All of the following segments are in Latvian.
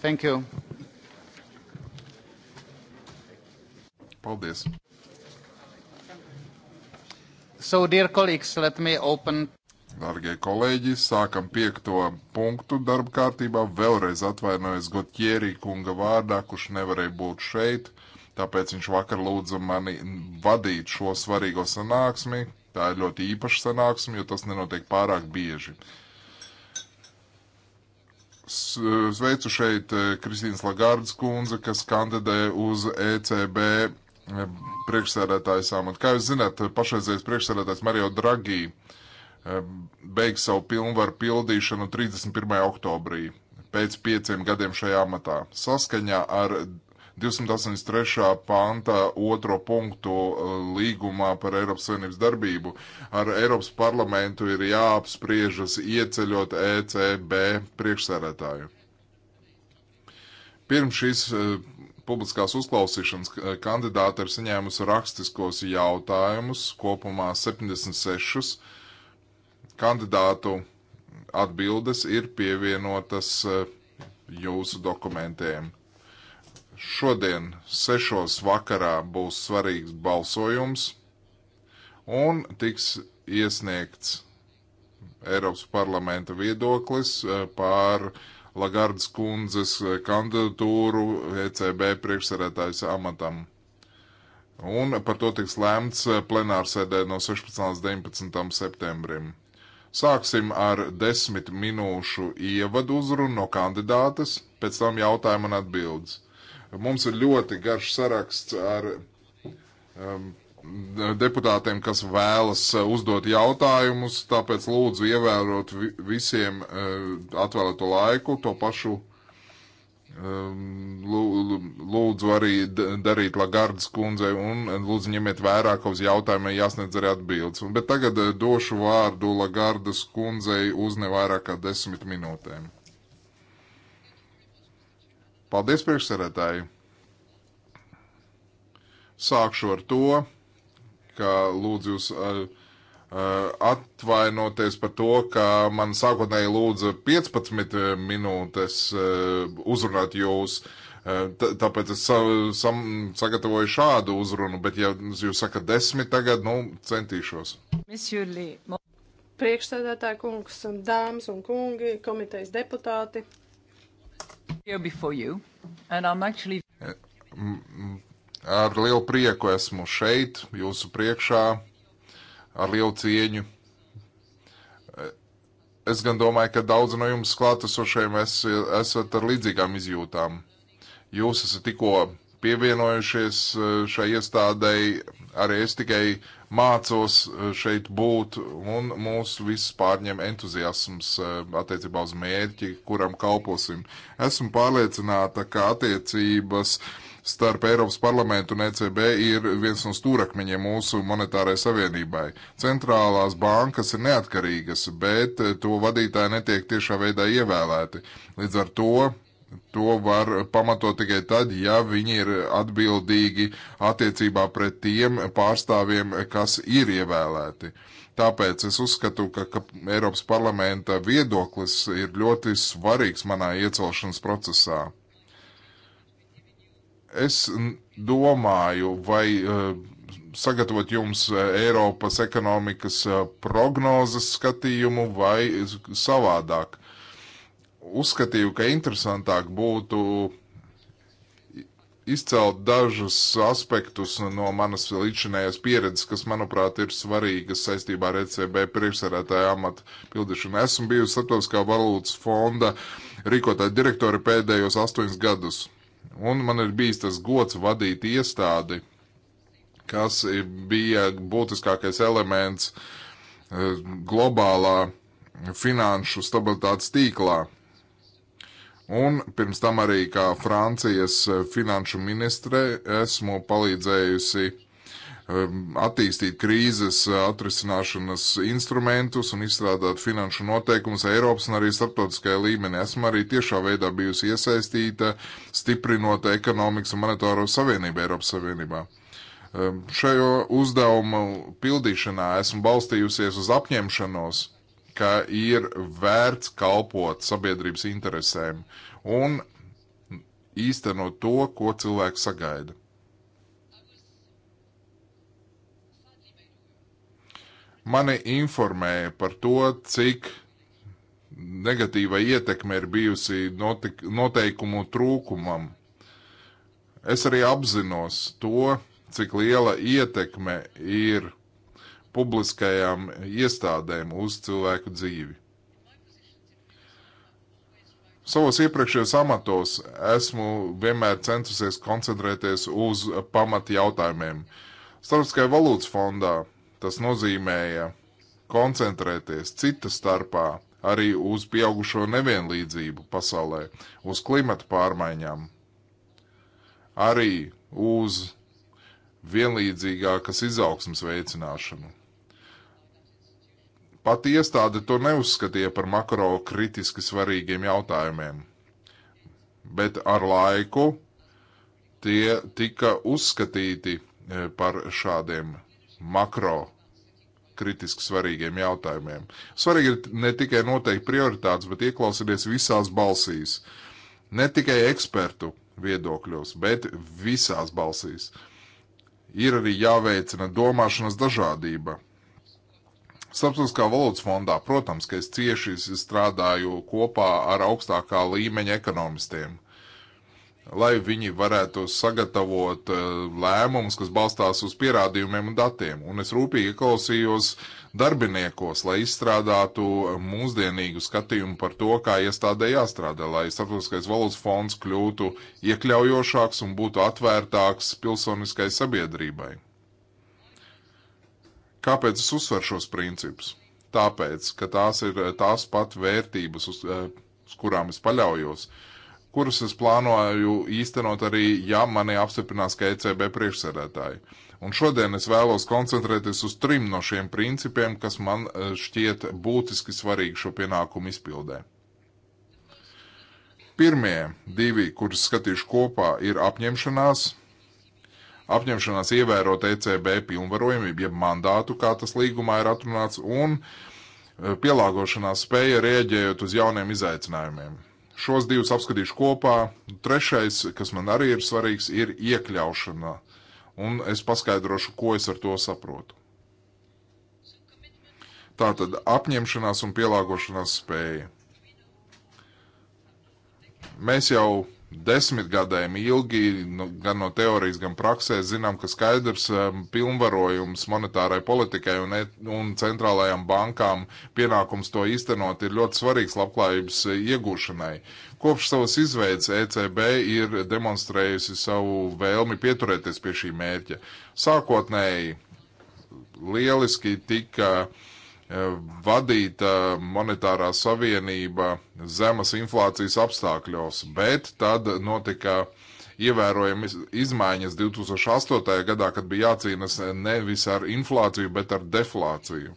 Thank you. Paldies. So, dear colleagues, let me open. Dargie kolēģi, sākam piekto punktu darba kārtībā. Vēlreiz atvainojos Gotjērī kunga vārdā, kurš nevarēja būt šeit, tāpēc viņš vakar lūdza mani vadīt šo svarīgo sanāksmi. Tā ir ļoti īpaša sanāksme, jo tas nenotiek pārāk bieži. Uh, Sveicu šeit eh, Kristīnas Lagardas kundze, kas kandidē uz ECB eh, priekšsēdētājas amatu. Kā jūs zināt, pašreizējais priekšsēdētājs Mario Draghi eh, beigs savu pilnvaru pildīšanu 31. oktobrī pēc pieciem gadiem šajā amatā. Saskaņā ar 283. panta otro punktu eh, līgumā par Eiropas Savienības darbību. Ar Eiropas parlamentu ir jāapspriežas ieceļot ECB priekšsēdētāju. Pirms šīs eh, publiskās uzklausīšanas eh, kandidāte ir saņēmusi rakstiskos jautājumus, kopumā 76. Kandidātu atbildes ir pievienotas jūsu dokumentiem šodien sešos vakarā būs svarīgs balsojums un tiks iesniegts Eiropas parlamenta viedoklis eh, pār Lagardas kundzes eh, kandidatūru ECB priekšsarētājs amatam. Un par to tiks lēmts eh, plenārsēdē no 16. līdz 19. septembrim. Sāksim ar desmit minūšu ievadu uzrunu no kandidātes, pēc tam jautājumu un atbildes. Mums ir ļoti garš saraksts ar um, deputātiem, kas vēlas uzdot jautājumus, tāpēc lūdzu ievērot vi visiem uh, atvēlēto laiku, to pašu um, lūdzu arī darīt Lagardas kundzei un uh, lūdzu ņemiet vērā, ka uz jautājumiem jāsniedz arī atbildes. Bet tagad uh, došu vārdu Lagardas kundzei uz nevairāk kā desmit minūtēm. Paldies, priekšsēdētāji! Sākšu ar to, ka lūdzu jūs uh, uh atvainoties par to, ka man sākotnēji lūdza 15 uh, minūtes uh, uzrunāt jūs. Uh, t tāpēc es sa sam sagatavoju šādu uzrunu, bet ja jūs sakat desmit tagad, nu, centīšos. Priekšsēdētāji kungs, dāmas un kungi, komitejas deputāti, You, actually... Ar lielu prieku esmu šeit, jūsu priekšā, ar lielu cieņu. Es gan domāju, ka daudz no jums klātesošajiem es, esat ar līdzīgām izjūtām. Jūs esat tikko pievienojušies eh, šai iestādēji, arī es tikai mācos eh, šeit būt, un mūs visus pārņem entuziasms eh, attiecībā uz mērķi, kuram kalposim. Esmu pārliecināta, ka attiecības starp Eiropas parlamentu un ECB ir viens no stūrakmeņiem mūsu monetārai savienībai. Centrālās bankas ir neatkarīgas, bet eh, to vadītāji netiek tiešā veidā ievēlēti. Līdz ar to to var pamatot tikai tad, ja viņi ir atbildīgi attiecībā pret tiem pārstāvjiem, kas ir ievēlēti. Tāpēc es uzskatu, ka, ka Eiropas parlamenta viedoklis ir ļoti svarīgs manā iecelšanas procesā. Es domāju, vai eh, sagatavot jums eh, Eiropas ekonomikas eh, prognozes skatījumu vai savādāk uzskatīju, ka interesantāk būtu izcelt dažus aspektus no manas līdzinējās pieredzes, kas, manuprāt, ir svarīgas saistībā ar ECB priekšsarētāju amatu pildīšanu. Esmu bijusi Startautiskā valūtas fonda rīkotāja direktori pēdējos astoņus gadus, un man ir bijis tas gods vadīt iestādi, kas bija būtiskākais elements eh, globālā finanšu stabilitātes tīklā Un pirms tam arī kā Francijas e, finanšu ministre esmu palīdzējusi e, attīstīt krīzes e, atrisināšanas instrumentus un izstrādāt finanšu noteikumus Eiropas un arī starptautiskajā līmenī. Esmu arī tiešā veidā bijusi iesaistīta, stiprinot ekonomikas un monetāro savienību Eiropas Savienībā. Šajo uzdevumu pildīšanā esmu balstījusies uz apņemšanos ka ir vērts kalpot sabiedrības interesēm un īstenot to, ko cilvēks sagaida. Mani informēja par to, cik negatīva ietekme ir bijusi notik, noteikumu trūkumam. Es arī apzinos to, cik liela ietekme ir publiskajām iestādēm uz cilvēku dzīvi. Savos iepriekšējos amatos esmu vienmēr centusies koncentrēties uz pamat jautājumiem. Starptautiskajā valūtas fondā tas nozīmēja koncentrēties cita starpā arī uz pieaugušo nevienlīdzību pasaulē, uz klimata pārmaiņām, arī uz vienlīdzīgākas izaugsmas veicināšanu. Pat iestāde to neuzskatīja par makro kritiski svarīgiem jautājumiem, bet ar laiku tie tika uzskatīti e, par šādiem makro kritiski svarīgiem jautājumiem. Svarīgi ir ne tikai noteikt prioritātes, bet ieklausīties visās balsīs. Ne tikai ekspertu viedokļos, bet visās balsīs. Ir arī jāveicina domāšanas dažādība. Starptautiskā valodas fondā, protams, ka es cieši strādāju kopā ar augstākā līmeņa ekonomistiem, lai viņi varētu sagatavot eh, lēmumus, kas balstās uz pierādījumiem un datiem. Un es rūpīgi klausījos darbiniekos, lai izstrādātu mūsdienīgu skatījumu par to, kā iestādē jāstrādā, lai Starptautiskais valodas fonds kļūtu iekļaujošāks un būtu atvērtāks pilsoniskai sabiedrībai. Kāpēc es uzsveru šos principus? Tāpēc, ka tās ir tās pat vērtības, uz, eh, uz kurām es paļaujos, kuras es plānoju īstenot arī, ja mani apstiprinās kā ECB priekšsēdētāji. Un šodien es vēlos koncentrēties uz trim no šiem principiem, kas man eh, šķiet būtiski svarīgi šo pienākumu izpildē. Pirmie divi, kurus skatīšu kopā, ir apņemšanās – apņemšanās ievērot ECB pilnvarojumību, jeb mandātu, kā tas līgumā ir atrunāts, un e, pielāgošanās spēja rēģējot uz jauniem izaicinājumiem. Šos divus apskatīšu kopā. Trešais, kas man arī ir svarīgs, ir iekļaušana, un es paskaidrošu, ko es ar to saprotu. Tātad apņemšanās un pielāgošanās spēja. Mēs jau desmit gadiem ilgi, nu, gan no teorijas, gan praksē, zinām, ka skaidrs um, pilnvarojums monetārai politikai un, un centrālajām bankām pienākums to īstenot ir ļoti svarīgs labklājības iegūšanai. Kopš savas izveidas ECB ir demonstrējusi savu vēlmi pieturēties pie šī mērķa. Sākotnēji lieliski tika uh, Eh, vadīta eh, monetārā savienība zemas inflācijas apstākļos, bet tad notika ievērojami izmaiņas 2008. gadā, kad bija jācīnas nevis ar inflāciju, bet ar deflāciju.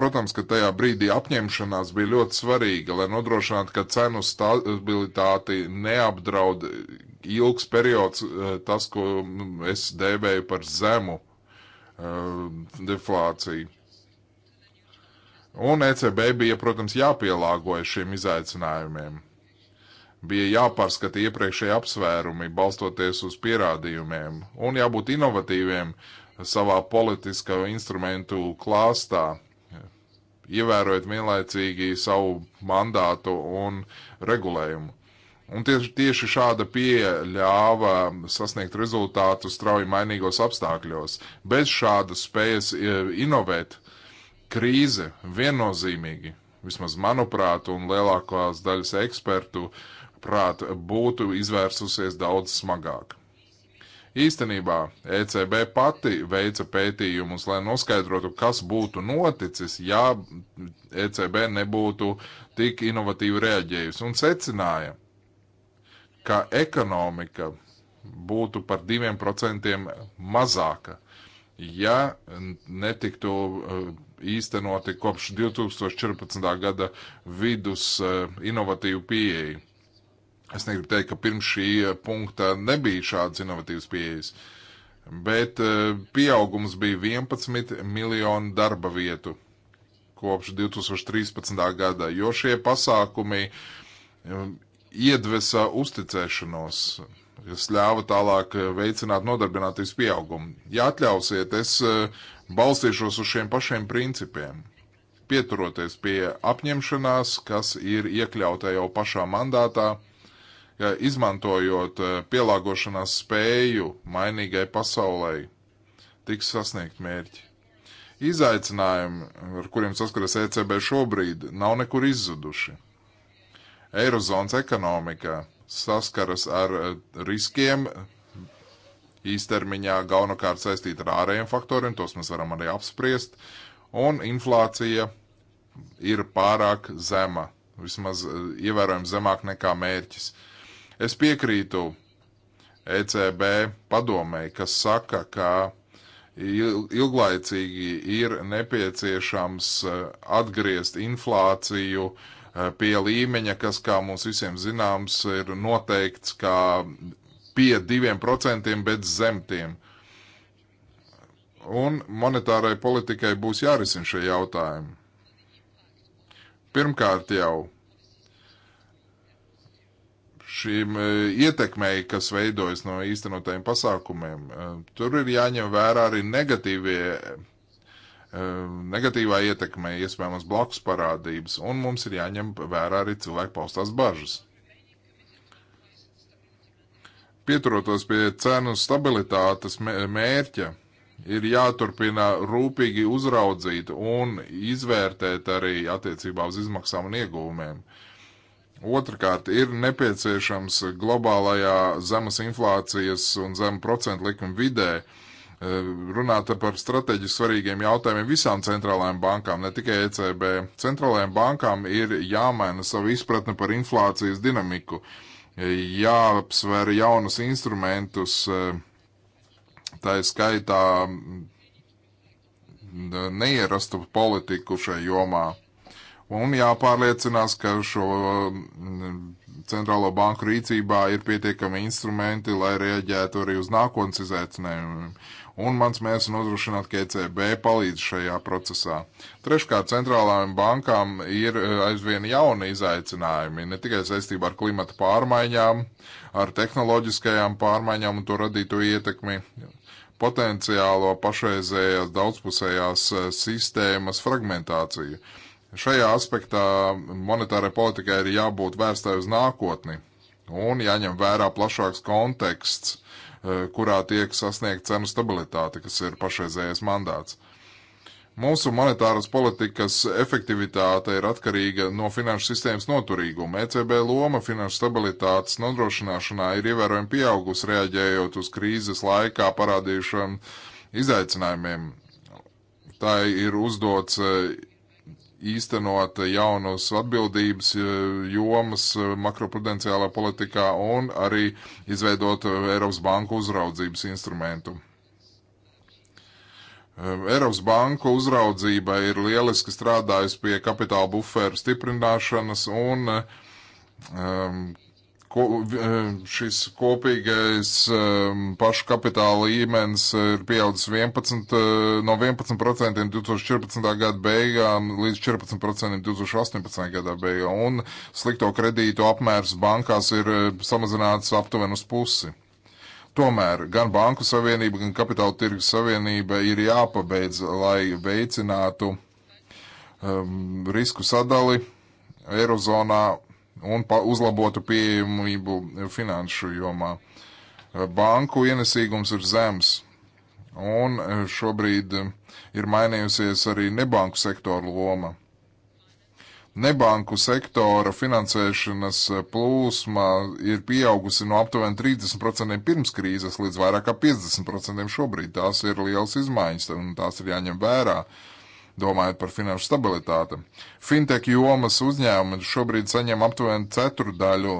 Protams, ka tajā brīdī apņemšanās bija ļoti svarīga, lai nodrošinātu, ka cenu stabilitāti neapdraud ilgs periods, eh, tas, ko mm, es dēvēju par zemu deflāciju. Un ECB bija, protams, jāpielāgojas šiem izaicinājumiem. Bija jāpārskata iepriekšēji apsvērumi, balstoties uz pierādījumiem, un jābūt inovatīviem savā politiskā instrumentu klāstā, ievērojot vienlaicīgi savu mandātu un regulējumu. Un tieši, tieši šāda pieeja ļāva sasniegt rezultātu strauji mainīgos apstākļos. Bez šādas spējas e, inovēt uh, krīze viennozīmīgi, vismaz manuprāt, un lielākās daļas ekspertu prāt, būtu izvērsusies daudz smagāk. Īstenībā ECB pati veica pētījumus, lai noskaidrotu, kas būtu noticis, ja ECB nebūtu tik inovatīvi reaģējusi un secināja, ka ekonomika būtu par 2% mazāka, ja netiktu uh, īstenoti kopš 2014. gada vidus eh, inovatīvu pieeju. Es negribu teikt, ka pirms šī eh, punkta nebija šādas inovatīvas pieejas, bet eh, pieaugums bija 11 miljonu darba vietu kopš 2013. gada, jo šie pasākumi iedvesa uzticēšanos kas ļāva tālāk veicināt nodarbinātības pieaugumu. Ja atļausiet, es balstīšos uz šiem pašiem principiem, pieturoties pie apņemšanās, kas ir iekļauta jau pašā mandātā, ja izmantojot eh, pielāgošanās spēju mainīgai pasaulē, tiks sasniegt mērķi. Izaicinājumi, ar kuriem saskaras ECB šobrīd, nav nekur izzuduši. Eirozonas ekonomika saskaras ar eh, riskiem, īstermiņā galvenokārt saistīta ar ārējiem faktoriem, tos mēs varam arī apspriest, un inflācija ir pārāk zema, vismaz eh, ievērojami zemāk nekā mērķis. Es piekrītu ECB padomēji, kas saka, ka ilglaicīgi ir nepieciešams eh, atgriezt inflāciju eh, pie līmeņa, kas, kā mums visiem zināms, ir noteikts kā pie 2%, bet zem tiem. Un monetārai politikai būs jārisina šie jautājumi. Pirmkārt jau šīm e, ietekmei, kas veidojas no īstenotajiem pasākumiem, e, tur ir jāņem vērā arī negatīvie e, negatīvā ietekmē, iespējams, blakus parādības, un mums ir jāņem vērā arī cilvēku paustās bažas pieturoties pie cenu stabilitātes mērķa, ir jāturpina rūpīgi uzraudzīt un izvērtēt arī attiecībā uz izmaksām un ieguvumiem. Otrakārt, ir nepieciešams globālajā zemes inflācijas un zemu procentu likuma vidē e, runāt par strateģiski svarīgiem jautājumiem visām centrālajām bankām, ne tikai ECB. Centrālajām bankām ir jāmaina savu izpratni par inflācijas dinamiku. Uh, jāapsver jaunus instrumentus, eh, tā ir skaitā mm, neierastu politiku šajā jomā. Un jāpārliecinās, ka šo mm, centrālo banku rīcībā ir pietiekami instrumenti, lai rieģētu arī uz nākotnes izaicinājumiem un mans mērķis nodrošināt, ka ECB palīdz šajā procesā. Treškārt, centrālām bankām ir eh, aizvien jauni izaicinājumi, ne tikai saistībā ar klimata pārmaiņām, ar tehnoloģiskajām pārmaiņām un to radīto ietekmi potenciālo pašreizējās daudzpusējās eh, sistēmas fragmentāciju. Šajā aspektā monetārai politikai ir jābūt vērstai uz nākotni un jāņem vērā plašāks konteksts Eh, kurā tiek sasniegt cenu stabilitāte, kas ir pašreizējais mandāts. Mūsu monetāras politikas efektivitāte ir atkarīga no finanšu sistēmas noturīguma. ECB loma finanšu stabilitātes nodrošināšanā ir ievērojami pieaugusi, reaģējot uz krīzes laikā parādījušiem izaicinājumiem. Tā ir uzdots eh, īstenot jaunus atbildības eh, jomas eh, makroprudenciālā politikā un arī izveidot eh, Eiropas Banku uzraudzības instrumentu. Eiropas Banku uzraudzība ir lieliski strādājusi pie kapitāla buferu stiprināšanas un um, Ko, eh, šis kopīgais eh, pašu kapitāla līmenis ir pieaudzis 11, eh, no 11% 2014. gada beigām līdz 14% 2018. gada beigām, un slikto kredītu apmērs bankās ir samazināts aptuveni uz pusi. Tomēr gan Banku Savienība, gan Kapitāla tirgus Savienība ir jāpabeidz, lai veicinātu um, risku sadali Eirozonā un uzlabotu pieejamību finanšu jomā. Banku ienesīgums ir zems, un e, šobrīd e, ir mainījusies arī nebanku sektoru loma. Nebanku sektora finansēšanas e, plūsma ir pieaugusi no aptuveni 30% pirms krīzes līdz vairāk kā 50% šobrīd. Tās ir liels izmaiņas, un tās ir jāņem vērā. Uh, domājot par finanšu stabilitāti. Fintech jomas uzņēmumi šobrīd saņem aptuveni ceturdaļu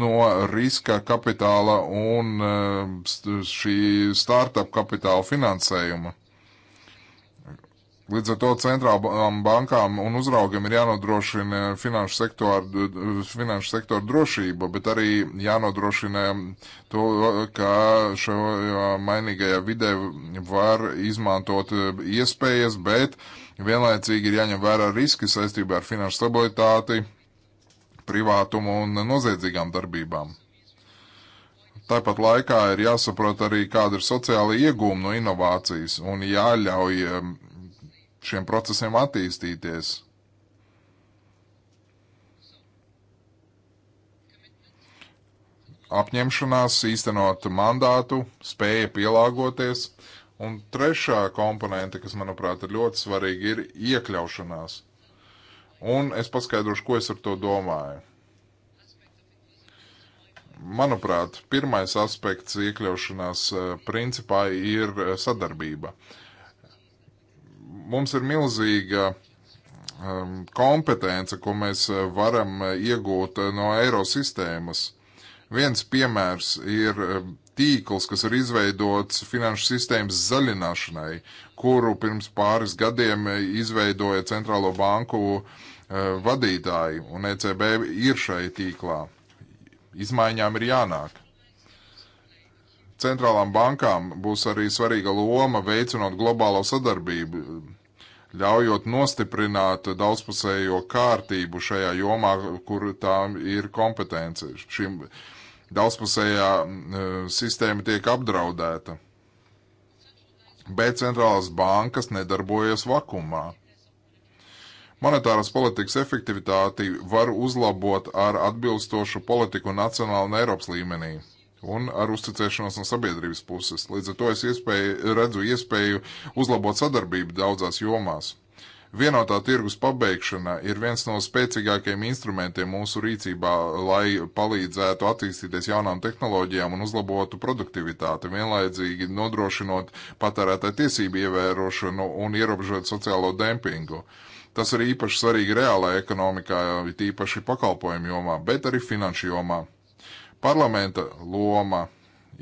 no riska kapitāla un e, šī startup kapitāla finansējuma. Līdz ar to centrālām bankām un uzraugiem ir jānodrošina finanšu sektoru, finanšu sektoru drošība, bet arī jānodrošina to, ka šajā mainīgajā vidē var izmantot iespējas, bet uh, Vienlaicīgi ir jāņem vērā riski saistībā ar finanšu stabilitāti, privātumu un noziedzīgām darbībām. Tāpat laikā ir jāsaprot arī, kāda ir sociāla iegūma no inovācijas un jāļauj šiem procesiem attīstīties. Apņemšanās īstenot mandātu, spēja pielāgoties, uh, Un trešā komponente, kas manuprāt ir ļoti svarīga, ir iekļaušanās. Un es paskaidrošu, ko es ar to domāju. Manuprāt, pirmais aspekts iekļaušanās e, principā ir e, sadarbība. Mums ir milzīga e, kompetence, ko mēs varam iegūt no eiro sistēmas. Viens piemērs ir tīkls, kas ir izveidots finanšu sistēmas zaļināšanai, kuru pirms pāris gadiem eh, izveidoja Centrālo banku eh, vadītāji, un ECB ir šai tīklā. Izmaiņām ir jānāk centrālām bankām būs arī svarīga loma veicinot globālo sadarbību, ļaujot nostiprināt daudzpusējo kārtību šajā jomā, kur tām ir kompetence. Šim daudzpusējā e, sistēma tiek apdraudēta. Bet centrālās bankas nedarbojas vakumā. Monetāras politikas efektivitāti var uzlabot ar atbilstošu politiku nacionāla un Eiropas līmenī un ar uzticēšanos no sabiedrības puses. Līdz ar to es iespēju, redzu iespēju uzlabot sadarbību daudzās jomās. Vienotā tirgus pabeigšana ir viens no spēcīgākajiem instrumentiem mūsu rīcībā, lai palīdzētu attīstīties jaunām tehnoloģijām un uzlabotu produktivitāti, vienlaicīgi nodrošinot patērētāju tiesību ievērošanu un ierobežot sociālo dempingu. Tas ir īpaši svarīgi reālajā ekonomikā, tīpaši pakalpojumu jomā, bet arī finanšu jomā. Parlamenta loma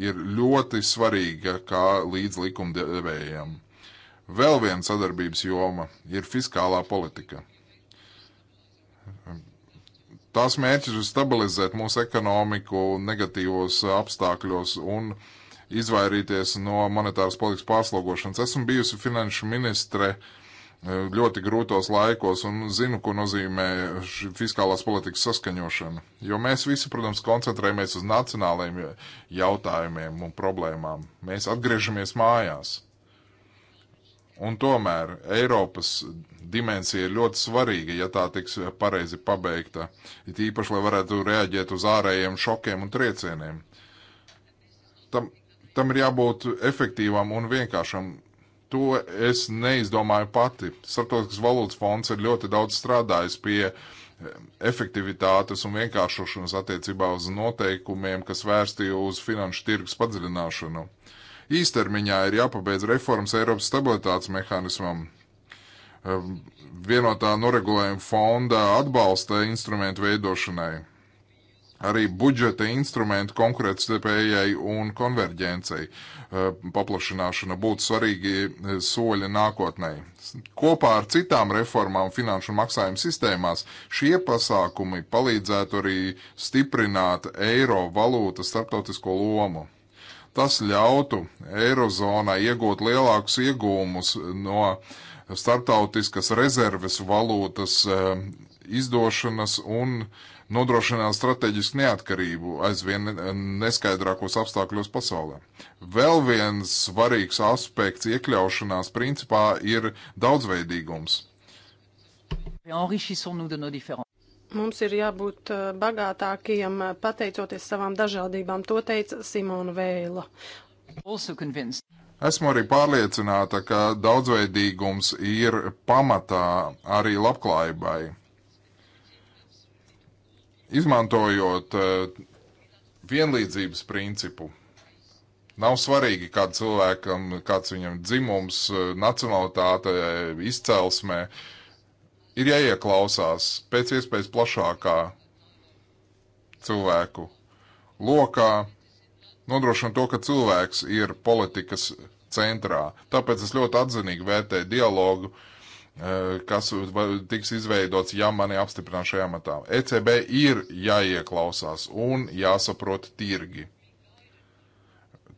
ir ļoti svarīga kā līdz likumdevējiem. Vēl viena sadarbības joma ir fiskālā politika. Tās mērķis ir stabilizēt mūsu ekonomiku negatīvos apstākļos un izvairīties no monetāras politikas pārslogošanas. Esmu bijusi finanšu ministre eh, ļoti grūtos laikos un zinu, ko nozīmē fiskālās politikas saskaņošana. Jo mēs visi, protams, koncentrējamies uz nacionālajiem jautājumiem un problēmām. Mēs atgriežamies mājās. Un tomēr Eiropas dimensija ir ļoti svarīga, ja tā tiks pareizi pabeigta, it īpaši, lai varētu reaģēt uz ārējiem šokiem un triecieniem. Tam, tam ir jābūt efektīvam un vienkāršam. To es neizdomāju pati. Startautiskas valūtas fonds ir ļoti daudz strādājis pie eh, efektivitātes un vienkāršošanas attiecībā uz noteikumiem, kas vērsti uz finanšu tirgus padziļināšanu. Īstermiņā ir jāpabeidz reformas Eiropas stabilitātes mehānismam. Ehm, vienotā noregulējuma fonda atbalsta instrumentu veidošanai. Arī budžeta instrumentu konkurētspējai un konverģencei ehm, paplašināšana būtu svarīgi e, soļi nākotnē. Kopā ar citām reformām finanšu un maksājumu sistēmās šie pasākumi palīdzētu arī stiprināt eiro valūtas starptautisko lomu. Tas ļautu Eirozonai iegūt lielākus iegūmus no starptautiskas rezerves valūtas eh, izdošanas un nodrošināt strateģisku neatkarību aizvien neskaidrākos apstākļos pasaulē. Vēl viens svarīgs aspekts iekļaušanās principā ir daudzveidīgums. Mums ir jābūt eh, bagātākiem eh, pateicoties savām dažādībām, to teica Simona Vēla. Esmu arī pārliecināta, ka daudzveidīgums ir pamatā arī labklājībai. Izmantojot eh, vienlīdzības principu, Nav svarīgi, kāda cilvēkam, kāds viņam dzimums, nacionalitāte, izcelsme. Uh, ir jāieklausās pēc iespējas plašākā cilvēku lokā, nodrošina to, ka cilvēks ir politikas centrā. Tāpēc es ļoti atzinīgi vērtēju dialogu, eh, kas tiks izveidots, ja mani apstiprinās šajā matā. ECB ir jāieklausās un jāsaprot tirgi.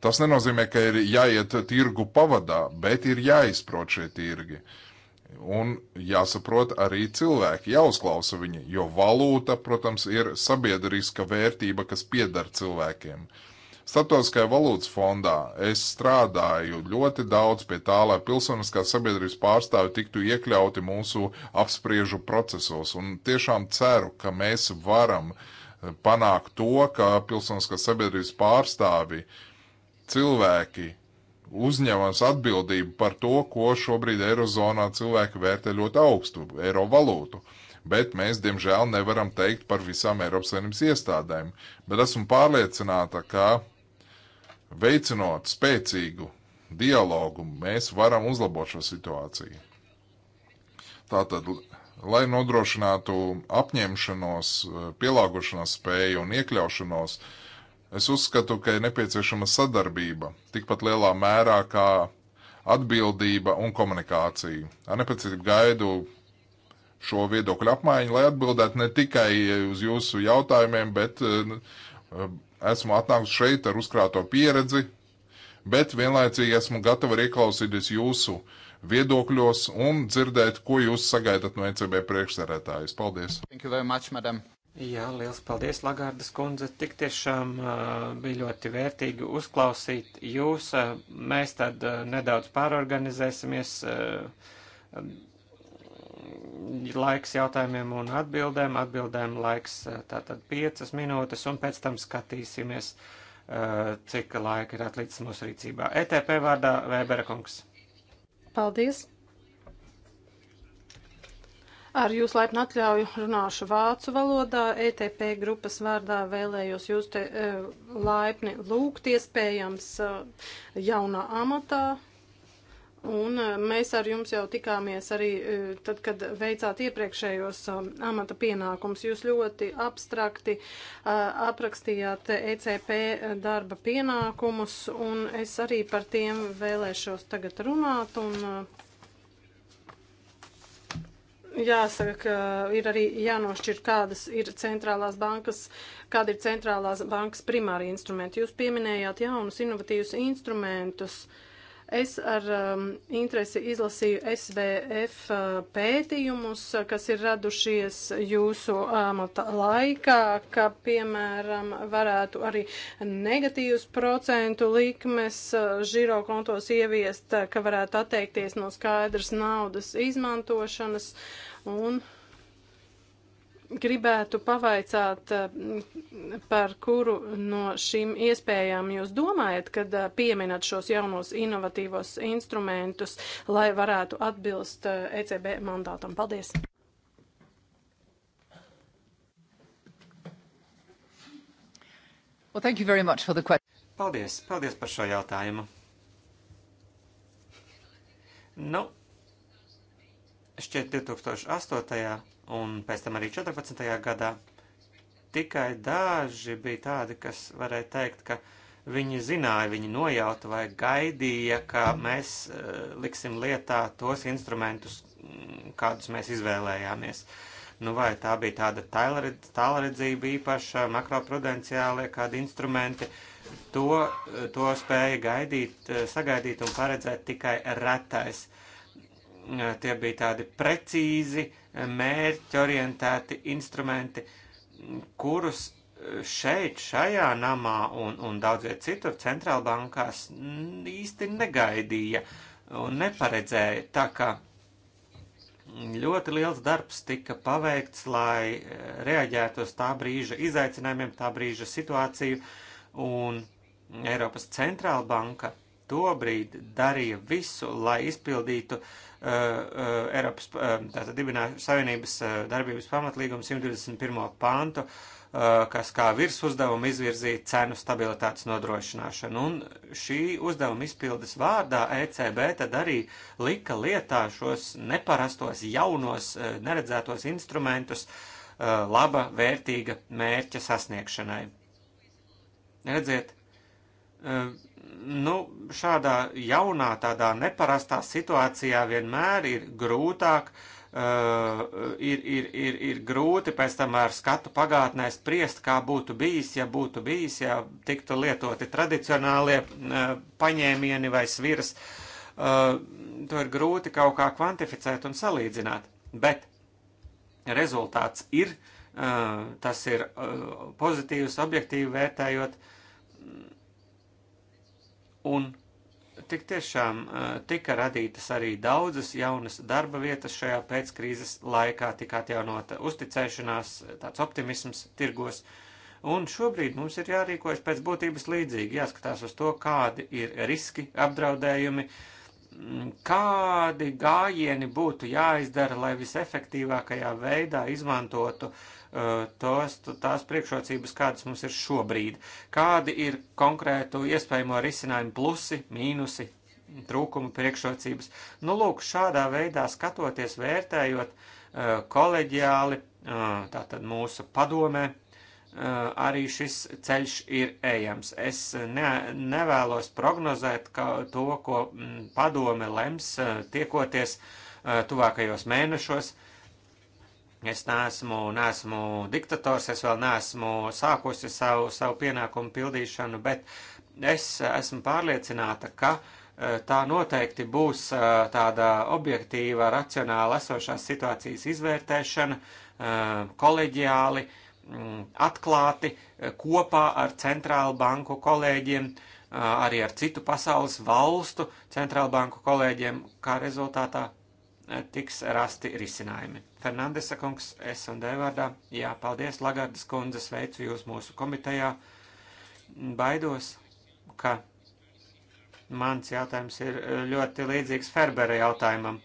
Tas nenozīmē, ka ir jāiet tirgu pavadā, bet ir jāizprot šie tirgi. Uh, Un jāsaprot arī cilvēki, jāuzklausa viņi, jo valūta, protams, ir sabiedriska vērtība, kas piedar cilvēkiem. Startautiskajā valūtas fondā es strādāju ļoti daudz pie tā, lai pilsoniskā sabiedrības pārstāvi tiktu iekļauti mūsu apspriežu procesos, un tiešām ceru, ka mēs varam eh, panākt to, ka pilsoniskā sabiedrības pārstāvi cilvēki uzņemas atbildību par to, ko šobrīd Eirozonā cilvēki vērtē ļoti augstu - eiro valūtu. Bet mēs, diemžēl, nevaram teikt par visām Eiropas Savienības iestādēm. Bet esmu pārliecināta, ka veicinot spēcīgu dialogu, mēs varam uzlabot šo situāciju. Tātad, lai nodrošinātu apņemšanos, pielāgošanās spēju un iekļaušanos uh, Es uzskatu, ka ir nepieciešama sadarbība tikpat lielā mērā kā atbildība un komunikācija. Ar nepacietību gaidu šo viedokļu apmaiņu, lai atbildētu ne tikai uz jūsu jautājumiem, bet eh, esmu atnākusi šeit ar uzkrāto pieredzi, bet vienlaicīgi esmu gatava ieklausīties jūsu viedokļos un dzirdēt, ko jūs sagaidat no ECB priekšsēdētājas. Paldies! Thank you very much, madam! Jā, liels paldies, Lagārdas kundze. Tik tiešām uh, bija ļoti vērtīgi uzklausīt jūs. Uh, mēs tad uh, nedaudz pārorganizēsimies. Uh, laiks jautājumiem un atbildēm. Atbildēm laiks uh, tātad piecas minūtes un pēc tam skatīsimies, uh, cik laika ir atlicis mūsu rīcībā. ETP vārdā Vēbera kungs. Paldies! Ar jūs laipnu atļauju runāšu vācu valodā. ETP grupas vārdā vēlējos jūs te e, laipni lūgt, iespējams, e, jaunā amatā. Un e, mēs ar jums jau tikāmies arī e, tad, kad veicāt iepriekšējos e, amata pienākums. Jūs ļoti abstrakti e, aprakstījāt ECP darba pienākumus, un es arī par tiem vēlēšos tagad runāt. Un, e, jāsaka, ka ir arī jānošķir, kādas ir centrālās bankas, kāda ir centrālās bankas primāra instrumenti. Jūs pieminējāt jaunus, inovatīvus instrumentus. Uh, Es ar um, interesi izlasīju SVF uh, pētījumus, kas ir radušies jūsu amata um, laikā, ka, piemēram, varētu arī negatīvas procentu likmes uh, žiro kontos ieviest, uh, ka varētu atteikties no skaidras naudas izmantošanas un uh, gribētu pavaicāt, eh, par kuru no šīm iespējām jūs domājat, kad eh, pieminat šos jaunos inovatīvos instrumentus, lai varētu atbilst ECB eh, e mandātam. Paldies! Well, thank you very much for the question. Paldies, paldies par šo jautājumu. Nu, šķiet 2008 un pēc tam arī 14. gadā, tikai daži bija tādi, kas varēja teikt, ka viņi zināja, viņi nojauta vai gaidīja, ka mēs uh, liksim lietā tos instrumentus, mm, kādus mēs izvēlējāmies. Nu, vai tā bija tāda tālredzība īpaša, makroprudenciālie kādi instrumenti, to, to spēja gaidīt, eh, sagaidīt un paredzēt tikai retais. Tie bija tādi precīzi uh, mērķorientēti instrumenti, kurus šeit, šajā namā un, un daudziet citur centrālbankās īsti negaidīja un neparedzēja. Tā kā ļoti liels darbs tika paveikts, lai eh, reaģētu uz tā brīža izaicinājumiem, tā brīža situāciju, un Eiropas centrālbanka banka tobrīd darīja visu, lai izpildītu uh, uh, Eiropas uh, tātad dibināšanas savienības uh, darbības pamatlīguma 121. pantu, uh, kas kā virs uzdevumu izvirzīja cenu stabilitātes nodrošināšanu. Un šī uzdevuma izpildes vārdā ECB tad arī lika lietā šos neparastos, jaunos, uh, neredzētos instrumentus uh, laba, vērtīga mērķa sasniegšanai. Redziet, uh, nu, šādā jaunā, tādā neparastā situācijā vienmēr ir grūtāk, uh, ir, ir, ir, ir grūti pēc tam ar skatu pagātnē spriest, kā būtu bijis, ja būtu bijis, ja tiktu lietoti tradicionālie uh, paņēmieni vai sviras. Uh, to ir grūti kaut kā kvantificēt un salīdzināt, bet rezultāts ir, uh, tas ir uh, pozitīvs, objektīvi vērtējot. Uh, Un tik tiešām eh, tika radītas arī daudzas jaunas darba vietas šajā pēckrīzes laikā, tika atjaunota uzticēšanās, tāds optimisms tirgos. Un šobrīd mums ir jārīkojas pēc būtības līdzīgi, jāskatās uz to, kādi ir riski, apdraudējumi, kādi gājieni būtu jāizdara, lai visefektīvākajā veidā izmantotu uh, Uh, tos, tās priekšrocības, kādas mums ir šobrīd. Kādi ir konkrētu iespējamo risinājumu plusi, mīnusi, trūkumi, priekšrocības? Nu, lūk, šādā veidā skatoties, vērtējot uh, koleģiāli, uh, tātad mūsu padomē, arī šis ceļš ir ejams. Es ne, nevēlos prognozēt to, ko mm, padome lems tiekoties tuvākajos mēnešos. Es neesmu, neesmu diktators, es vēl neesmu sākusi savu, savu pienākumu pildīšanu, bet es esmu pārliecināta, ka eh, tā noteikti būs eh, tāda objektīva, racionāla esošās situācijas izvērtēšana, eh, koleģiāli, mm, atklāti kopā ar centrālu banku kolēģiem, arī ar citu pasaules valstu centrālu banku kolēģiem, kā rezultātā Eh, tiks rasti risinājumi. Fernandesa kungs, es un Dēvārdā, jā, paldies, Lagardas kundze, sveicu jūs mūsu komitejā. Baidos, ka mans jautājums ir eh, ļoti līdzīgs Ferbera jautājumam,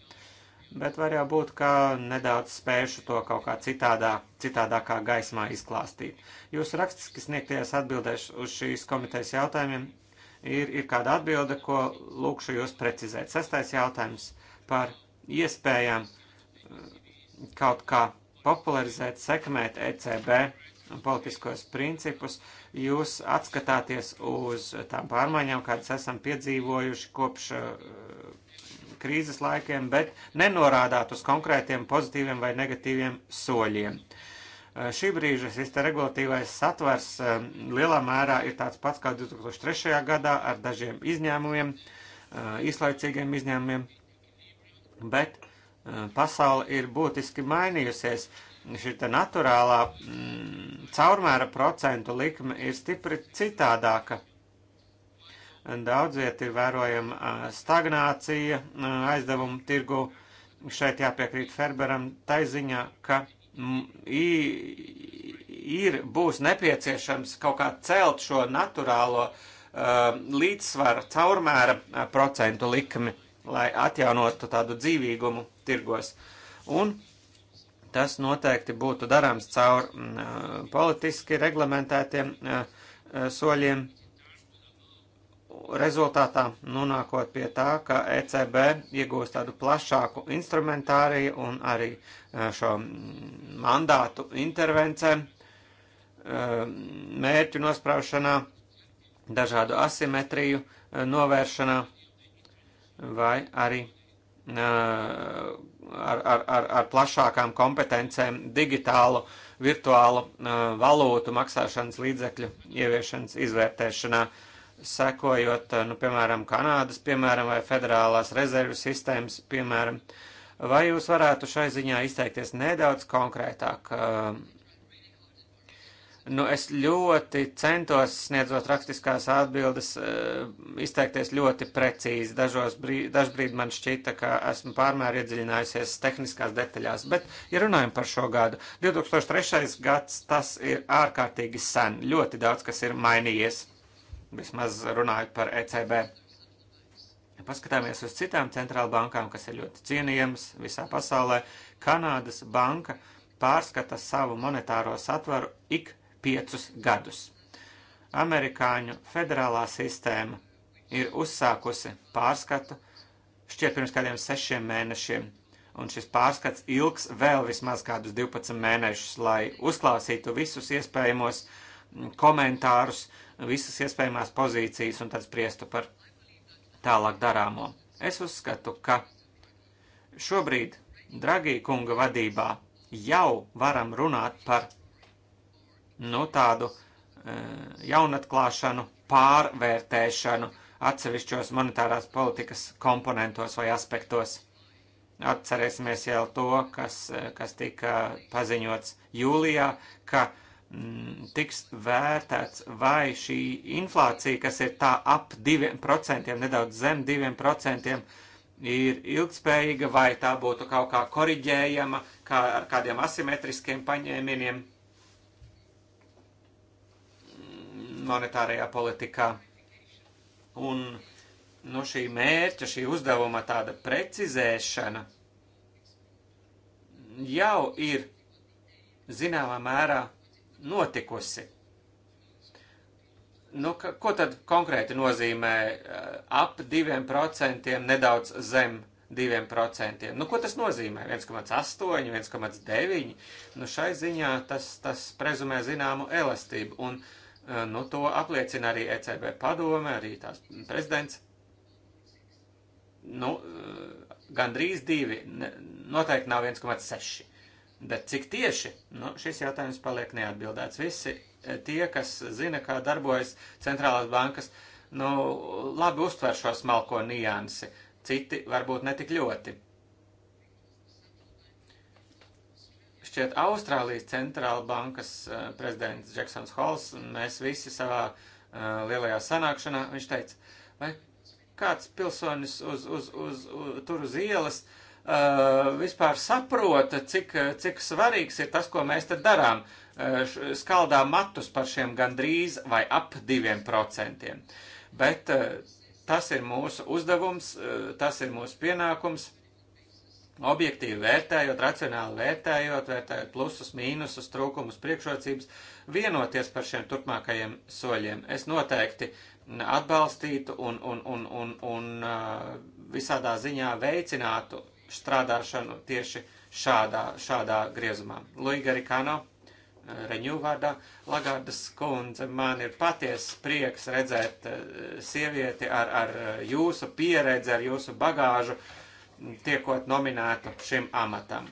bet var jau būt, ka nedaudz spēšu to kaut kā citādā, citādākā gaismā izklāstīt. Jūsu rakstiski sniegtajās atbildēs uz šīs komitejas jautājumiem ir, ir kāda atbilde, ko lūkšu jūs precizēt. Sestais jautājums par iespējām eh, kaut kā popularizēt, sekmēt ECB politiskos principus, jūs atskatāties uz tām pārmaiņām, kādas esam piedzīvojuši kopš eh, krīzes laikiem, bet nenorādāt uz konkrētiem pozitīviem vai negatīviem soļiem. Eh, šī brīža šis regulatīvais satvers lielā mērā ir tāds pats kā 2003. gadā ar dažiem izņēmumiem, īslaicīgiem izņēmumiem bet eh, pasaule ir būtiski mainījusies. Šī naturālā mm, caurmēra procentu likme ir stipri citādāka. Daudziet ir vērojama eh, stagnācija eh, aizdevumu tirgu. Šeit jāpiekrīt Ferberam taiziņā, ka mm, ir, būs nepieciešams kaut kā celt šo naturālo uh, līdzsvaru caurmēra procentu likmi. Uh, lai atjaunotu tādu dzīvīgumu tirgos. Un tas noteikti būtu darāms caur uh, politiski reglamentētiem uh, soļiem, rezultātā nonākot pie tā, ka ECB iegūs tādu plašāku instrumentāriju un arī uh, šo mm, mandātu intervencēm, mērķu nospraušanā, dažādu asimetriju novēršanā vai arī ar, ar, ar, ar plašākām kompetencēm digitālu, virtuālu valūtu maksāšanas līdzekļu ieviešanas izvērtēšanā, sekojot, nu, piemēram, Kanādas, piemēram, vai Federālās rezervu sistēmas, piemēram. Vai jūs varētu šai ziņā izteikties nedaudz konkrētāk? Uh, Nu, es ļoti centos, sniedzot rakstiskās atbildes, eh, izteikties ļoti precīzi. Dažos brīd, dažbrīd man šķita, ka esmu pārmēr iedziļinājusies tehniskās detaļās, bet, ja runājam par šo gadu, 2003. gads, tas ir ārkārtīgi sen. Ļoti daudz, kas ir mainījies, vismaz runājot par ECB. Ja paskatāmies uz citām centrālbankām, kas ir ļoti cienījamas visā pasaulē, Kanādas banka pārskata savu monetāro satvaru ik piecus gadus. Amerikāņu federālā sistēma ir uzsākusi pārskatu šķiet pirms kādiem sešiem mēnešiem, un šis pārskats ilgs vēl vismaz kādus 12 mēnešus, lai uzklausītu visus iespējamos komentārus, visas iespējamās pozīcijas un tad spriestu par tālāk darāmo. Es uzskatu, ka šobrīd Dragī kunga vadībā jau varam runāt par nu, tādu e, jaunatklāšanu, pārvērtēšanu atsevišķos monetārās politikas komponentos vai aspektos. Atcerēsimies jau to, kas, e, kas tika paziņots jūlijā, ka m, mm, tiks vērtēts, vai šī inflācija, kas ir tā ap 2%, nedaudz zem 2%, ir ilgspējīga, vai tā būtu kaut kā koriģējama, kā ar kādiem asimetriskiem paņēmieniem monetārajā politikā. Un no nu, šī mērķa, šī uzdevuma tāda precizēšana jau ir zināmā mērā notikusi. Nu, ka, ko tad konkrēti nozīmē eh, ap 2%, nedaudz zem 2%? Nu, ko tas nozīmē? 1,8, 1,9? Nu, šai ziņā tas, tas prezumē zināmu elastību. Un, uh, Eh, nu, to apliecina arī ECB padome, arī tās prezidents. Nu, eh, gandrīz divi, noteikti nav 1,6. Bet cik tieši? Nu, šis jautājums paliek neatbildēts. Visi eh, tie, kas zina, kā darbojas centrālās bankas, nu, labi uztver šo smalko niansi, citi varbūt netik ļoti. šķiet Austrālijas centrāla bankas eh, prezidents Džeksons Hols, un mēs visi savā eh, lielajā sanākšanā, viņš teica, vai kāds pilsonis uz, uz, uz, uz, tur uz ielas eh, vispār saprota, cik, cik svarīgs ir tas, ko mēs te darām skaldām matus par šiem gandrīz vai ap diviem procentiem. Bet tas ir mūsu uzdevums, tas ir mūsu pienākums objektīvi vērtējot, racionāli vērtējot, vērtējot plusus, mīnusus, trūkumus, priekšrocības, vienoties par šiem turpmākajiem soļiem. Es noteikti atbalstītu un, un, un, un, un uh, visādā ziņā veicinātu strādāšanu tieši šādā, šādā griezumā. Luiga Rikano, uh, Reņū vārdā, Lagardas kundze, man ir paties prieks redzēt uh, sievieti ar, ar jūsu pieredzi, ar jūsu bagāžu, uh, tiekot nominēta šim amatam.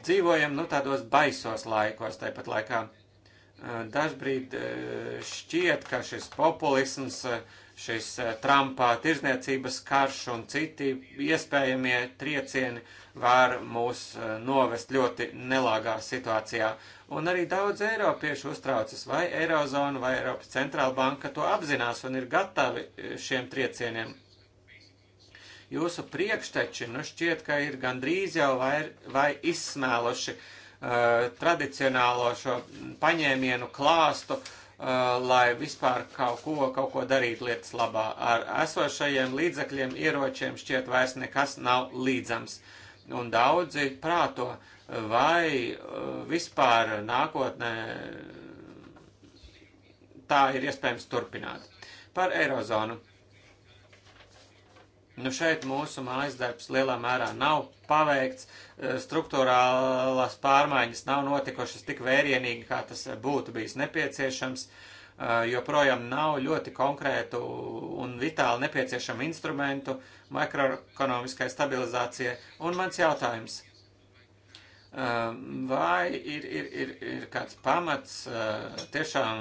Dzīvojam, nu, tādos baisos laikos, tāpat laikā dažbrīd šķiet, ka šis populisms, šis Trumpa tirzniecības karš un citi iespējamie triecieni var mūs novest ļoti nelāgā situācijā. Un arī daudz eiropiešu uztraucas, vai Eirozona vai Eiropas centrāla banka to apzinās un ir gatavi šiem triecieniem. Jūsu priekšteči, nu šķiet, ka ir gandrīz jau vai, vai izsmēluši uh, tradicionālo šo paņēmienu klāstu, uh, lai vispār kaut ko, kaut ko darīt lietas labā. Ar esošajiem līdzekļiem, ieročiem šķiet vairs nekas nav līdzams. Un daudzi prāto, vai uh, vispār nākotnē tā ir iespējams turpināt. Par Eirozonu. Nu šeit mūsu mājas darbs lielā mērā nav paveikts, e, struktūrālās pārmaiņas nav notikušas tik vērienīgi, kā tas būtu bijis nepieciešams, e, joprojām nav ļoti konkrētu un vitāli nepieciešamu instrumentu makroekonomiskai stabilizācijai. Un mans jautājums Ehm, vai ir, ir, ir, ir kāds pamats eh, tiešām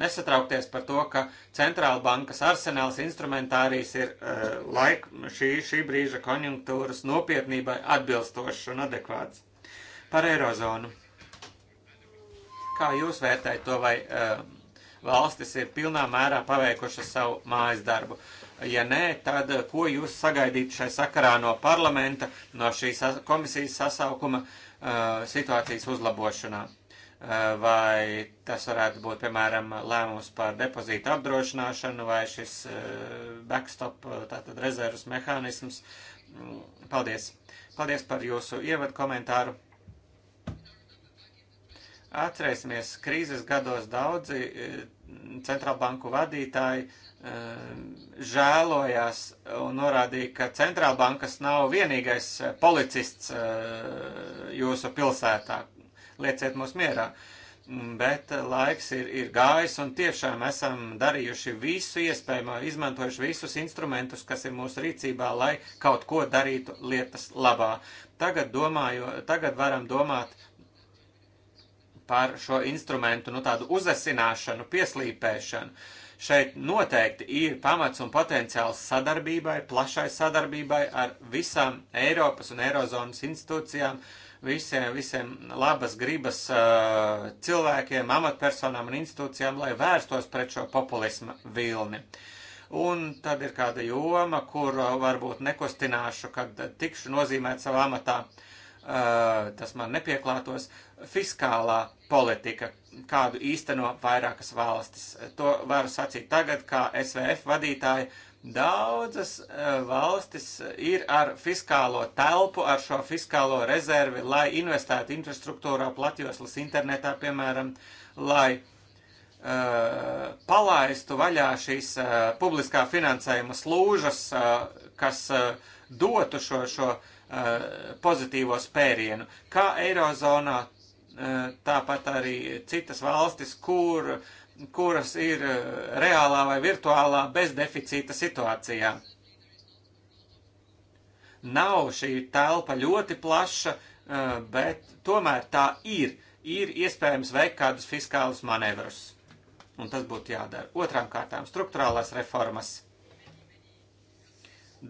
nesatraukties par to, ka centrāla bankas arsenāls instrumentārijas ir eh, laik, šī, šī brīža konjunktūras nopietnībai atbilstošs un adekvāts. Par eirozonu. Kā jūs vērtējat to, vai eh, valstis ir pilnā mērā paveikušas savu mājas darbu? Ja nē, tad ko jūs sagaidītu šai sakarā no parlamenta, no šīs komisijas sasaukuma? Uh, Uh, situācijas uzlabošanā. Uh, vai tas varētu būt, piemēram, lēmums par depozītu apdrošināšanu vai šis uh, backstop, tātad rezervas mehānisms. Mm, paldies! Paldies par jūsu ievadu komentāru! Atcerēsimies, krīzes gados daudzi centrālbanku vadītāji uh, Um, žēlojās un norādīja, ka centrālbankas nav vienīgais uh, policists uh, jūsu pilsētā. Lieciet mūs mierā. Mm, bet uh, laiks ir, ir gājis un tiešām esam darījuši visu iespējamo, izmantojuši visus instrumentus, kas ir mūsu rīcībā, lai kaut ko darītu lietas labā. Tagad, domāju, tagad varam domāt par šo instrumentu, nu tādu uzasināšanu, pieslīpēšanu. Uh, Šeit noteikti ir pamats un potenciāls sadarbībai, plašai sadarbībai ar visām Eiropas un Eirozonas institūcijām, visiem, visiem labas gribas uh, cilvēkiem, amatpersonām un institūcijām, lai vērstos pret šo populisma vilni. Un tad ir kāda joma, kur uh, varbūt nekostināšu, kad tikšu nozīmēt savā amatā. Uh, tas man nepieklātos, fiskālā politika, kādu īsteno vairākas valstis. To varu sacīt tagad, kā SVF vadītāji. Daudzas eh, valstis ir ar fiskālo telpu, ar šo fiskālo rezervi, lai investētu infrastruktūrā, platjoslas internetā, piemēram, lai uh, palaistu vaļā šīs uh, publiskā finansējuma slūžas, uh, kas dotu šo, šo pozitīvo spērienu. Kā Eirozonā Eh, tāpat arī citas valstis, kur, kuras ir eh, reālā vai virtuālā bezdeficīta situācijā. Nav šī telpa ļoti plaša, eh, bet tomēr tā ir. Ir iespējams veikt kādus fiskālus manevrus. Un tas būtu jādara. Otrām kārtām - struktūrālās reformas.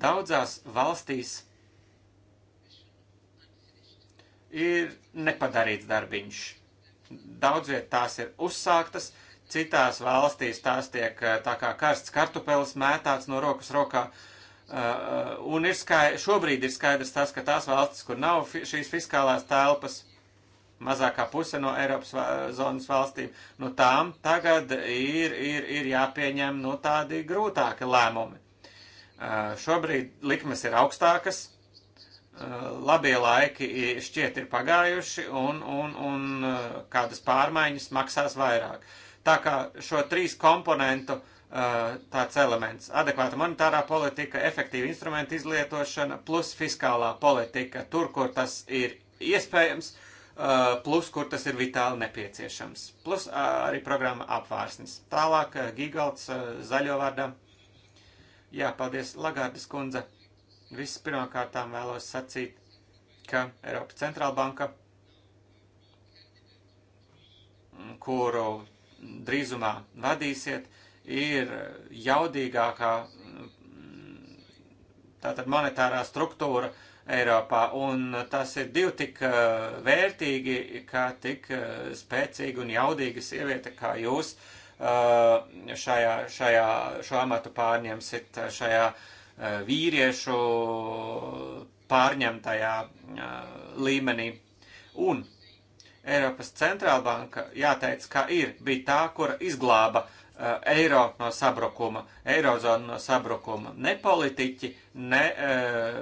Daudzās valstīs ir nepadarīts darbiņš. Daudz viet tās ir uzsāktas, citās valstīs tās tiek eh, tā kā karsts kartupelis mētāts no rokas rokā. Uh, un ir skaidrs, šobrīd ir skaidrs tas, ka tās valstis, kur nav fi šīs fiskālās telpas, mazākā puse no Eiropas va zonas valstīm, no tām tagad ir, ir, ir jāpieņem no nu, tādi grūtāki lēmumi. Uh, šobrīd likmes ir augstākas, Eh, labie laiki šķiet ir pagājuši un, un, un eh, kādas pārmaiņas maksās vairāk. Tā kā šo trīs komponentu eh, tāds elements - adekvāta monetārā politika, efektīva instrumenta izlietošana plus fiskālā politika tur, kur tas ir iespējams, plus kur tas ir vitāli nepieciešams. Plus arī programma apvārsnis. Tālāk Gigalds zaļo vārdā. Jā, paldies, Lagardas kundze. Vispirmkārtām vēlos sacīt, ka Eiropas centrālbanka, kuru drīzumā vadīsiet, ir jaudīgākā tātad monetārā struktūra Eiropā, un tas ir divi tik eh, vērtīgi, kā tik eh, spēcīga un jaudīga sieviete, kā jūs eh, šajā, šajā, šo amatu pārņemsit šajā uh, vīriešu pārņemtajā līmenī. Un Eiropas centrālbanka, jāteic, ka ir, bija tā, kura izglāba uh, eiro no sabrukuma, eirozonu no sabrukuma. Ne politiķi, ne uh,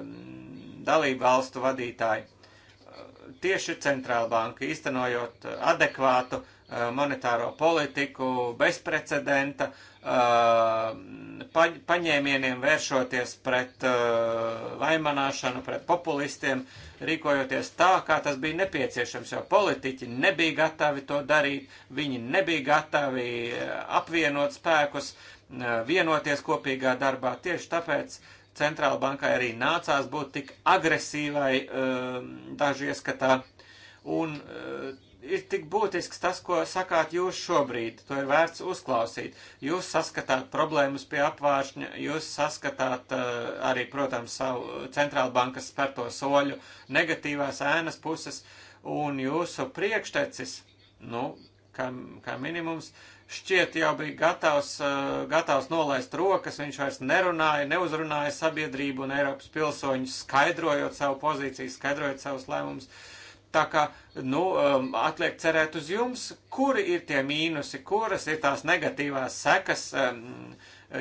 dalību valstu vadītāji. Uh, tieši centrālbanka īstenojot adekvātu monetāro politiku bez precedenta, uh, Uh, paņēmieniem, vēršoties pret laimanāšanu, uh, pret populistiem, rīkojoties tā, kā tas bija nepieciešams, jo politiķi nebija gatavi to darīt, viņi nebija gatavi uh, apvienot spēkus, vienoties kopīgā darbā. Tieši tāpēc centrāla bankai arī nācās būt tik agresīvai dažu ieskatā. Un ir tik būtisks tas, ko sakāt jūs šobrīd. To ir vērts uzklausīt. Jūs saskatāt problēmas pie apvāršņa, jūs saskatāt uh, arī, protams, savu centrālbankas spērto soļu negatīvās ēnas puses, un jūsu priekštecis, nu, kā, kā minimums, šķiet jau bija gatavs, uh, gatavs nolaist rokas, viņš vairs nerunāja, neuzrunāja sabiedrību un Eiropas pilsoņus, skaidrojot savu pozīciju, skaidrojot savus lēmumus. Uh, Tā kā, nu, um, atliek cerēt uz jums, kuri ir tie mīnusi, kuras ir tās negatīvās sekas um,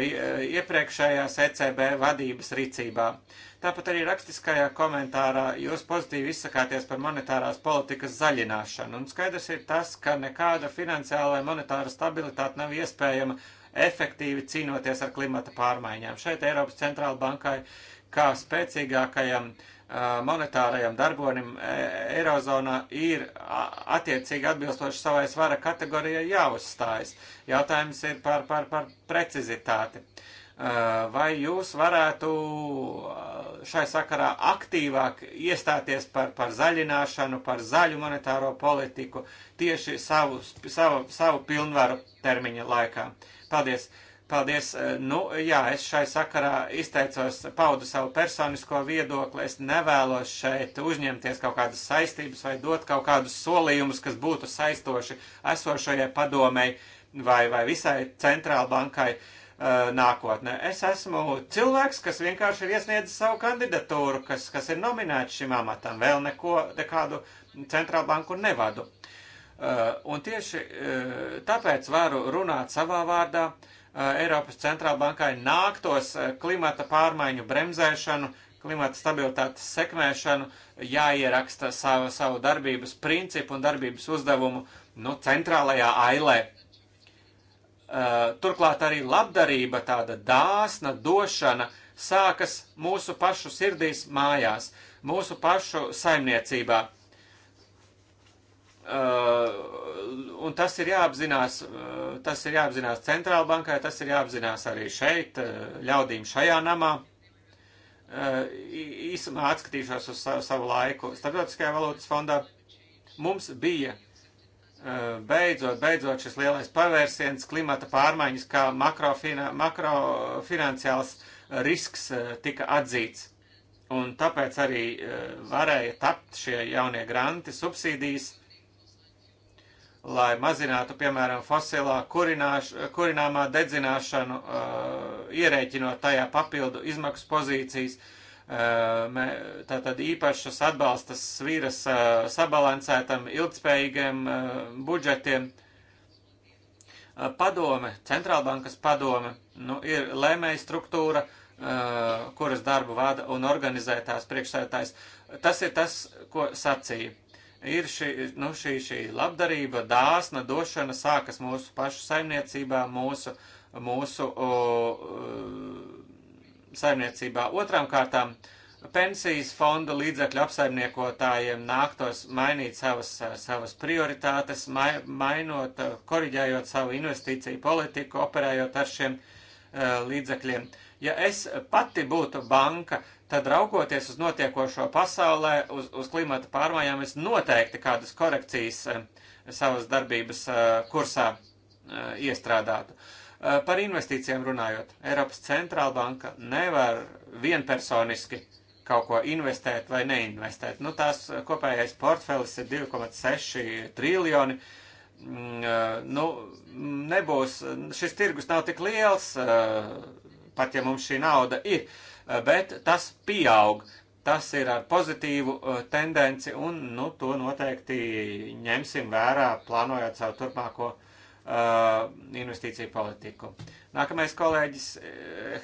iepriekšējās ECB vadības rīcībā. Tāpat arī rakstiskajā komentārā jūs pozitīvi izsakāties par monetārās politikas zaļināšanu, un skaidrs ir tas, ka nekāda finansiāla monetāra stabilitāte nav iespējama efektīvi cīnoties ar klimata pārmaiņām. Šeit Eiropas centrāla bankai kā spēcīgākajam uh, monetārajam darbonim Eirozonā ir attiecīgi atbilstoši savai svara kategorijai jāuzstājas. Jautājums ir par, par, par precizitāti. Vai jūs varētu šai sakarā aktīvāk iestāties par, par zaļināšanu, par zaļu monetāro politiku tieši savu, savu, savu pilnvaru termiņa laikā? Paldies! Paldies. Eh, nu, jā, es šai sakarā izteicos, paudu savu personisko viedokli. Es nevēlos šeit uzņemties kaut kādas saistības vai dot kaut kādus solījumus, kas būtu saistoši esošajai padomei vai, vai visai centrālbankai uh, eh, nākotnē. Es esmu cilvēks, kas vienkārši ir iesniedzis savu kandidatūru, kas, kas ir nominēts šim amatam. Vēl neko, nekādu centrālbanku nevadu. Uh, un tieši uh, tāpēc varu runāt savā vārdā. Uh, Eh, Eiropas centrālbankai nāktos eh, klimata pārmaiņu bremzēšanu, klimata stabilitātes sekmēšanu, jāieraksta savu, savu darbības principu un darbības uzdevumu nu, centrālajā ailē. Eh, turklāt arī labdarība, tāda dāsna došana, sākas mūsu pašu sirdīs mājās, mūsu pašu saimniecībā. Uh, un tas ir jāapzinās, uh, tas ir jāapzinās centrālbankai, tas ir jāapzinās arī šeit, uh, ļaudīm šajā namā. Uh, īsumā atskatīšos uz savu, savu laiku. Starptautiskajā valūtas fondā mums bija uh, beidzot, beidzot šis lielais pavērsiens klimata pārmaiņas, kā makrofina, makrofinanciāls risks uh, tika atzīts. Un tāpēc arī varēja tapt šie jaunie granti, subsīdijas, lai mazinātu, piemēram, fosilā kurināmā dedzināšanu, uh, ierēķinot tajā papildu izmaksu pozīcijas, uh, tātad īpašas atbalstas svīras uh, sabalansētam, ilgspējīgiem budžetiem. Padome, centrālbankas padome, nu, ir lēmēja struktūra, kuras darbu vada un organizē tās priekšsētājs. Tas ir tas, ko sacīja ir šī, nu, šī, šī labdarība, dāsna došana sākas mūsu pašu saimniecībā, mūsu, mūsu o, o, saimniecībā. Otrām kārtām pensijas fonda līdzekļu apsaimniekotājiem nāktos mainīt savas, savas prioritātes, mai, mainot, koriģējot savu investīciju politiku, operējot ar šiem uh, līdzekļiem. Uh, Ja es pati būtu banka, tad raugoties uz notiekošo pasaulē, uz, uz klimata pārmaiņām, es noteikti kādas korekcijas eh, savas darbības eh, kursā eh, iestrādātu. Par investīcijām runājot, Eiropas centrālbanka nevar vienpersoniski kaut ko investēt vai neinvestēt. Nu, tās kopējais portfelis ir 2,6 triljoni. Mm, nu, nebūs, šis tirgus nav tik liels, pat ja mums šī nauda ir, eh, bet tas pieaug. Tas ir ar pozitīvu eh, tendenci un, nu, to noteikti ņemsim vērā, plānojot savu turpmāko uh, investīciju politiku. Nākamais kolēģis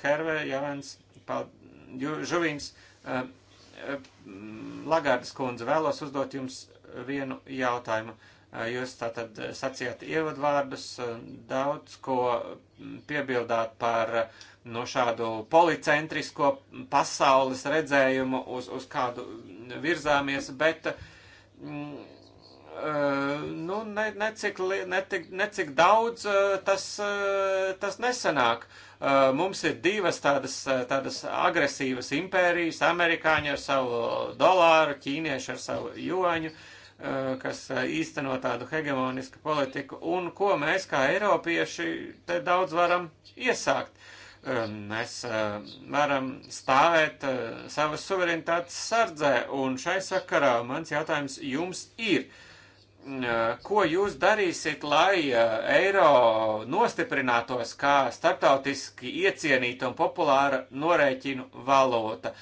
Herve Javans Žuvīns. Uh, Lagardas kundze vēlos uzdot jums vienu jautājumu. Uh, Jūs tātad sacījāt ievadvārdus, daudz ko piebildāt par no nu, šādu policentrisko pasaules redzējumu, uz, uz kādu virzāmies, bet. Mm, nu, ne, necik, necik, necik daudz tas, tas nesanāk. Mums ir divas tādas, tādas agresīvas impērijas - amerikāņi ar savu dolāru, ķīnieši ar savu juāņu. Uh, Eh, kas eh, īsteno tādu hegemonisku politiku, un ko mēs kā eiropieši te daudz varam iesākt. Eh, mēs varam stāvēt savas suverenitātes sardzē, un šai sakarā mans jautājums jums ir mm, ko jūs darīsiet, lai eiro nostiprinātos kā starptautiski iecienīta un populāra norēķinu valūta?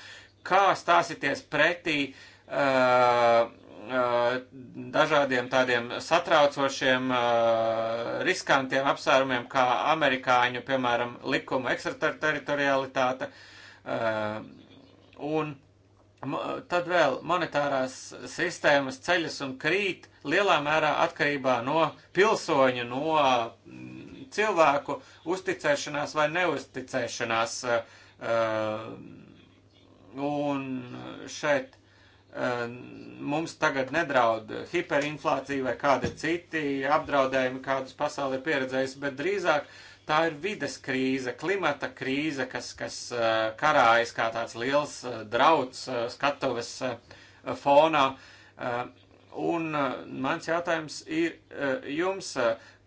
Kā stāsieties pretī uh, Uh, dažādiem tādiem satraucošiem, uh, riskantiem apsvērumiem, kā amerikāņu, piemēram, likuma ekstrateritorialitāte. Uh, un tad vēl monetārās sistēmas ceļas un krīt lielā mērā atkarībā no pilsoņu, no mm, cilvēku uzticēšanās vai neuzticēšanās. Un šeit Ehm, mums tagad nedraud hiperinflācija vai kādi citi apdraudējumi, kādus pasauli ir pieredzējusi, bet drīzāk tā ir vides krīze, klimata krīze, kas, kas ehm, karājas kā tāds liels ehm, drauds skatuves fonā. Un mans jautājums ir jums,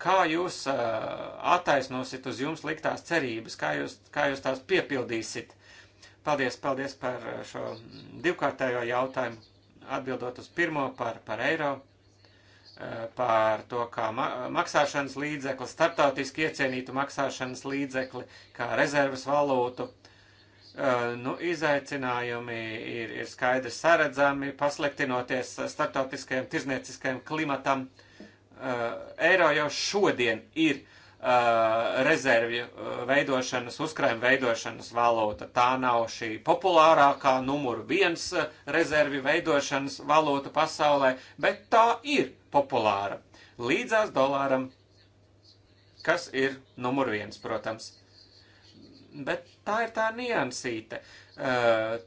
kā jūs attaisnosit uz jums liktās cerības, kā jūs, kā jūs tās piepildīsit? Paldies, paldies par eh, šo divkārtējo jautājumu. Atbildot uz pirmo par, par eiro, eh, par to, kā ma maksāšanas līdzekli, starptautiski iecienītu maksāšanas līdzekli, kā rezerves valūtu. Eh, nu, izaicinājumi ir, ir skaidri saredzami, pasliktinoties starptautiskajam tirznieciskajam klimatam. Eiro jau šodien ir Uh, rezervju uh, veidošanas, uzkrājuma veidošanas valūta. Tā nav šī populārākā numur viens uh, rezervju veidošanas valūta pasaulē, bet tā ir populāra. Līdzās dolāram, kas ir numur viens, protams. Bet tā ir tā niansīte.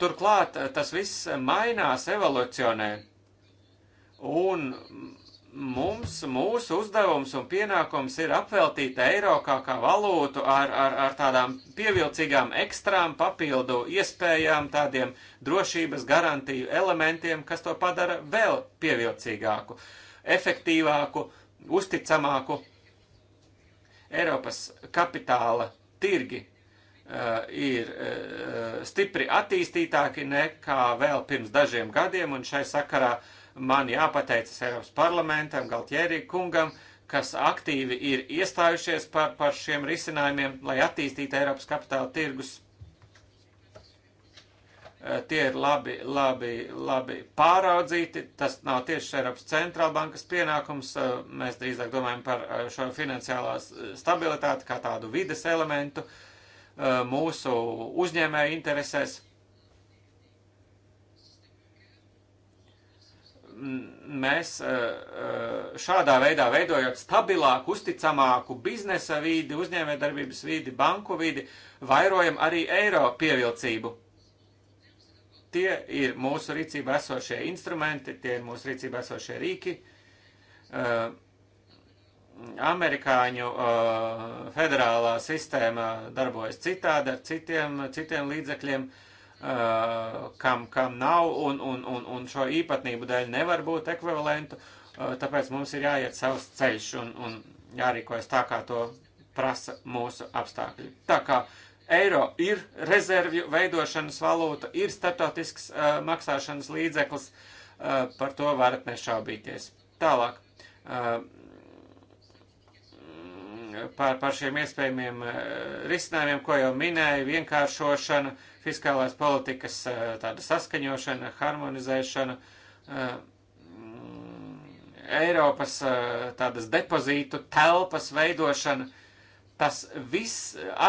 Turklāt tas viss mainās, evolucionē. Un mums, mūsu uzdevums un pienākums ir apveltīt eiro kā, kā valūtu ar, ar, ar tādām pievilcīgām ekstrām, papildu iespējām, tādiem drošības garantiju elementiem, kas to padara vēl pievilcīgāku, efektīvāku, uzticamāku. Eiropas kapitāla tirgi uh, ir uh, stipri attīstītāki nekā vēl pirms dažiem gadiem, un šai sakarā uh, man jāpateicas Eiropas parlamentam, Galtjērī kungam, kas aktīvi ir iestājušies par, par šiem risinājumiem, lai attīstītu Eiropas kapitāla tirgus. Eh, tie ir labi, labi, labi pāraudzīti. Tas nav tieši Eiropas centrālbankas pienākums. Eh, mēs drīzāk domājam par eh, šo finansiālās stabilitāti kā tādu vides elementu mūsu uzņēmēju interesēs mēs e, e, šādā veidā veidojot stabilāku, uzticamāku biznesa vīdi, uzņēmējdarbības vīdi, banku vīdi, vairojam arī eiro pievilcību. Tie ir mūsu rīcībā esošie instrumenti, tie ir mūsu rīcībā esošie rīki. E, amerikāņu federālā sistēma darbojas citādi ar citiem, citiem līdzekļiem. Uh, Uh, kam, kam nav, un, un, un, un šo īpatnību dēļ nevar būt ekvivalentu, uh, tāpēc mums ir jāiet savs ceļš un, un jārīkojas tā, kā to prasa mūsu apstākļi. Tā kā eiro ir rezervju veidošanas valūta, ir startautisks uh, maksāšanas līdzeklis, uh, par to varat nešaubīties. Tālāk. Uh, Uh, par, par šiem iespējamiem uh, risinājumiem, ko jau minēju, vienkāršošana, fiskālās politikas uh, tāda saskaņošana, harmonizēšana, Eiropas tādas depozītu telpas veidošana. Tas viss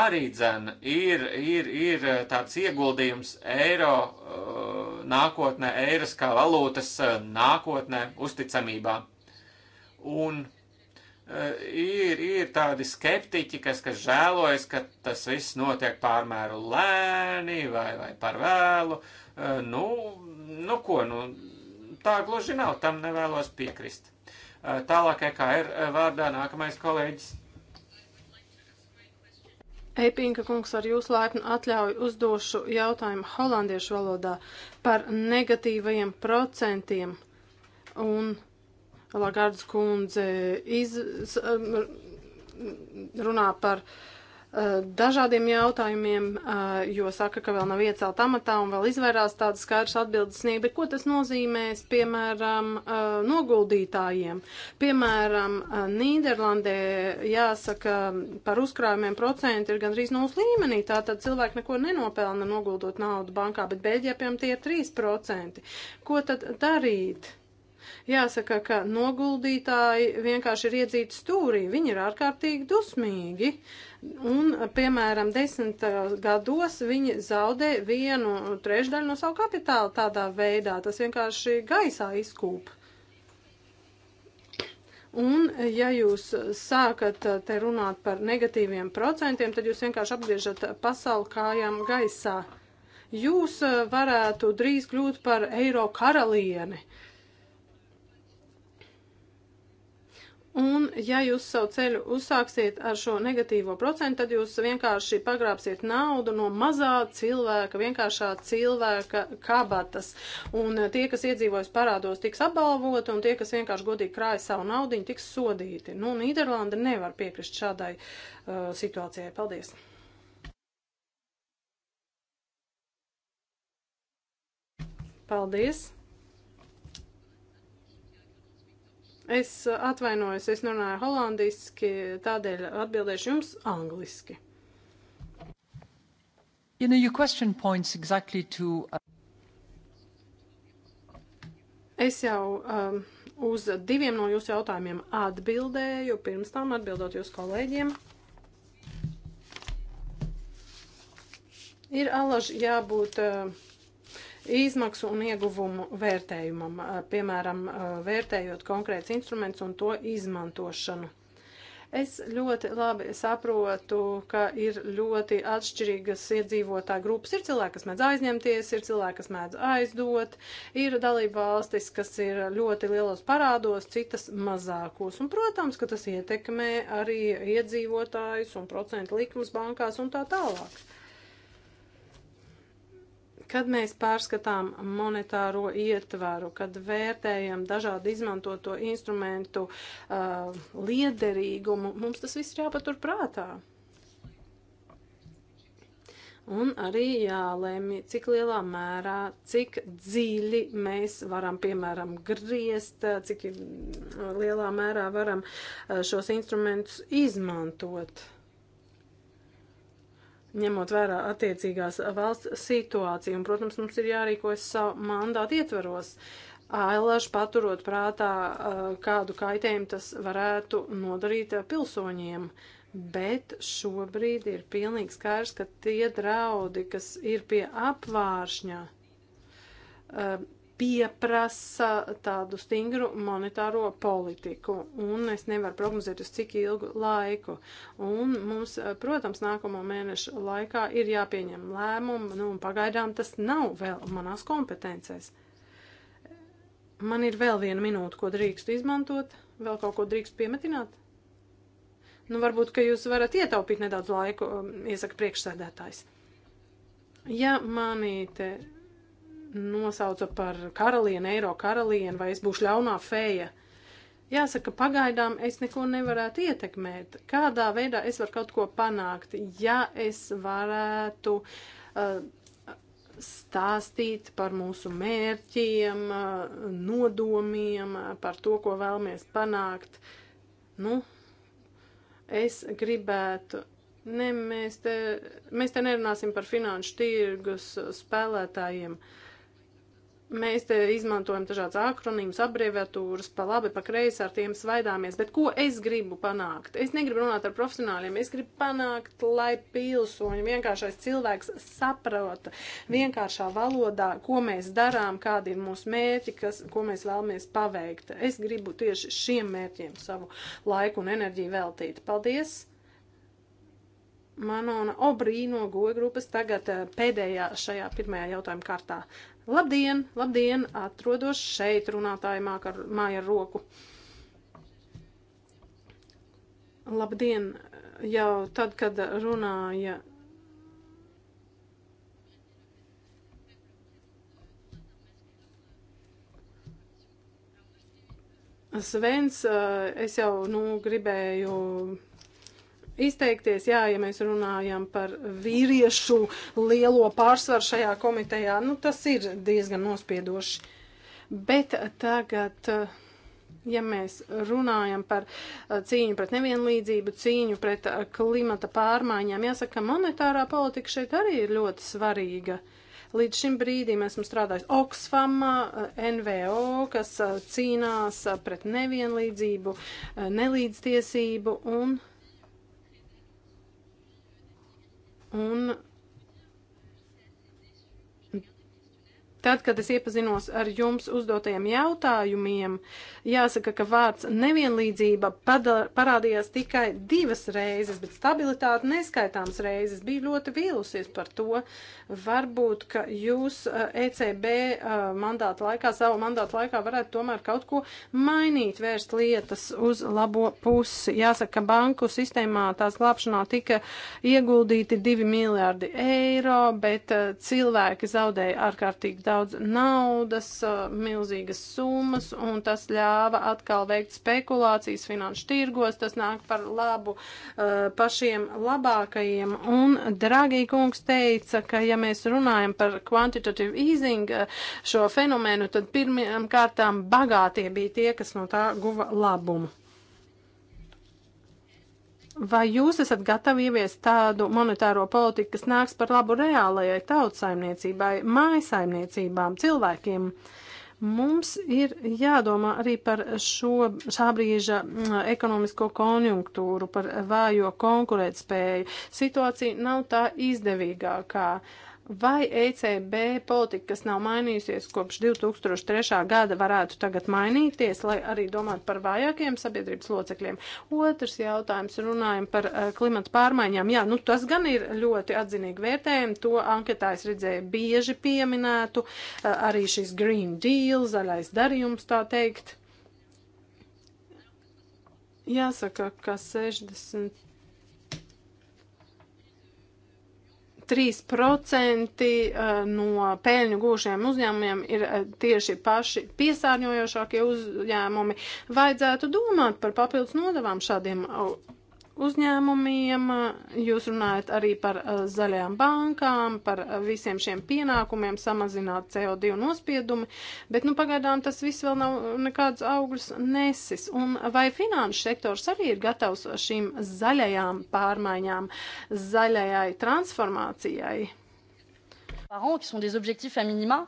arī dzen ir, ir, ir tāds ieguldījums eiro nākotnē, eiras kā valūtas nākotnē, uzticamībā. Un Eh, ir, ir tādi skeptiķi, kas, kas žēlojas, ka tas viss notiek pārmēru lēni vai, vai par vēlu. Eh, nu, nu ko, nu, tā gluži nav, tam nevēlos piekrist. Eh, tālāk, e kā ir vārdā nākamais kolēģis. Eipinka kungs, ar jūsu laipnu atļauju uzdošu jautājumu holandiešu valodā par negatīvajiem procentiem un uh, Lagardas kundze iz, um, runā par uh, dažādiem jautājumiem, uh, jo saka, ka vēl nav iecelt amatā un vēl izvairās tādas skaidrs atbildes sniegt, bet ko tas nozīmēs, piemēram, uh, noguldītājiem? Piemēram, Nīderlandē jāsaka par uzkrājumiem procenti ir gandrīz nulles līmenī, tātad cilvēki neko nenopelna noguldot naudu bankā, bet Beļģijā, piemēram, tie ir 3%. Ko tad darīt? Jāsaka, ka noguldītāji vienkārši ir iedzīti stūrī, viņi ir ārkārtīgi dusmīgi. Un, piemēram, desmit gados viņi zaudē vienu trešdaļu no savu kapitālu tādā veidā. Tas vienkārši gaisā izkūp. Un, ja jūs sākat te runāt par negatīviem procentiem, tad jūs vienkārši apgriežat pasauli kājām gaisā. Jūs varētu drīz kļūt par eiro karalieni. Un, ja jūs savu ceļu uzsāksiet ar šo negatīvo procentu, tad jūs vienkārši pagrābsiet naudu no mazā cilvēka, vienkāršā cilvēka kabatas. Un eh, tie, kas iedzīvojas parādos, tiks apbalvoti, un tie, kas vienkārši godīgi krāja savu naudu, tiks sodīti. Nu, Nīderlanda nevar piekrist šādai uh, situācijai. Paldies! Paldies! Es atvainojos, es runāju holandiski, tādēļ atbildēšu jums angliski. You know, your question points exactly to. Uh, es jau um, uz diviem no jūsu jautājumiem atbildēju, pirms tam atbildot jūsu kolēģiem. Ir alaži jābūt uh, izmaksu un ieguvumu vērtējumam, piemēram, vērtējot konkrēts instruments un to izmantošanu. Es ļoti labi saprotu, ka ir ļoti atšķirīgas iedzīvotāju grupas. Ir cilvēki, kas mēdz aizņemties, ir cilvēki, kas mēdz aizdot, ir dalība valstis, kas ir ļoti lielos parādos, citas mazākos. Un, protams, ka tas ietekmē arī iedzīvotājus un procentu likums bankās un tā tālāk. Kad mēs pārskatām monetāro ietvaru, kad vērtējam dažādu izmantoto instrumentu uh, liederīgumu, mums tas viss ir jāpatur prātā. Un arī jālēmj, cik lielā mērā, cik dziļi mēs varam, piemēram, griezt, cik lielā mērā varam uh, šos instrumentus izmantot ņemot vērā attiecīgās valsts situāciju. Un, protams, mums ir jārīkojas savu mandātu ietvaros. Ailaž paturot prātā, uh, kādu kaitējumu tas varētu nodarīt uh, pilsoņiem. Bet šobrīd ir pilnīgi skaidrs, ka tie draudi, kas ir pie apvāršņa, uh, pieprasa tādu stingru monetāro politiku, un es nevaru prognozēt uz cik ilgu laiku. Un mums, protams, nākamo mēnešu laikā ir jāpieņem lēmumu, nu, un pagaidām tas nav vēl manās kompetencēs. Man ir vēl viena minūte, ko drīkstu izmantot. Vēl kaut ko drīkstu piemetināt? Nu, varbūt, ka jūs varat ietaupīt nedaudz laiku, um, iesaka priekšsēdētājs. Ja manī te nosauca par karalieni, eiro karalieni, vai es būšu ļaunā fēja. Jāsaka, pagaidām es neko nevarētu ietekmēt. Kādā veidā es varu kaut ko panākt, ja es varētu uh, stāstīt par mūsu mērķiem, uh, nodomiem, par to, ko vēlamies panākt. Nu, es gribētu Ne, mēs te, mēs te nerunāsim par finanšu tirgus spēlētājiem. Uh, Mēs te izmantojam dažādas akronīmas, abreviatūras, pa labi, pa kreisi ar tiem svaidāmies, bet ko es gribu panākt? Es negribu runāt ar profesionāļiem, es gribu panākt, lai pilsoņi, vienkāršais cilvēks saprota vienkāršā valodā, ko mēs darām, kādi ir mūsu mērķi, kas, ko mēs vēlamies paveikt. Es gribu tieši šiem mērķiem savu laiku un enerģiju veltīt. Paldies! Manona Obrī no Goja grupas tagad eh, pēdējā šajā pirmajā jautājuma kārtā. Labdien, labdien, atrodos šeit, runātāji ar, māja ar roku. Labdien, jau tad, kad runāja. Svens, eh, es jau nu, gribēju izteikties, jā, ja mēs runājam par vīriešu lielo pārsvaru šajā komitejā, nu tas ir diezgan nospiedoši. Bet tagad, ja mēs runājam par eh, cīņu pret nevienlīdzību, cīņu pret eh, klimata pārmaiņām, jāsaka, monetārā politika šeit arī ir ļoti svarīga. Līdz šim brīdim esmu strādājis Oxfam, eh, NVO, kas cīnās pret nevienlīdzību, nelīdztiesību un Un Tad, kad es iepazinos ar jums uzdotajiem jautājumiem, jāsaka, ka vārds nevienlīdzība padar, parādījās tikai divas reizes, bet stabilitāte neskaitāms reizes bija ļoti vīlusies par to. Varbūt, ka jūs ECB eh, e eh, mandāta laikā, savu mandātu laikā varētu tomēr kaut ko mainīt, vērst lietas uz labo pusi. Jāsaka, ka banku sistēmā tās glābšanā tika ieguldīti 2 miljārdi eiro, bet eh, cilvēki zaudēja ārkārtīgi daudz daudz naudas, milzīgas summas, un tas ļāva atkal veikt spekulācijas finanšu tirgos. Tas nāk par labu pašiem labākajiem. Un Dragī kungs teica, ka ja mēs runājam par quantitative easing šo fenomenu, tad pirmām kārtām bagātie bija tie, kas no tā guva labumu. Vai jūs esat gatavi ieviest tādu monetāro politiku, kas nāks par labu reālajai tautsaimniecībai, mājasaimniecībām, cilvēkiem? Mums ir jādomā arī par šo šā brīža ekonomisko konjunktūru, par vājo konkurētspēju. Situācija nav tā izdevīgākā. Uh, Vai ECB politika, kas nav mainījusies kopš 2003. gada, varētu tagad mainīties, lai arī domātu par vājākiem sabiedrības locekļiem? Otrs jautājums runājam par eh, klimata pārmaiņām. Jā, nu tas gan ir ļoti atzinīgi vērtējumi, to anketā es redzēju bieži pieminētu, eh, arī šis Green Deal, zaļais darījums tā teikt. Jāsaka, ka 60 3% eh, no pēļņu gūšiem uzņēmumiem ir eh, tieši paši piesārņojošākie uzņēmumi. Vajadzētu domāt par papildus nodavām šādiem uzņēmumiem, jūs runājat arī par uh, zaļajām bankām, par uh, visiem šiem pienākumiem samazināt CO2 nospiedumi, bet nu pagaidām tas viss vēl nav nekāds augļus nesis. Un vai finanšu sektors arī ir gatavs šīm zaļajām pārmaiņām, zaļajai transformācijai? Parents, qui sont des objectifs à minima,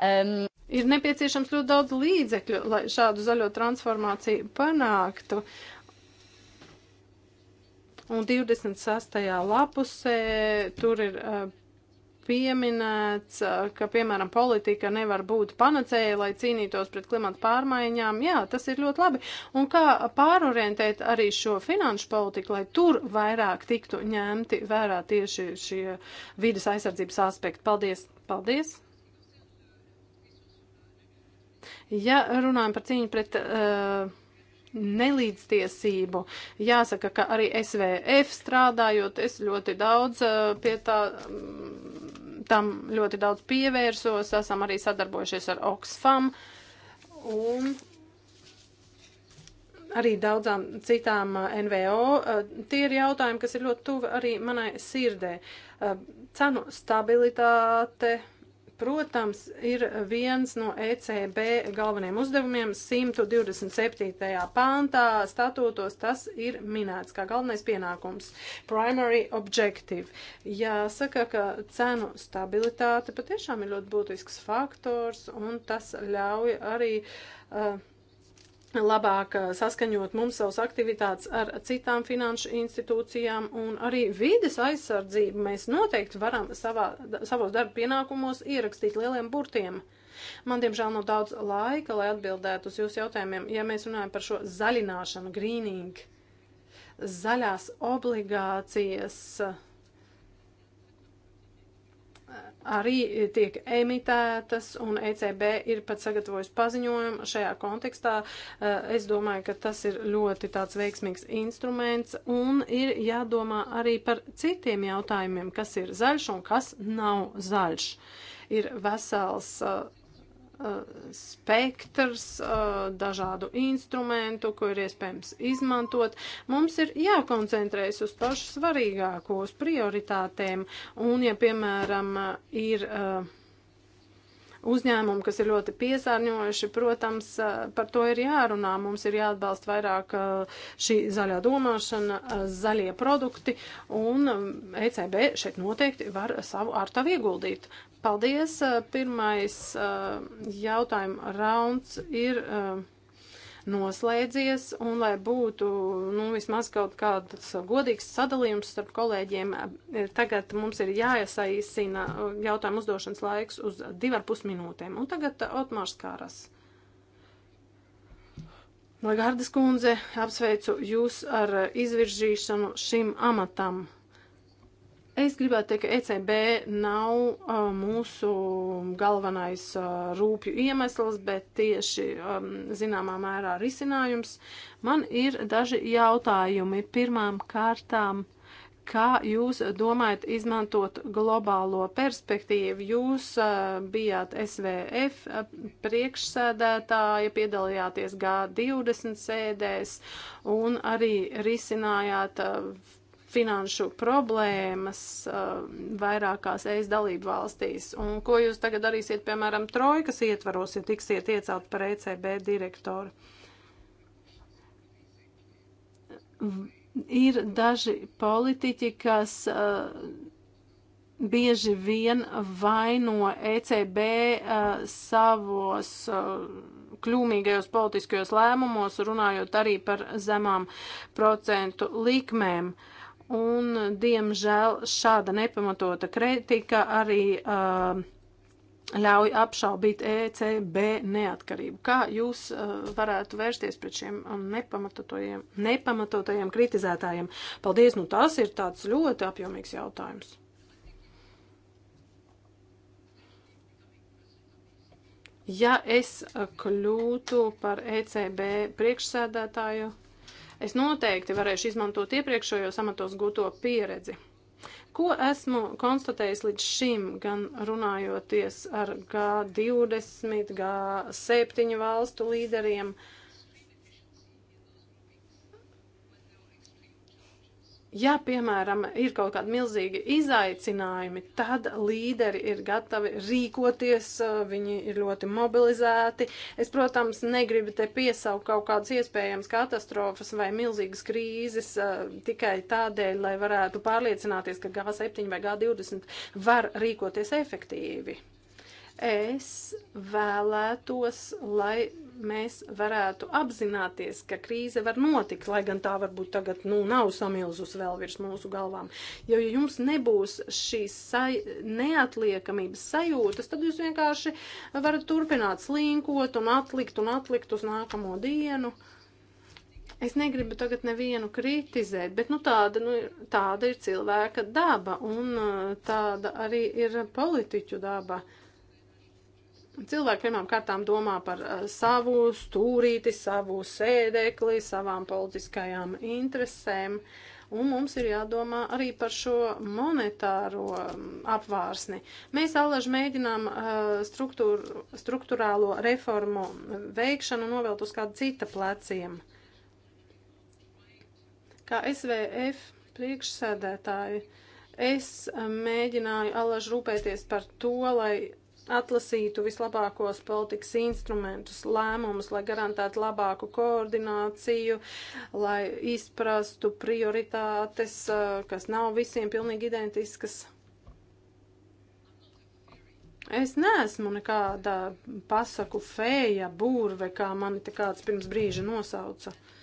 Um, ir nepieciešams ļoti daudz līdzekļu, lai šādu zaļo transformāciju panāktu. Un 26. lapusē tur ir pieminēts, ka, piemēram, politika nevar būt panacēja, lai cīnītos pret klimatu pārmaiņām. Jā, tas ir ļoti labi. Un kā pārorientēt arī šo finanšu politiku, lai tur vairāk tiktu ņemti vērā tieši šie vidas aizsardzības aspekti. Paldies! Paldies! Ja runājam par cīņu pret. Uh, nelīdztiesību. Jāsaka, ka arī SVF strādājot, es ļoti daudz eh, pie tā, mm, tam ļoti daudz pievērsos, esam arī sadarbojušies ar Oxfam un arī daudzām citām eh, NVO. Eh, tie ir jautājumi, kas ir ļoti tuvi arī manai sirdē. Cenu stabilitāte protams, ir viens no ECB galvenajiem uzdevumiem 127. pāntā statūtos. Tas ir minēts kā galvenais pienākums - primary objective. Jāsaka, ka cenu stabilitāte patiešām ir ļoti būtisks faktors, un tas ļauj arī. Uh, labāk eh, saskaņot mums savus aktivitātes ar citām finanšu institūcijām un arī vides aizsardzību mēs noteikti varam savā, savos darba pienākumos ierakstīt lieliem burtiem. Man, diemžēl, nav daudz laika, lai atbildētu uz jūsu jautājumiem, ja mēs runājam par šo zaļināšanu, greening, zaļās obligācijas. Uh, arī tiek emitētas, un ECB ir pat sagatavojis paziņojumu šajā kontekstā. Eh, es domāju, ka tas ir ļoti tāds veiksmīgs instruments, un ir jādomā arī par citiem jautājumiem, kas ir zaļš un kas nav zaļš. Ir vesels uh, Uh, spektrs uh, dažādu instrumentu, ko ir iespējams izmantot. Mums ir jākoncentrējas uz pašu svarīgāko, uz prioritātēm, un ja, piemēram, ir uh, uzņēmumi, kas ir ļoti piesārņojuši, protams, par to ir jārunā. Mums ir jāatbalsta vairāk šī zaļā domāšana, zaļie produkti, un um, ECB šeit noteikti var savu ar tavu ieguldīt. Paldies. Pirmais jautājuma rauns ir noslēdzies, un lai būtu nu, vismaz kaut kāds godīgs sadalījums starp kolēģiem, tagad mums ir jāiesaīsina jautājumu uzdošanas laiks uz divar pus minūtēm. Un tagad Otmārs Kāras. Lagardas kundze, apsveicu jūs ar izvirzīšanu šim amatam. Es gribētu teikt, ka ECB nav uh, mūsu galvenais uh, rūpju iemesls, bet tieši um, zināmā mērā risinājums. Man ir daži jautājumi pirmām kārtām. Kā jūs domājat izmantot globālo perspektīvu? Jūs uh, bijāt SVF priekšsēdētāja, piedalījāties G20 sēdēs un arī risinājāt uh, finanšu problēmas uh, vairākās ES dalību valstīs. Un ko jūs tagad darīsiet, piemēram, trojkas ietvaros, ja tiksiet iecelt par ECB direktoru? Ir daži politiķi, kas uh, bieži vien vaino ECB uh, eh, savos. Uh, kļūmīgajos politiskajos lēmumos, runājot arī par zemām procentu likmēm. Uh, Un, diemžēl, šāda nepamatota kritika arī uh, ļauj apšaubīt ECB neatkarību. Kā jūs uh, varētu vērsties pret šiem um, nepamatotajiem, nepamatotajiem kritizētājiem? Paldies, nu tas ir tāds ļoti apjomīgs jautājums. Ja es uh, kļūtu par ECB priekšsēdētāju, es noteikti varēšu izmantot iepriekšējos amatos gūto pieredzi. Ko esmu konstatējis līdz šim, gan runājoties ar G20, G7 valstu līderiem? Uh, Ja, piemēram, ir kaut kādi milzīgi izaicinājumi, tad līderi ir gatavi rīkoties, eh, viņi ir ļoti mobilizēti. Es, protams, negribu te piesaukt kaut kādas iespējamas katastrofas vai milzīgas krīzes eh, tikai tādēļ, lai varētu pārliecināties, ka G7 vai G20 var rīkoties efektīvi es vēlētos, lai mēs varētu apzināties, ka krīze var notikt, lai gan tā varbūt tagad nu, nav samilzus vēl virs mūsu galvām. Jo, ja jums nebūs šīs saj neatliekamības sajūtas, tad jūs vienkārši varat turpināt slinkot un atlikt un atlikt uz nākamo dienu. Es negribu tagad nevienu kritizēt, bet nu, tāda, nu, tāda ir cilvēka daba un uh, tāda arī ir politiķu daba. Uh, Cilvēki pirmām kārtām domā par savu stūrīti, savu sēdekli, savām politiskajām interesēm, un mums ir jādomā arī par šo monetāro apvārsni. Mēs allaž mēģinām struktūr, struktūrālo reformu veikšanu novelt uz kādu cita pleciem. Kā SVF priekšsēdētāji, es mēģināju allaž rūpēties par to, lai atlasītu vislabākos politikas instrumentus, lēmumus, lai garantētu labāku koordināciju, lai izprastu prioritātes, kas nav visiem pilnīgi identiskas. Es neesmu nekāda pasaku fēja, būrve, kā mani te kāds pirms brīža nosauca. Uh,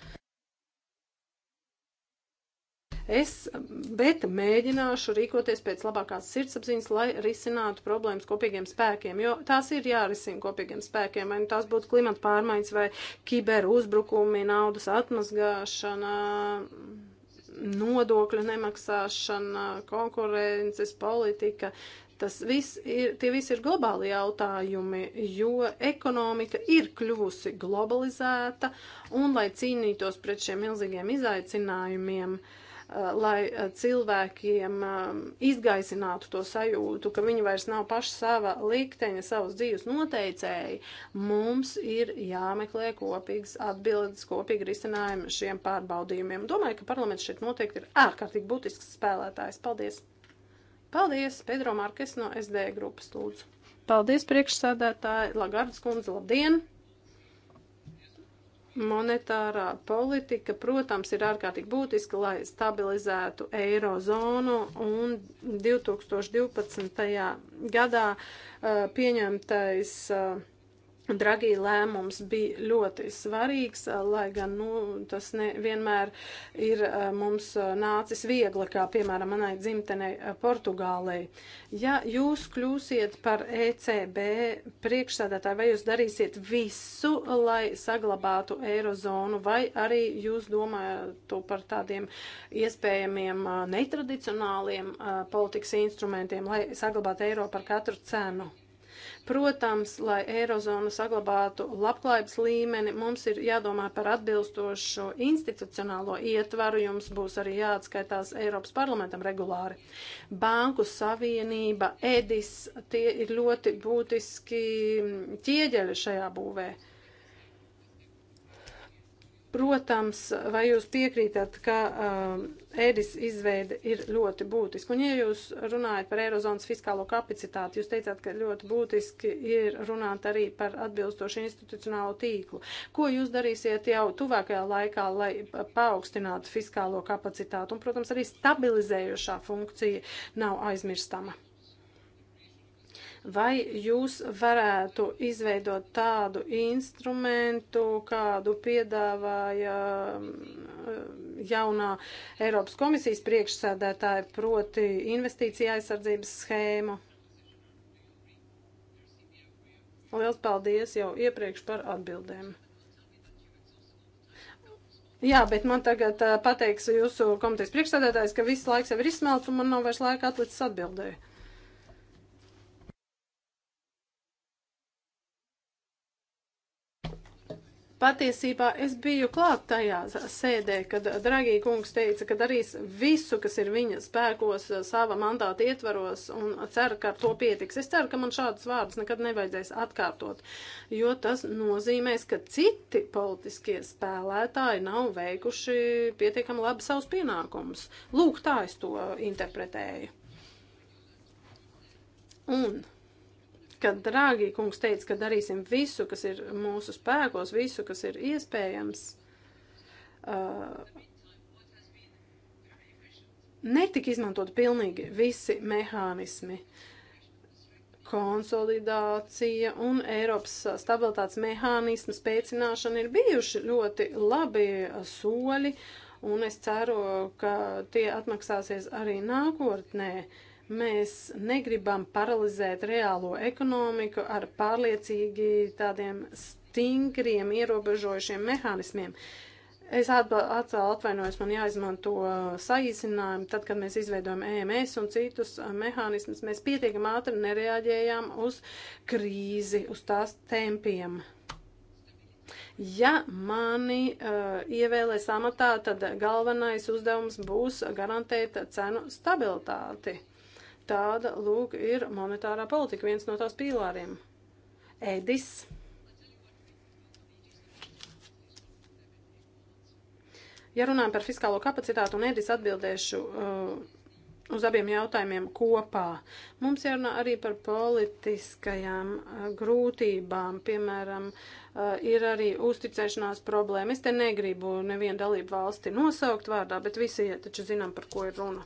Es, bet mēģināšu rīkoties pēc labākās sirdsapziņas, lai risinātu problēmas kopīgiem spēkiem, jo tās ir jārisina kopīgiem spēkiem, vai nu tās būtu klimata pārmaiņas vai kiberuzbrukumi, naudas atmazgāšana nodokļu nemaksāšana, konkurences politika. Tas viss ir, tie visi ir globāli jautājumi, jo ekonomika ir kļuvusi globalizēta, un lai cīnītos pret šiem milzīgiem izaicinājumiem, uh, Uh, lai uh, cilvēkiem um, izgaisinātu to sajūtu, ka viņi vairs nav paši sava likteņa, savas dzīves noteicēji, mums ir jāmeklē kopīgas atbildes, kopīgi risinājumi šiem pārbaudījumiem. Domāju, ka parlaments šeit noteikti ir ārkārtīgi būtisks spēlētājs. Paldies! Paldies, Pedro Markes no SD grupas lūdzu. Paldies, priekšsēdētāji, Lagardas kundze, labdien! Monetārā politika, protams, ir ārkārtīgi būtiska, lai stabilizētu eirozonu un 2012. gadā uh, pieņemtais uh, Dragī lēmums bija ļoti svarīgs, lai gan nu, tas ne, vienmēr ir mums nācis viegli, kā piemēram manai dzimtenei Portugālei. Ja jūs kļūsiet par ECB priekšsēdētāju, vai jūs darīsiet visu, lai saglabātu eirozonu, vai arī jūs domājat par tādiem iespējamiem netradicionāliem politikas instrumentiem, lai saglabātu eiro par katru cenu? Protams, lai Eirozona saglabātu labklājības līmeni, mums ir jādomā par atbilstošu institucionālo ietvaru, jums būs arī jāatskaitās Eiropas parlamentam regulāri. Banku savienība, EDIS, tie ir ļoti būtiski ķieģeļi šajā būvē. Protams, vai jūs piekrītat, ka um, ēdis izveide ir ļoti būtiska? Un, ja jūs runājat par Eirozonas fiskālo kapacitāti, jūs teicāt, ka ļoti būtiski ir runāt arī par atbilstošu institucionālo tīklu. Ko jūs darīsiet jau tuvākajā laikā, lai paaugstinātu fiskālo kapacitātu? Un, protams, arī stabilizējošā funkcija nav aizmirstama. Vai jūs varētu izveidot tādu instrumentu, kādu piedāvāja mm, jaunā Eiropas komisijas priekšsēdētāja, proti investīcija aizsardzības schēmu? Liels paldies jau iepriekš par atbildēm. Jā, bet man tagad pateiks jūsu komitejas priekšstādātājs, ka viss laiks jau ir izsmelts un man nav vairs laika atlicis atbildēju. Patiesībā es biju klāt tajā sēdē, kad Dragī kungs teica, ka darīs visu, kas ir viņa spēkos eh, sava mandāta ietvaros un cer, ka ar to pietiks. Es ceru, ka man šādus vārdus nekad nevajadzēs atkārtot, jo tas nozīmēs, ka citi politiskie spēlētāji nav veikuši pietiekami labi savus pienākumus. Lūk, tā es to interpretēju. Un kad Drāgī kungs teica, ka darīsim visu, kas ir mūsu spēkos, visu, kas ir iespējams, uh, netika izmantot pilnīgi visi mehānismi. Konsolidācija un Eiropas stabilitātes mehānismu spēcināšana ir bijuši ļoti labi soļi, un es ceru, ka tie atmaksāsies arī nākotnē. Uh, Mēs negribam paralizēt reālo ekonomiku ar pārliecīgi tādiem stingriem ierobežojušiem mehānismiem. Es atkal atvainojos, man jāizmanto saīsinājumi. Tad, kad mēs izveidojam EMS un citus uh, mehānismus, mēs pietiekami ātri nereaģējām uz krīzi, uz tās tempiem. Ja mani uh, ievēlēs amatā, tad galvenais uzdevums būs garantēt cenu stabilitāti. Uh, Tāda, lūk, ir monetārā politika, viens no tās pīlāriem. Edis. Ja runājam par fiskālo kapacitātu, un Edis atbildēšu uh, uz abiem jautājumiem kopā. Mums jārunā arī par politiskajām uh, grūtībām, piemēram, uh, ir arī uzticēšanās problēma. Es te negribu nevienu dalību valsti nosaukt vārdā, bet visi ja taču zinām, par ko ir runa.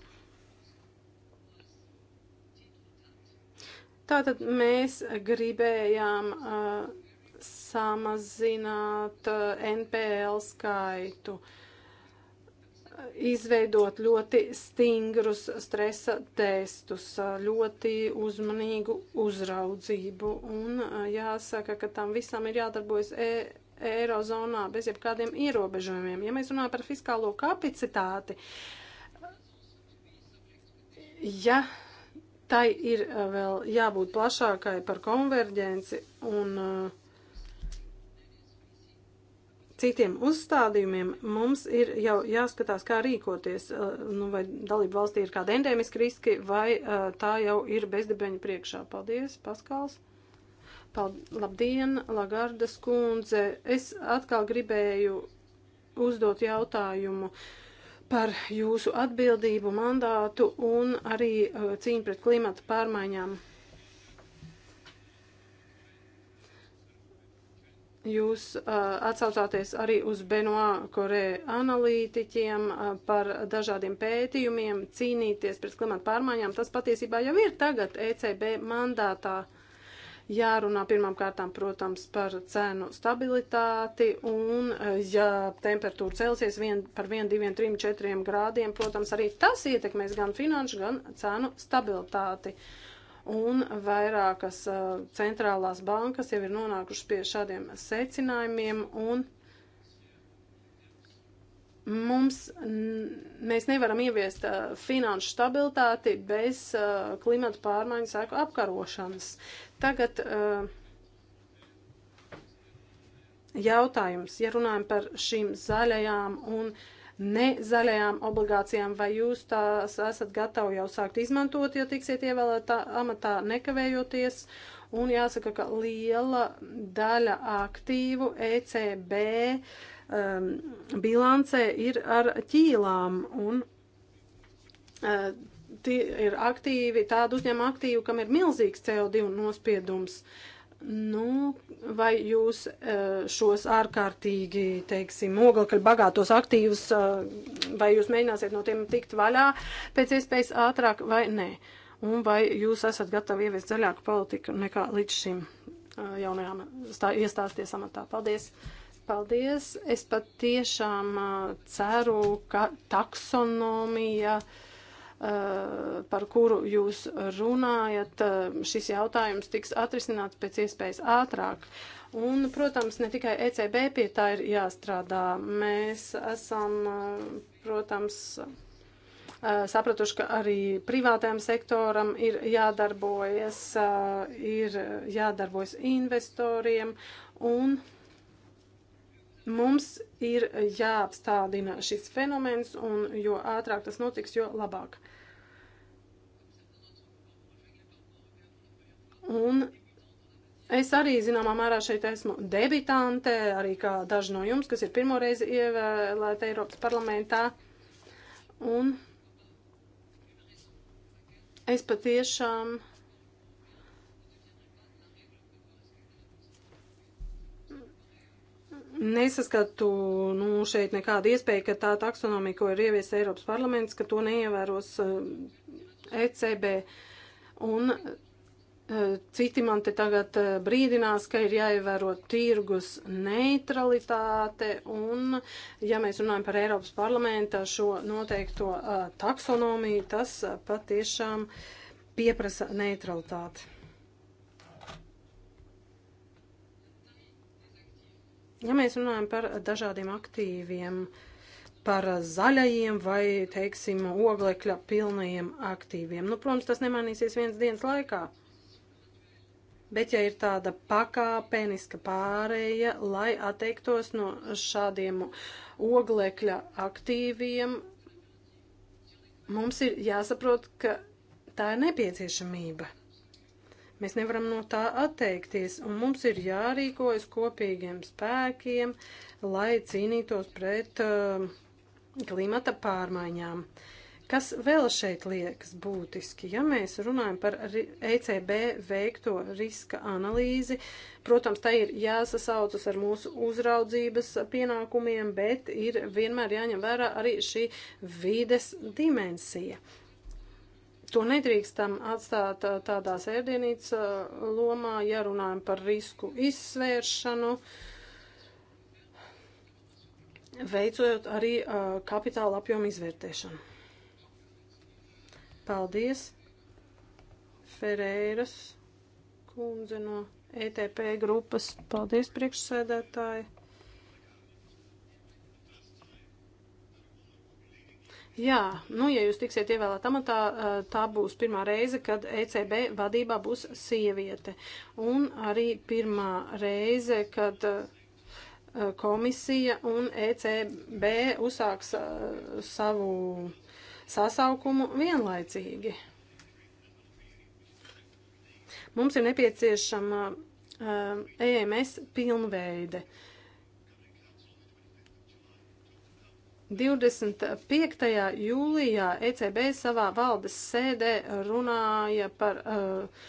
Tātad mēs gribējām uh, samazināt uh, NPL skaitu, uh, izveidot ļoti stingrus stresa testus, uh, ļoti uzmanīgu uzraudzību. Un uh, jāsaka, ka tam visam ir jādarbojas e Eirozonā bez jebkādiem ierobežojumiem. Ja mēs runājam par fiskālo kapacitāti, ja tai ir eh, vēl jābūt plašākai par konverģenci un eh, citiem uzstādījumiem. Mums ir jau jāskatās, kā rīkoties, eh, nu, vai dalību valstī ir kāda endēmiska riski, vai tā jau ir bezdebeņa priekšā. Paldies, Paskals! Paldies, labdien, Lagardas kundze! Es atkal gribēju uzdot jautājumu. Uh, par jūsu atbildību, mandātu un arī uh, cīņu pret klimata pārmaiņām. Jūs uh, atsaucāties arī uz Benoā Korē analītiķiem uh, par dažādiem pētījumiem, cīnīties pret klimatu pārmaiņām. Tas patiesībā jau ir tagad ECB mandātā. Uh, Jārunā pirmām kārtām, protams, par cenu stabilitāti un, eh, ja temperatūra celsies vien, par 1, 2, 3, 4 grādiem, protams, arī tas ietekmēs gan finanšu, gan cenu stabilitāti un vairākas uh, centrālās bankas jau ir nonākušas pie šādiem secinājumiem, un mums, mēs nevaram ieviest uh, finanšu stabilitāti bez uh, klimata pārmaiņu sēku apkarošanas. Tagad uh, jautājums, ja runājam par šīm zaļajām un nezaļajām obligācijām, vai jūs tās esat gatavi jau sākt izmantot, ja tiksiet ievēlētā amatā nekavējoties? Un jāsaka, ka liela daļa aktīvu ECB uh, um, bilancē ir ar ķīlām un uh, tie ir aktīvi, tādu uzņēmu aktīvu, kam ir milzīgs CO2 nospiedums. Nu, vai jūs uh, šos ārkārtīgi, teiksim, oglekļu bagātos aktīvus, uh, vai jūs mēģināsiet no tiem tikt vaļā pēc iespējas ātrāk vai nē? Un vai jūs esat gatavi ieviest zaļāku politiku nekā līdz šim uh, jaunajām iestāsties amatā? Paldies! paldies. Es pat tiešām ceru, ka taksonomija, par kuru jūs runājat, šis jautājums tiks atrisināts pēc iespējas ātrāk. Un, protams, ne tikai ECB pie tā ir jāstrādā. Mēs esam, protams, sapratuši, ka arī privātajam sektoram ir jādarbojas, ir jādarbojas investoriem un Mums ir jāapstādina šis fenomens, un jo ātrāk tas notiks, jo labāk. Un Es arī, zināmā mērā, šeit esmu debitante, arī kā daži no jums, kas ir pirmo reizi ievēlēta Eiropas parlamentā. Un es patiešām. Um, nesaskatu nu, šeit nekādu iespēju, ka tā taksonomija, ko ir ievies Eiropas parlaments, ka to neievēros ECB. Eh, e un eh, citi man te tagad eh, brīdinās, ka ir jāievēro tirgus neutralitāte un, ja mēs runājam par Eiropas parlamenta šo noteikto taksonomiju, tas patiešām pieprasa neutralitāti. Ja mēs runājam par dažādiem aktīviem, par zaļajiem vai, teiksim, oglekļa pilnajiem aktīviem, nu, protams, tas nemainīsies viens dienas laikā. Bet, ja ir tāda pakāpeniska pārēja, lai atteiktos no šādiem oglekļa aktīviem, mums ir jāsaprot, ka tā ir nepieciešamība. Mēs nevaram no tā atteikties, un mums ir jārīkojas kopīgiem spēkiem, lai cīnītos pret uh, klimata pārmaiņām. Kas vēl šeit liekas būtiski, ja mēs runājam par ECB veikto riska analīzi, protams, tai ir jāsasaucas ar mūsu uzraudzības pienākumiem, bet ir vienmēr jāņem vērā arī šī vides dimensija. To nedrīkstam atstāt tādā sērdienītas lomā, ja runājam par risku izsvēršanu, veicot arī kapitāla apjomu izvērtēšanu. Paldies! Ferēras kundze no ETP grupas. Paldies, priekšsēdētāji! Jā, nu, ja jūs tiksiet ievēlēt amatā, eh, tā būs pirmā reize, kad ECB vadībā būs sieviete. Un arī pirmā reize, kad eh, komisija un ECB uzsāks eh, savu sasaukumu vienlaicīgi. Mums ir nepieciešama EMS e pilnveide. Uh, 25. jūlijā ECB savā valdes sēdē runāja par uh,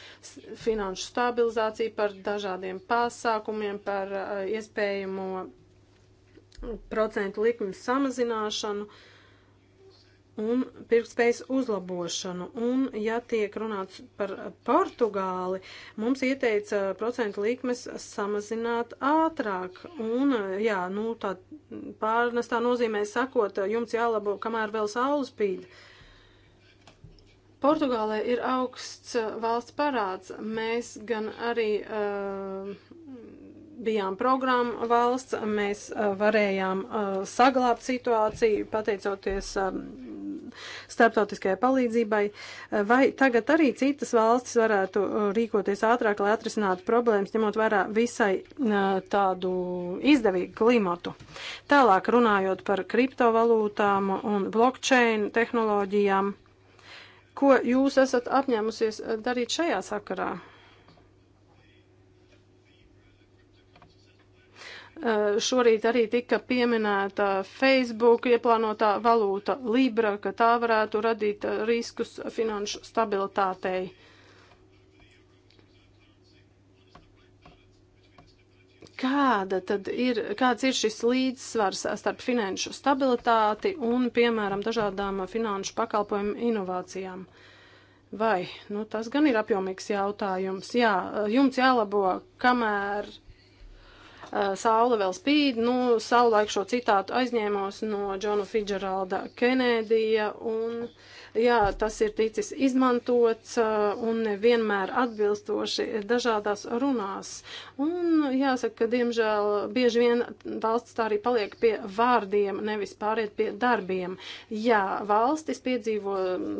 finanšu stabilizāciju, par dažādiem pasākumiem, par uh, iespējamo procentu likmu samazināšanu. Uh, un pirktspējas uzlabošanu. Un, ja tiek runāts par Portugāli, mums ieteica procentu likmes samazināt ātrāk. Un, jā, nu, tā pārnestā nozīmē sakot, jums jālabo, kamēr vēl saule spīd. Portugālē ir augsts valsts parāds. Mēs gan arī. Uh, bijām programma valsts, mēs eh, varējām eh, saglābt situāciju pateicoties starptautiskajai palīdzībai. Eh, vai tagad arī citas valstis varētu eh, rīkoties ātrāk, lai atrisinātu problēmas, ņemot vērā visai eh, tādu izdevīgu klimatu? Tālāk runājot par kriptovalūtām un blockchain tehnoloģijām, ko jūs esat apņēmusies darīt šajā sakarā? Eh, šorīt arī tika pieminēta Facebook ieplānotā valūta Libra, ka tā varētu radīt eh, riskus finanšu stabilitātei. Kāda tad ir, kāds ir šis līdzsvars starp finanšu stabilitāti un, piemēram, dažādām finanšu pakalpojumu inovācijām? Vai, nu tas gan ir apjomīgs jautājums. Jā, eh, jums jālabo, kamēr Eh, saule vēl spīd, nu, savulaik šo citātu aizņēmos no Džona Fidžeralda Kenēdija un. Uh, jā, tas ir ticis izmantots un nevienmēr atbilstoši dažādās runās. Un jāsaka, ka diemžēl bieži vien valsts tā arī paliek pie vārdiem, nevis pāriet pie darbiem. Jā, valstis piedzīvo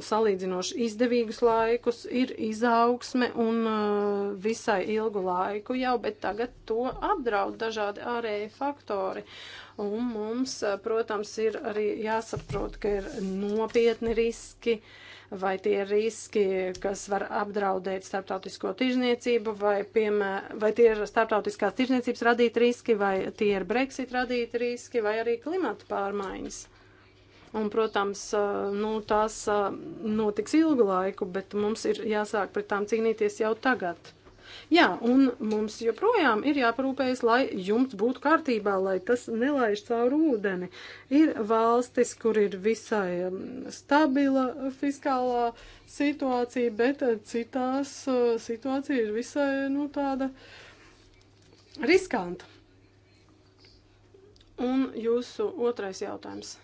salīdzinoši izdevīgus laikus, ir izaugsme un visai ilgu laiku jau, bet tagad to apdraud dažādi ārēji faktori. Uh, Un mums, eh, protams, ir arī jāsaprot, ka ir nopietni riski, vai tie ir riski, kas var apdraudēt starptautisko tirzniecību, vai, piemēr, vai tie ir starptautiskās tirzniecības radīti riski, vai tie ir Brexit radīti riski, vai arī klimata pārmaiņas. Un, protams, eh, nu, tās eh, notiks ilgu laiku, bet mums ir jāsāk pret tām cīnīties jau tagad. Jā, un mums joprojām ir jāparūpējas, lai jumts būtu kārtībā, lai tas nelaiž cauri ūdeni. Ir valstis, kur ir visai mm, stabila fiskālā situācija, bet eh, citās eh, situācija ir visai, nu, tāda riskanta. Un jūsu otrais jautājums.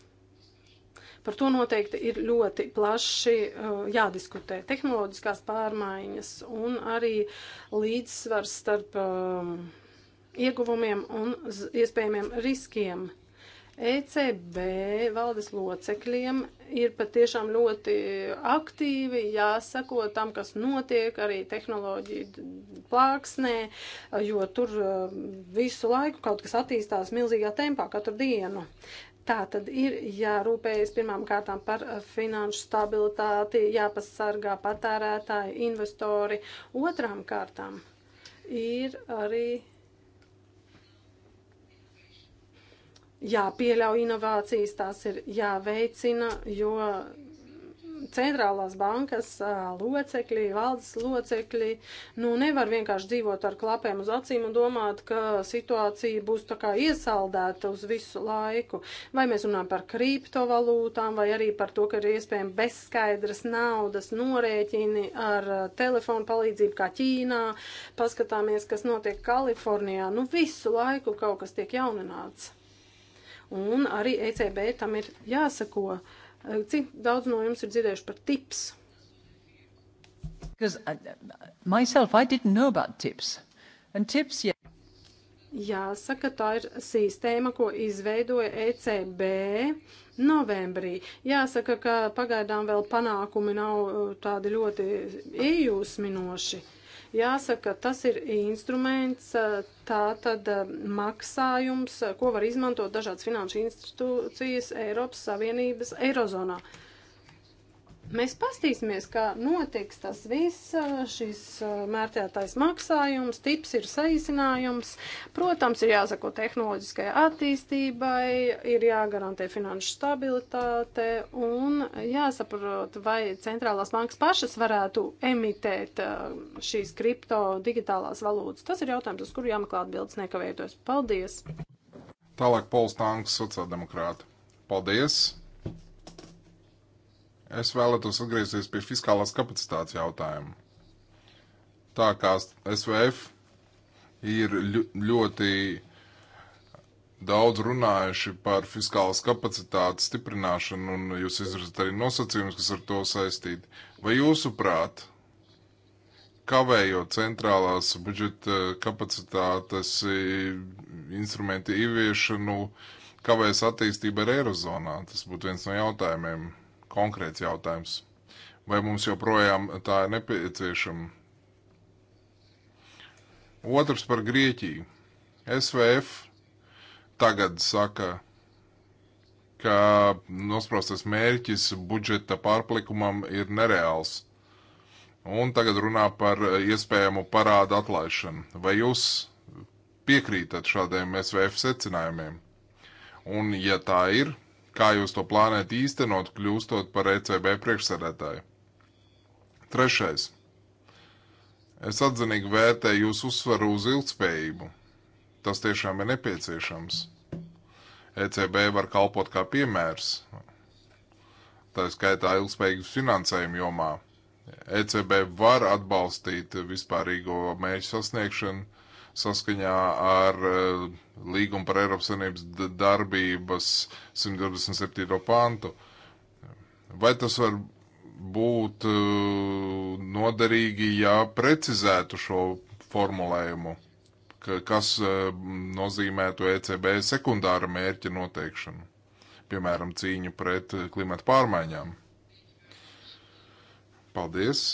Par to noteikti ir ļoti plaši uh, jādiskutē. Tehnoloģiskās pārmaiņas un arī līdzsvars starp um, ieguvumiem un iespējamiem riskiem. ECB valdes locekļiem ir patiešām ļoti aktīvi jāsako tam, kas notiek arī tehnoloģiju plāksnē, jo tur uh, visu laiku kaut kas attīstās milzīgā tempā katru dienu. Tā tad ir jārūpējas pirmām kārtām par finanšu stabilitāti, jāpasargā patērētāji, investori. Otrām kārtām ir arī jāpieļauj inovācijas, tās ir jāveicina, jo centrālās bankas locekļi, valdes locekļi, nu nevar vienkārši dzīvot ar klapēm uz acīm un domāt, ka situācija būs tā kā iesaldēta uz visu laiku. Vai mēs runājam par kriptovalūtām, vai arī par to, ka ir iespējami bezskaidras naudas norēķini ar telefonu palīdzību kā Ķīnā. Paskatāmies, kas notiek Kalifornijā. Nu visu laiku kaut kas tiek jaunināts. Un arī ECB tam ir jāsako. Uh, Eh, cik daudz no jums ir dzirdējuši par tips? Because I, uh, myself, I didn't know about tips. And tips, yeah. Jāsaka, tā ir sistēma, ko izveidoja ECB novembrī. Jāsaka, ka pagaidām vēl panākumi nav eh, tādi ļoti iejūsminoši. Uh, Jāsaka, tas ir instruments, tā tad maksājums, ko var izmantot dažādas finanšu institūcijas Eiropas Savienības Eirozonā. Uh, Mēs pastīsimies, kā notiks tas viss, šis uh, mērķētais maksājums, tips ir saīsinājums. Protams, ir jāsako tehnoloģiskai attīstībai, ir jāgarantē finanšu stabilitāte un jāsaprot, vai centrālās bankas pašas varētu emitēt uh, šīs kripto digitālās valūtas. Tas ir jautājums, uz kuru jāmeklē atbildes nekavējoties. Paldies! Tālāk Pols Tanks, sociāldemokrāti. Paldies! Es vēlētos atgriezties pie fiskālās kapacitātes jautājuma. Tā kā SVF ir ļoti daudz runājuši par fiskālas kapacitātes stiprināšanu, un jūs izrazat arī nosacījumus, kas ar to saistīti. Vai jūsuprāt, kavējot centrālās budžeta kapacitātes instrumenti ieviešanu, kavēs attīstība ar Eirozonā? Tas būtu viens no jautājumiem konkrēts jautājums. Vai mums joprojām tā ir nepieciešama? Otrs par Grieķiju. SVF tagad saka, ka nosprostas mērķis budžeta pārplikumam ir nereāls. Un tagad runā par iespējamu parādu atlaišanu. Vai jūs piekrītat šādiem SVF secinājumiem? Un, ja tā ir, kā jūs to plānojat īstenot, kļūstot par ECB priekšsēdētāju? Trešais. Es atzinīgi vērtēju jūsu uzsvaru uz ilgspējību. Tas tiešām ir nepieciešams. ECB var kalpot kā piemērs, tā skaitā ilgspējīgas finansējuma jomā. ECB var atbalstīt vispārīgo mērķu sasniegšanu, saskaņā ar uh, eh, līgumu par Eiropas Savienības darbības 127. pantu. Vai tas var būt uh, noderīgi, ja precizētu šo formulējumu, ka, kas uh, nozīmētu ECB sekundāra mērķa noteikšanu, piemēram, cīņu pret klimata pārmaiņām? Paldies!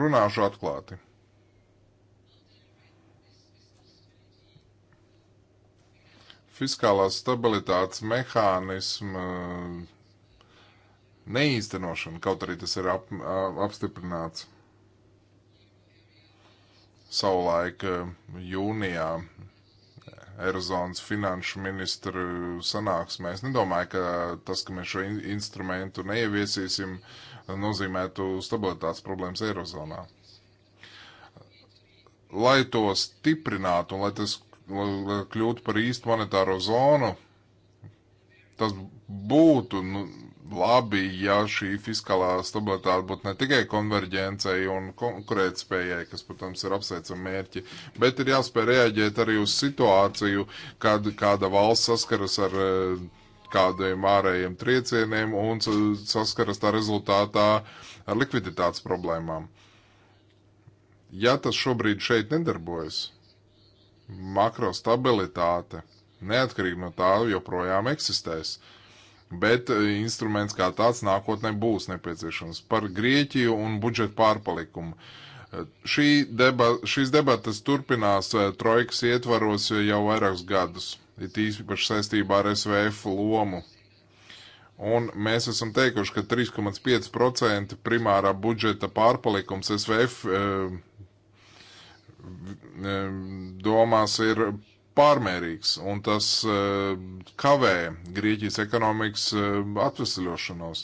Runāšu atklāti. Fiskālās stabilitātes mehānisma uh, neīstenošana, kaut arī tas ir ap, apstiprināts savulaik uh, jūnijā Eirozonas finanšu ministru sanāksmē. Es nedomāju, ka tas, ka mēs šo in instrumentu neieviesīsim, uh, nozīmētu stabilitātes problēmas Eirozonā. Lai to stiprinātu un lai tas kļūtu par īstu monetāro zonu, tas būtu nu, labi, ja šī fiskālā stabilitāte būtu ne tikai konverģencei un konkurētspējai, kas, protams, ir apsveicama mērķi, bet ir jāspēj reaģēt arī uz situāciju, kad kāda valsts saskaras ar uh, kādiem ārējiem triecieniem un saskaras tā rezultātā ar likviditātes problēmām. Ja tas šobrīd šeit nedarbojas, makrostabilitāte neatkarīgi no tā joprojām eksistēs. Bet e, instruments kā tāds nākotnē būs nepieciešams par Grieķiju un budžetu pārpalikumu. E, šī deba, šīs debatas turpinās e, trojkas ietvaros jau vairākus gadus it īpaši saistībā ar SVF lomu. Un mēs esam teikuši, ka 3,5% primārā budžeta pārpalikums SVF e, eh, e, eh, domās ir pārmērīgs, un tas e, kavē Grieķijas ekonomikas atvesļošanos.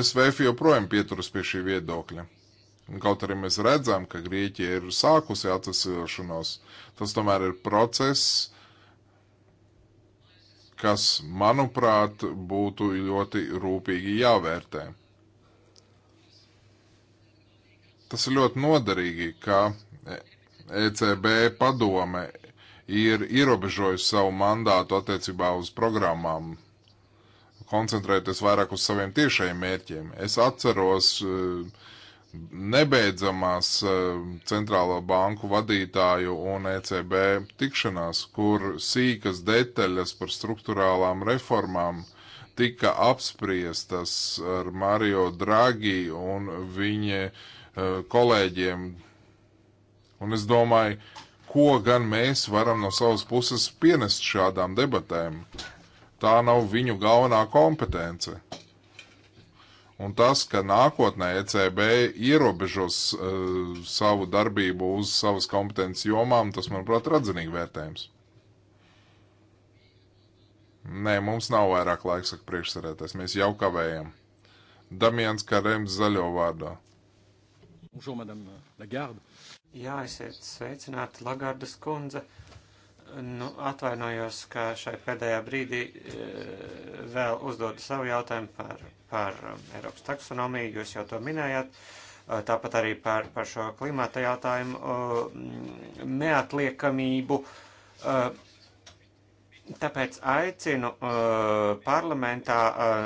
SVF joprojām pieturas pie šī viedokļa. Kaut arī mēs redzam, ka Grieķija ir sākusi atvesilšanos, tas tomēr ir process, kas, manuprāt, būtu ļoti rūpīgi jāvērtē. Tas ir ļoti noderīgi, ka ECB padome ir ierobežojusi savu mandātu attiecībā uz programmām, koncentrēties vairāk uz saviem tiešajiem mērķiem. Es atceros uh, nebeidzamās eh, centrālo banku vadītāju un ECB tikšanās, kur sīkas detaļas par struktūrālām reformām tika apspriestas ar Mario Draghi un viņa eh, kolēģiem. Un es domāju, ko gan mēs varam no savas puses pienest šādām debatēm. Tā nav viņu galvenā kompetence. Un tas, ka nākotnē ECB ierobežos uh, savu darbību uz savas kompetences jomām, tas, manuprāt, ir atzinīgi vērtējums. Nē, mums nav vairāk laika, saka priekšsarētais. Mēs jau kavējam. Damians Karems zaļo vārdā. Bonjour, madame Lagarde. Jā, esiet sveicināti, Lagardas kundze. Nu, atvainojos, ka šai pēdējā brīdī e, vēl uzdodu savu jautājumu par par um, Eiropas taksonomiju, jūs jau to minējāt, uh, tāpat arī par, par šo klimata jautājumu uh, mm, neatliekamību. Uh, tāpēc aicinu uh, parlamentā uh,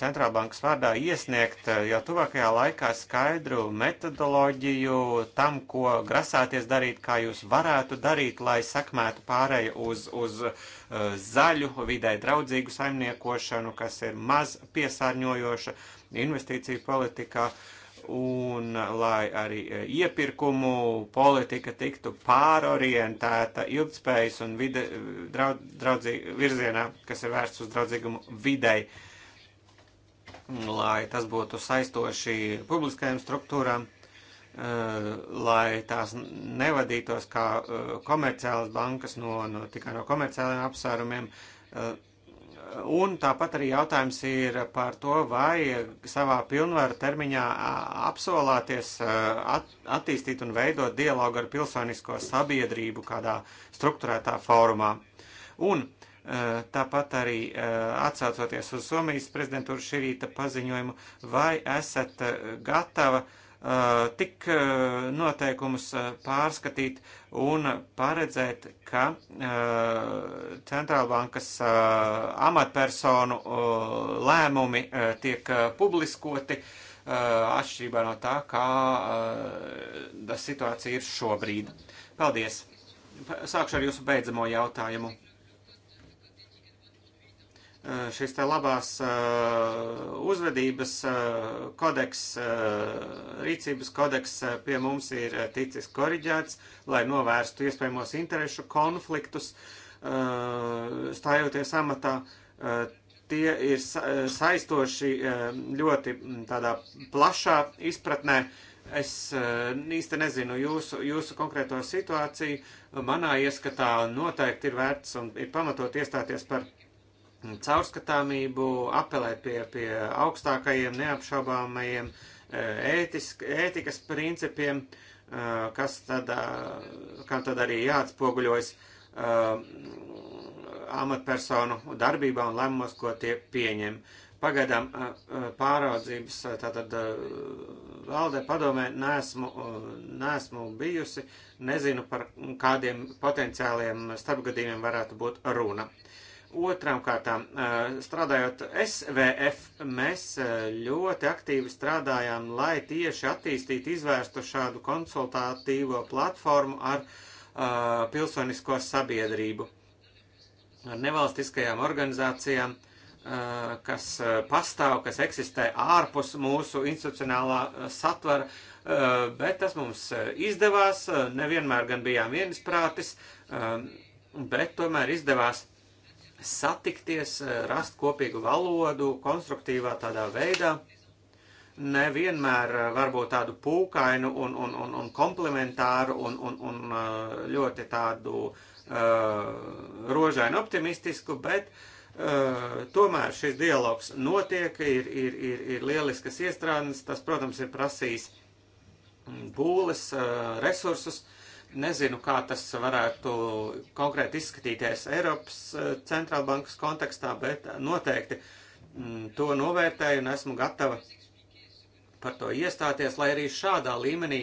centrālbankas vārdā iesniegt uh, jau tuvākajā laikā skaidru metodoloģiju tam, ko grasāties darīt, kā jūs varētu darīt, lai sakmētu pārēju uz, uz uh, zaļu, vidē draudzīgu saimniekošanu, kas ir maz piesārņojoša investīciju politikā. Un lai arī e, iepirkumu politika tiktu pārorientēta ilgspējas un vide, e, draud, draudzī, virzienā, kas ir vērsts uz draudzīgumu videi, lai tas būtu saistoši publiskajām struktūrām Eh, lai tās nevadītos kā eh, komerciālas bankas no, no tikai no komerciāliem apsvērumiem. Eh, un tāpat arī jautājums ir par to, vai savā pilnvaru termiņā apsolāties at, attīstīt un veidot dialogu ar pilsonisko sabiedrību kādā struktūrētā formā. Un tāpat arī atsaucoties uz Somijas prezidentūras šī rīta paziņojumu, vai esat gatava uh, Uh, tik uh, noteikumus uh, pārskatīt un paredzēt, ka centrālbankas amatpersonu lēmumi tiek publiskoti atšķirībā no tā, kā situācija ir šobrīd. Paldies! Sākšu ar jūsu beidzamo jautājumu. Eh, šis te labās eh, uzvedības eh, kodeks, rīcības kodeks pie mums ir ticis koriģēts, lai novērstu iespējamos interešu konfliktus, stājoties amatā. Tie ir saistoši ļoti mm, tādā plašā izpratnē. Es īsti nezinu jūsu, jūsu konkrēto situāciju. Manā ieskatā noteikti ir vērts un ir pamatot iestāties par caurskatāmību, apelēt pie, pie augstākajiem, neapšaubāmajiem eh, ētisk, ētikas principiem, eh, kas tad, eh, kam tad arī jāatspoguļojas amatpersonu darbībā un lēmumos, ko tie pieņem. Pagaidām pāraudzības tātad valdē padomē neesmu, neesmu bijusi, nezinu par kādiem potenciāliem starpgadījumiem varētu būt runa. Uh, Otrām kārtām, eh, strādājot SVF, mēs eh, ļoti aktīvi strādājām, lai tieši attīstītu, izvērstu šādu konsultatīvo platformu ar uh, pilsonisko sabiedrību, ar nevalstiskajām organizācijām, uh, kas pastāv, kas eksistē ārpus mūsu institucionālā satvara, uh, bet tas mums izdevās, nevienmēr gan bijām vienisprātis, bet tomēr izdevās satikties, eh, rast kopīgu valodu konstruktīvā tādā veidā, nevienmēr eh, varbūt tādu pūkainu un, un, un, un komplementāru un, un, un eh, ļoti tādu uh, rožainu optimistisku, bet uh, tomēr šis dialogs notiek, ir, ir, ir, ir lieliskas iestrādes, tas, protams, ir prasījis pūles, mm, uh, resursus, uh, Nezinu, kā tas varētu konkrēti izskatīties Eiropas eh, centrālbankas kontekstā, bet noteikti mm, to novērtēju un esmu gatava par to iestāties, lai arī šādā līmenī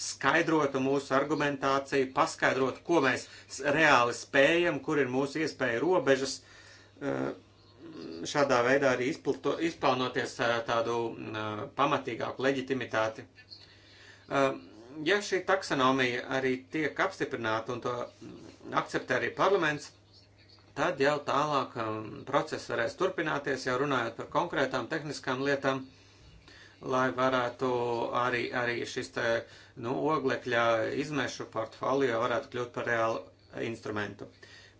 skaidrotu mūsu argumentāciju, paskaidrotu, ko mēs reāli spējam, kur ir mūsu iespēja robežas. Eh, šādā veidā arī izplato, izplānoties eh, tādu mm, pamatīgāku leģitimitāti ja šī taksonomija arī tiek apstiprināta un to akceptē arī parlaments, tad jau tālāk um, process varēs turpināties, jau runājot par konkrētām tehniskām lietām, lai varētu arī, arī šis te, nu, oglekļa izmešu portfolio varētu kļūt par reālu instrumentu.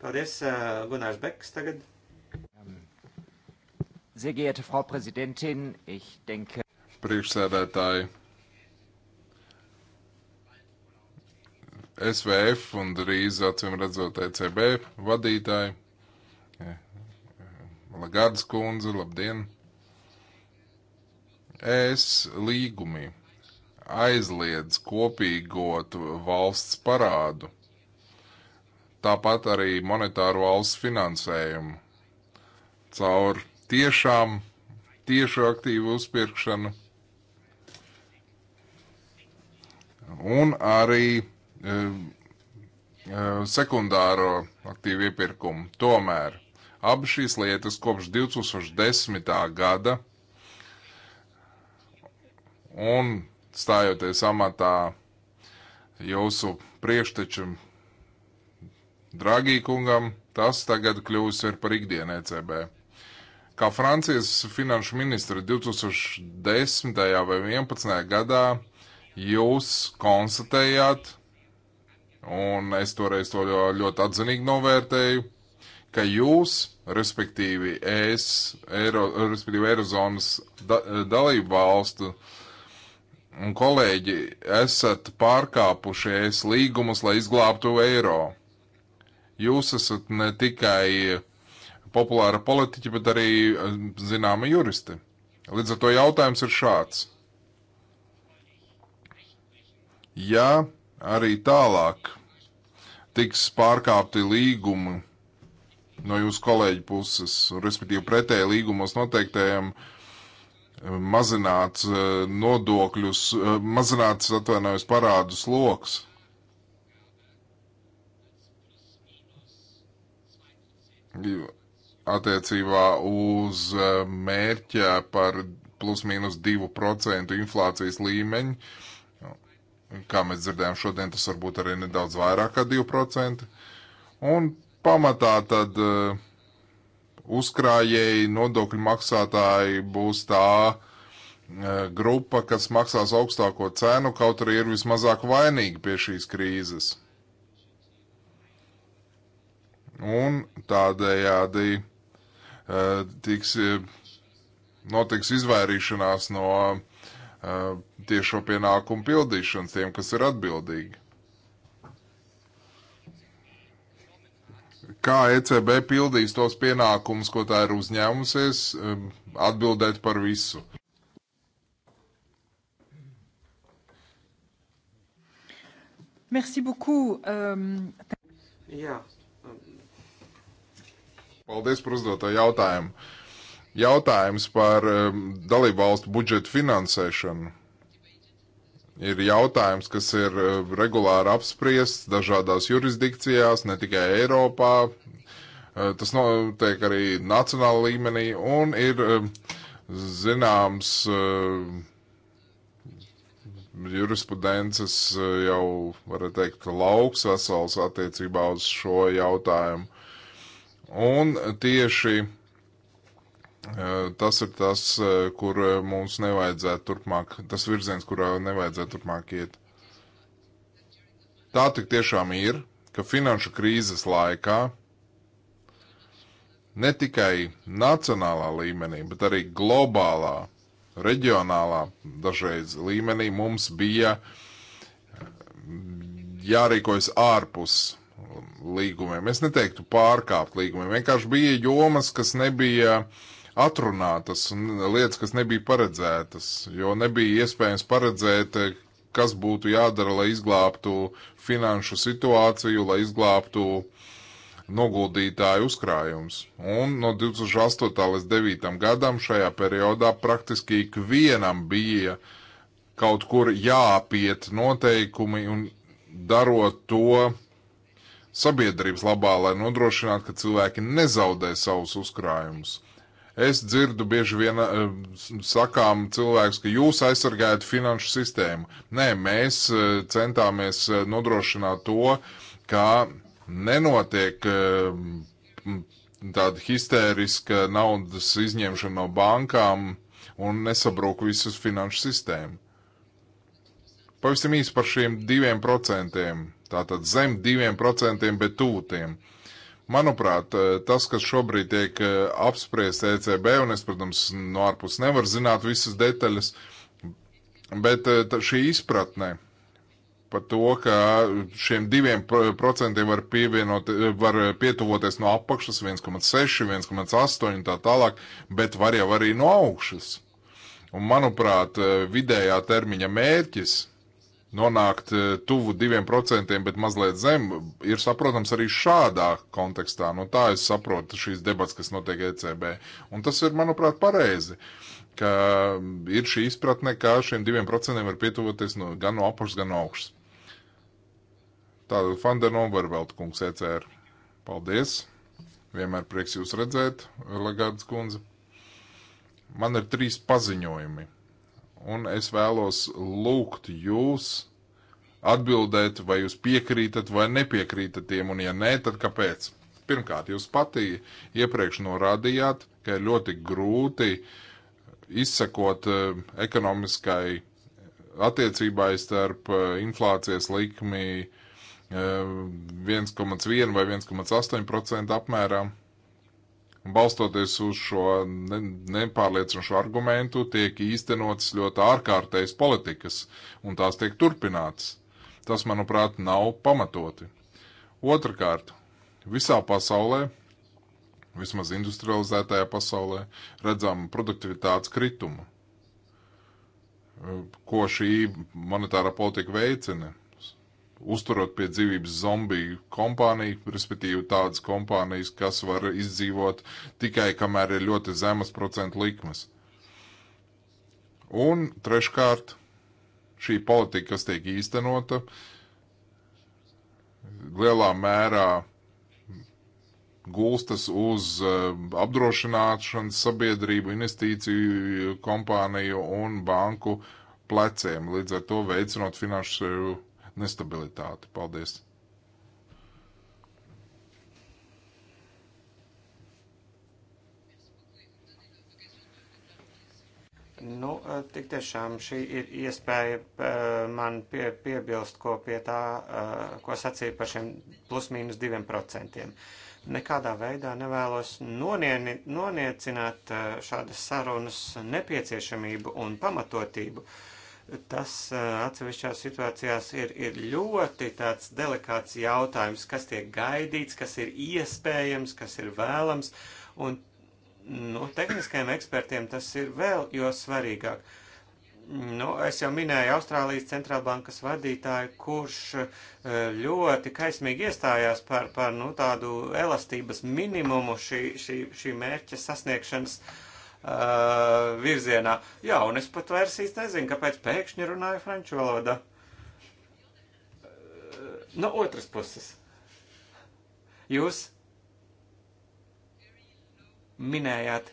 Paldies, uh, Gunārs Beks tagad. Um, sehr geehrte Frau Präsidentin, ich denke. Priekšsēdētāji, SVF un drīz, acīm redzot, ECB vadītāji. Lagardas kundze, labdien! Es līgumi aizliedz kopīgot valsts parādu, tāpat arī monetāru valsts finansējumu caur tiešām tiešu aktīvu uzpirkšanu un arī sekundāro aktīvu iepirkumu. Tomēr abi šīs lietas kopš 2010. gada un stājoties amatā jūsu priekštečam Dragī kungam, tas tagad kļūs ir par ikdienu ECB. Kā Francijas finanšu ministra 2010. vai 2011. gadā jūs konstatējāt, un es toreiz to ļoti atzinīgi novērtēju, ka jūs, respektīvi es, Eiro, respektīvi Eirozonas da, dalību valstu un kolēģi, esat pārkāpuši es līgumus, lai izglābtu eiro. Jūs esat ne tikai populāra politiķi, bet arī eh, zināma juristi. Līdz ar to jautājums ir šāds. Ja arī tālāk tiks pārkāpti līgumi no jūsu kolēģi puses, respektīvi pretēji līgumos noteiktajiem eh, mazināts eh, nodokļus, eh, mazināts atvainojas parādu sloks. Attiecībā uz mērķa par plus mīnus 2% inflācijas līmeņu kā mēs dzirdējām šodien, tas varbūt arī nedaudz vairāk kā 2%. Un pamatā tad eh, uzkrājēji, nodokļu maksātāji būs tā eh, grupa, kas maksās augstāko cenu, kaut arī ir vismazāk vainīgi pie šīs krīzes. Un tādējādi eh, tiks, notiks izvairīšanās no Uh, tiešo pienākumu pildīšanas tiem, kas ir atbildīgi. Kā ECB pildīs tos pienākumus, ko tā ir uzņēmusies, um, atbildēt par visu? Merci beaucoup. Um... Jā. Paldies par uzdoto jautājumu. Uh, Jautājums par um, dalību valstu budžetu finansēšanu ir jautājums, kas ir um, regulāri apspriests dažādās jurisdikcijās, ne tikai Eiropā. Uh, tas notiek arī nacionāla līmenī un ir um, zināms jurisprudences uh, jau, varētu teikt, lauks vesels attiecībā uz šo jautājumu. Un tieši Tas ir tas, kur mums nevajadzētu turpmāk, tas virziens, kurā nevajadzētu turpmāk iet. Tā tik tiešām ir, ka finanšu krīzes laikā ne tikai nacionālā līmenī, bet arī globālā, reģionālā dažreiz līmenī mums bija jārīkojas ārpus līgumiem. Es neteiktu pārkāpt līgumiem, vienkārši bija jomas, kas nebija uh, atrunātas lietas, kas nebija paredzētas, jo nebija iespējams paredzēt, eh, kas būtu jādara, lai izglābtu finanšu situāciju, lai izglābtu noguldītāju uzkrājums. Un no 2008. līdz 2009. gadam šajā periodā praktiski ikvienam bija kaut kur jāapiet noteikumi un darot to sabiedrības labā, lai nodrošinātu, ka cilvēki nezaudē savus uzkrājumus. Es dzirdu bieži vien eh, sakām cilvēks, ka jūs aizsargājat finanšu sistēmu. Nē, mēs eh, centāmies eh, nodrošināt to, ka nenotiek tāda histēriska naudas izņemšana no bankām un nesabrūk visus finanšu sistēmu. Pavisam īsi par šiem diviem procentiem. Tātad zem diviem procentiem, bet tūtiem. Uh, Manuprāt, eh, tas, kas šobrīd tiek eh, apspriests ECB, un es, protams, no ārpus nevaru zināt visas detaļas, bet eh, šī izpratne par to, ka šiem diviem procentiem var, pievienot, var pietuvoties no apakšas 1,6, 1,8 un tā tālāk, bet var jau arī no augšas. Un, manuprāt, vidējā termiņa mērķis nonākt e, tuvu 2%, bet mazliet zem, ir saprotams arī šādā kontekstā. Nu, tā es saprotu šīs debats, kas notiek ECB. Un tas ir, manuprāt, pareizi, ka ir šī izpratne, ka šiem 2% var pietuvoties nu, gan no apakšas, gan no augšas. Tāda Fandena Overvelt kungs ECR. Paldies! Vienmēr prieks jūs redzēt, Lagardas kundze. Man ir trīs paziņojumi un es vēlos lūgt jūs atbildēt, vai jūs piekrītat vai nepiekrītat tiem, un ja nē, tad kāpēc? Pirmkārt, jūs patī iepriekš norādījāt, ka ir ļoti grūti izsekot eh, ekonomiskai attiecībai starp eh, inflācijas likmi 1,1 eh, vai 1,8% apmērā. Un balstoties uz šo ne, nepārliecinošo argumentu, tiek īstenotas ļoti ārkārtējas politikas, un tās tiek turpinātas. Tas, manuprāt, nav pamatoti. Otrakārt, visā pasaulē, vismaz industrializētajā pasaulē, redzam produktivitātes kritumu ko šī monetārā politika veicina uzturot pie dzīvības zombiju kompāniju, respektīvi tādas kompānijas, kas var izdzīvot tikai kamēr ir ļoti zemas procentu likmes. Un treškārt, šī politika, kas tiek īstenota, lielā mērā gulstas uz eh, apdrošināšanas sabiedrību, investīciju kompāniju un banku pleciem, līdz ar to veicinot finanšu nestabilitāti. Paldies! Nu, eh, tik tiešām šī ir iespēja eh, man pie, piebilst, ko pie tā, eh, ko sacīja par šiem plus mīnus diviem procentiem. Nekādā veidā nevēlos nonieni, noniecināt šādas sarunas nepieciešamību un pamatotību. Uh, Tas atsevišķās situācijās ir, ir ļoti tāds delikāts jautājums, kas tiek gaidīts, kas ir iespējams, kas ir vēlams, un nu, tehniskajiem ekspertiem tas ir vēl jo svarīgāk. Nu, es jau minēju Austrālijas centrālbankas vadītāju, kurš ļoti kaismīgi iestājās par, par nu, tādu elastības minimumu šī, šī, šī mērķa sasniegšanas uh, Uh, virzienā. Jā, un es pat vairs īsti nezinu, kāpēc pēkšņi runāju franču valodā. Uh, no otras puses, jūs minējāt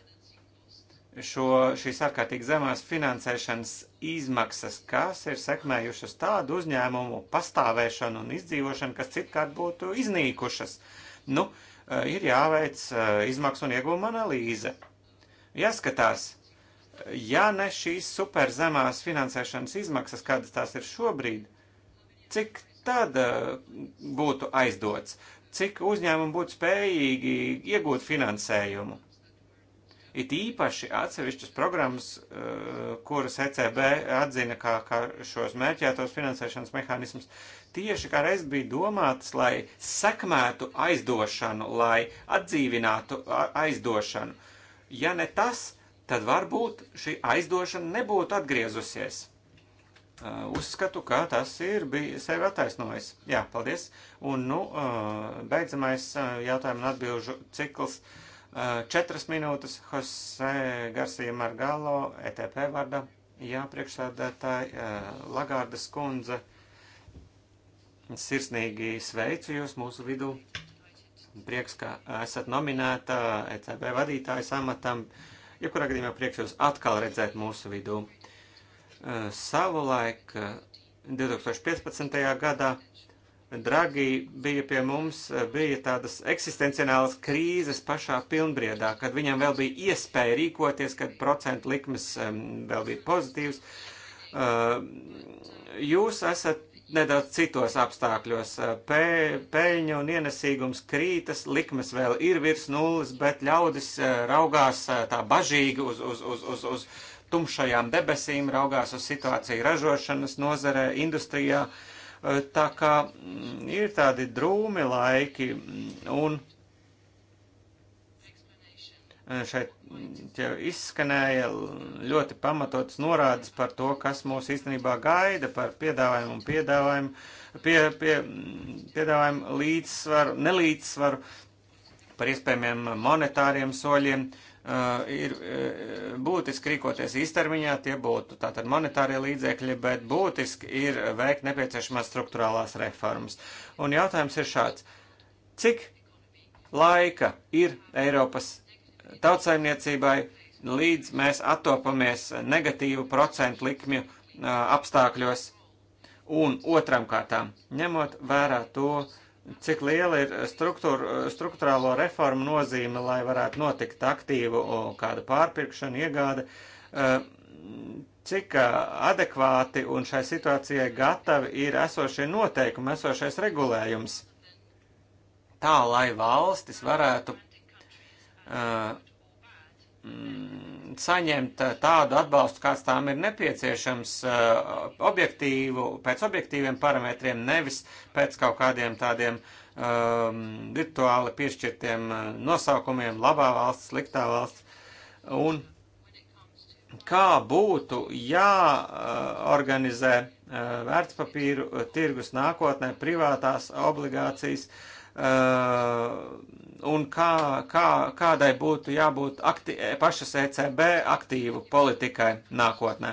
šo, šīs ārkārtīgi zemās finansēšanas izmaksas, kas ir sekmējušas tādu uzņēmumu pastāvēšanu un izdzīvošanu, kas citkārt būtu iznīkušas. Nu, uh, ir jāveic izmaksu un ieguvuma analīze. Jāskatās, ja ne šīs super zemās finansēšanas izmaksas, kādas tās ir šobrīd, cik tad eh, būtu aizdots, cik uzņēmumi būtu spējīgi iegūt finansējumu. It īpaši atsevišķas programmas, eh, kuras ECB atzina kā, kā šos mērķētos finansēšanas mehānismus, tieši kā reiz bija domātas, lai sekmētu aizdošanu, lai atdzīvinātu aizdošanu Ja ne tas, tad varbūt šī aizdošana nebūtu atgriezusies. Uh, uzskatu, ka tas ir bija sevi attaisnojis. Jā, paldies. Un, nu, uh, beidzamais uh, jautājumu un atbilžu cikls. Uh, četras minūtes Jose Garcia Margalo, ETP vārda. Jā, priekšsēdētāji, uh, Lagārdas kundze. Sirsnīgi sveicu jūs mūsu vidū. Prieks, ka esat nominēta ECB vadītāja samatam. Jebkurā gadījumā prieks jūs atkal redzēt mūsu vidū. Eh, savulaik 2015. Eh, gadā Dragi bija pie mums, eh, bija tādas eksistenciālas krīzes pašā pilnbriedā, kad viņam vēl bija iespēja rīkoties, kad procentu likmes vēl bija pozitīvas. Jūs esat nedaudz citos apstākļos. Eh, pē, peļņa un ienesīgums krītas, likmes vēl ir virs nulles, bet ļaudis eh, raugās eh, tā bažīgi uz, uz, uz, uz, uz tumšajām debesīm, raugās uz situāciju ražošanas nozarē, industrijā. Tā kā mm, ir tādi drūmi laiki mm, un. Eh, šeit mm, jau izskanēja ļoti pamatots norādes par to, kas mūs īstenībā gaida par piedāvājumu un piedāvājumu, pie, pie, mm, piedāvājumu līdzsvaru, nelīdzsvaru, par iespējamiem monetāriem soļiem. Uh, ir eh, būtiski rīkoties īstermiņā, tie būtu tātad monetārie līdzekļi, bet būtiski ir veikt nepieciešamās struktūrālās reformas. Un jautājums ir šāds. Cik laika ir Eiropas tautsaimniecībai, līdz mēs attopamies negatīvu procentu likmju apstākļos. Un otram kārtām, ņemot vērā to, cik liela ir struktūrālo reformu nozīme, lai varētu notikt aktīvu kāda pārpirkšana, iegāde, cik adekvāti un šai situācijai gatavi ir esošie noteikumi, esošais regulējums. Tā, lai valstis varētu Uh, mm, saņemt tādu atbalstu, kāds tām ir nepieciešams, uh, objektīvu, pēc objektīviem parametriem, nevis pēc kaut kādiem tādiem um, virtuāli piešķirtiem uh, nosaukumiem, labā valsts, sliktā valsts. Un kā būtu jāorganizē vērtspapīru tirgus nākotnē, privātās obligācijas, uh, Uh, un kā, kā, kādai būtu jābūt akti, pašas ECB aktīvu politikai nākotnē.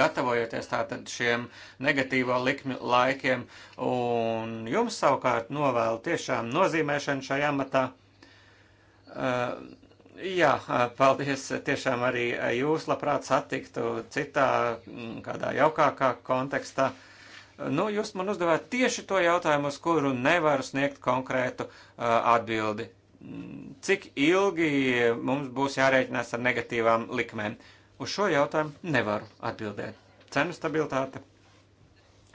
Gatavojoties tātad šiem negatīvo likmi laikiem, un jums savukārt novēlu tiešām nozīmēšanu šajā amatā. Uh, Jā, paldies. Tiešām arī jūs labprāt satiktu citā, kādā jaukākā kontekstā. Uh, Nu, jūs man uzdevāt tieši to jautājumu, uz kuru nevaru sniegt konkrētu uh, atbildi. Cik ilgi mums būs jārēķinās ar negatīvām likmēm? Uz šo jautājumu nevaru atbildēt. Cenu stabilitāte,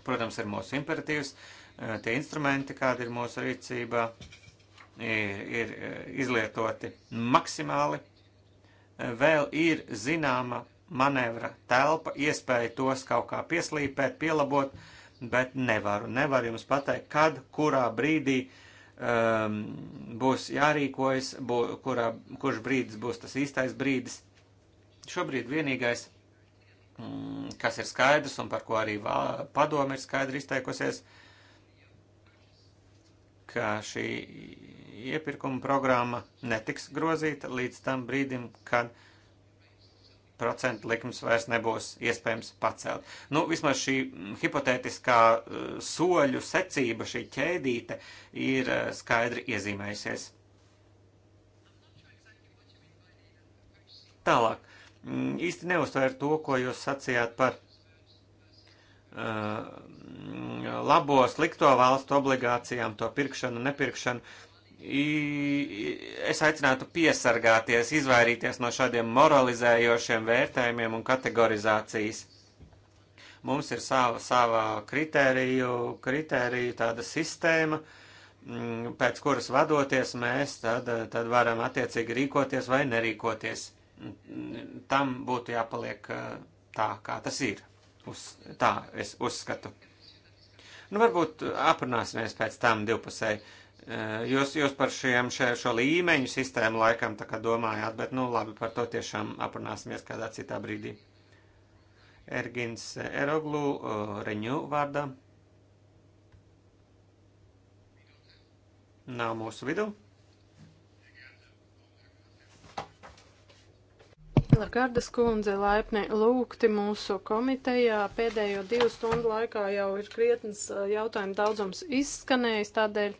protams, ir mūsu imperatīvs, uh, tie instrumenti, kādi ir mūsu rīcībā, ir, ir uh, izlietoti maksimāli. Uh, vēl ir zināma manevra telpa, iespēja tos kaut kā pieslīpēt, pielabot, uh, bet nevaru. Nevaru jums pateikt, kad, kurā brīdī um, būs jārīkojas, bū, kurā, kurš brīdis būs tas īstais brīdis. Šobrīd vienīgais, um, kas ir skaidrs un par ko arī padomi ir skaidri izteikusies, ka šī iepirkuma programma netiks grozīta līdz tam brīdim, kad uh, procentu likums vairs nebūs iespējams pacelt. Nu, vismaz šī hipotētiskā eh, soļu secība, šī ķēdīte ir eh, skaidri iezīmējusies. Tālāk. Mm, īsti neuztvēru to, ko jūs sacījāt par uh, labo, slikto valstu obligācijām, to pirkšanu, nepirkšanu es aicinātu piesargāties, izvairīties no šādiem moralizējošiem vērtējumiem un kategorizācijas. Mums ir sava, sava kritēriju, kritēriju tāda sistēma, mm, pēc kuras vadoties mēs tad, tad varam attiecīgi rīkoties vai nerīkoties. Tam būtu jāpaliek eh, tā, kā tas ir. Uz, tā es uzskatu. Nu, varbūt aprunāsimies pēc tam divpusēji Jūs, jūs par šiem, še, šo līmeņu sistēmu laikam tā kā domājāt, bet nu labi, par to tiešām aprunāsimies kādā citā brīdī. Ergins Eroglu, Reņu vārdā. Nav mūsu vidū. Lagardas kundze laipni lūgti mūsu komitejā. Pēdējo divu stundu laikā jau ir krietnes jautājumu daudzums izskanējis, tādēļ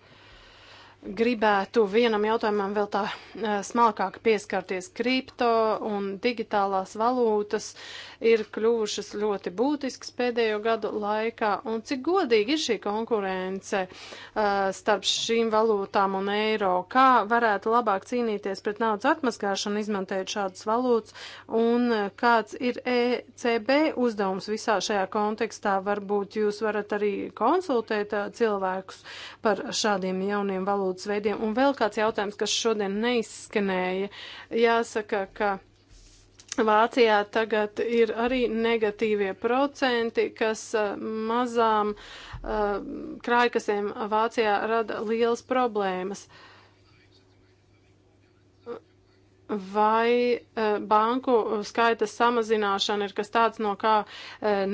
gribētu vienam jautājumam vēl tā eh, smalkāk pieskarties kripto un digitālās valūtas ir kļuvušas ļoti būtiskas pēdējo gadu laikā, un cik godīgi ir šī konkurence uh, starp šīm valūtām un eiro, kā varētu labāk cīnīties pret naudas atmaskāšanu, izmantojot šādas valūtas, un uh, kāds ir ECB uzdevums visā šajā kontekstā. Varbūt jūs varat arī konsultēt uh, cilvēkus par šādiem jauniem valūtas veidiem. Un vēl kāds jautājums, kas šodien neizskanēja, jāsaka, ka Vācijā tagad ir arī negatīvie procenti, kas mazām krājkasēm Vācijā rada liels problēmas. Vai banku skaita samazināšana ir kas tāds, no kā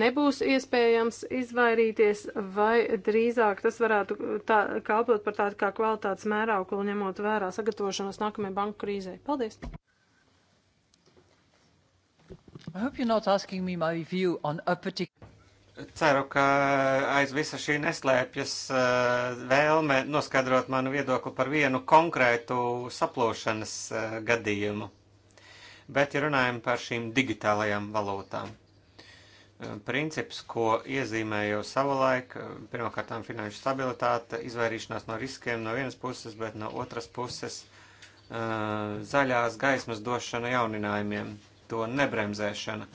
nebūs iespējams izvairīties, vai drīzāk tas varētu tā, kalpot par tādu kā kvalitātes mērauku, ņemot vērā sagatavošanos nākamajai banku krīzei? Paldies! Ceru, ka aiz visa šī neslēpjas eh, vēlme noskaidrot manu viedokli par vienu konkrētu saplūšanas eh, gadījumu. Bet, ja runājam par šīm digitālajām valūtām, eh, princips, ko iezīmēju savulaik, pirmkārt, finanšu stabilitāte, izvairīšanās no riskiem no vienas puses, bet no otras puses zaļās gaismas došana jauninājumiem to nebremzēšana.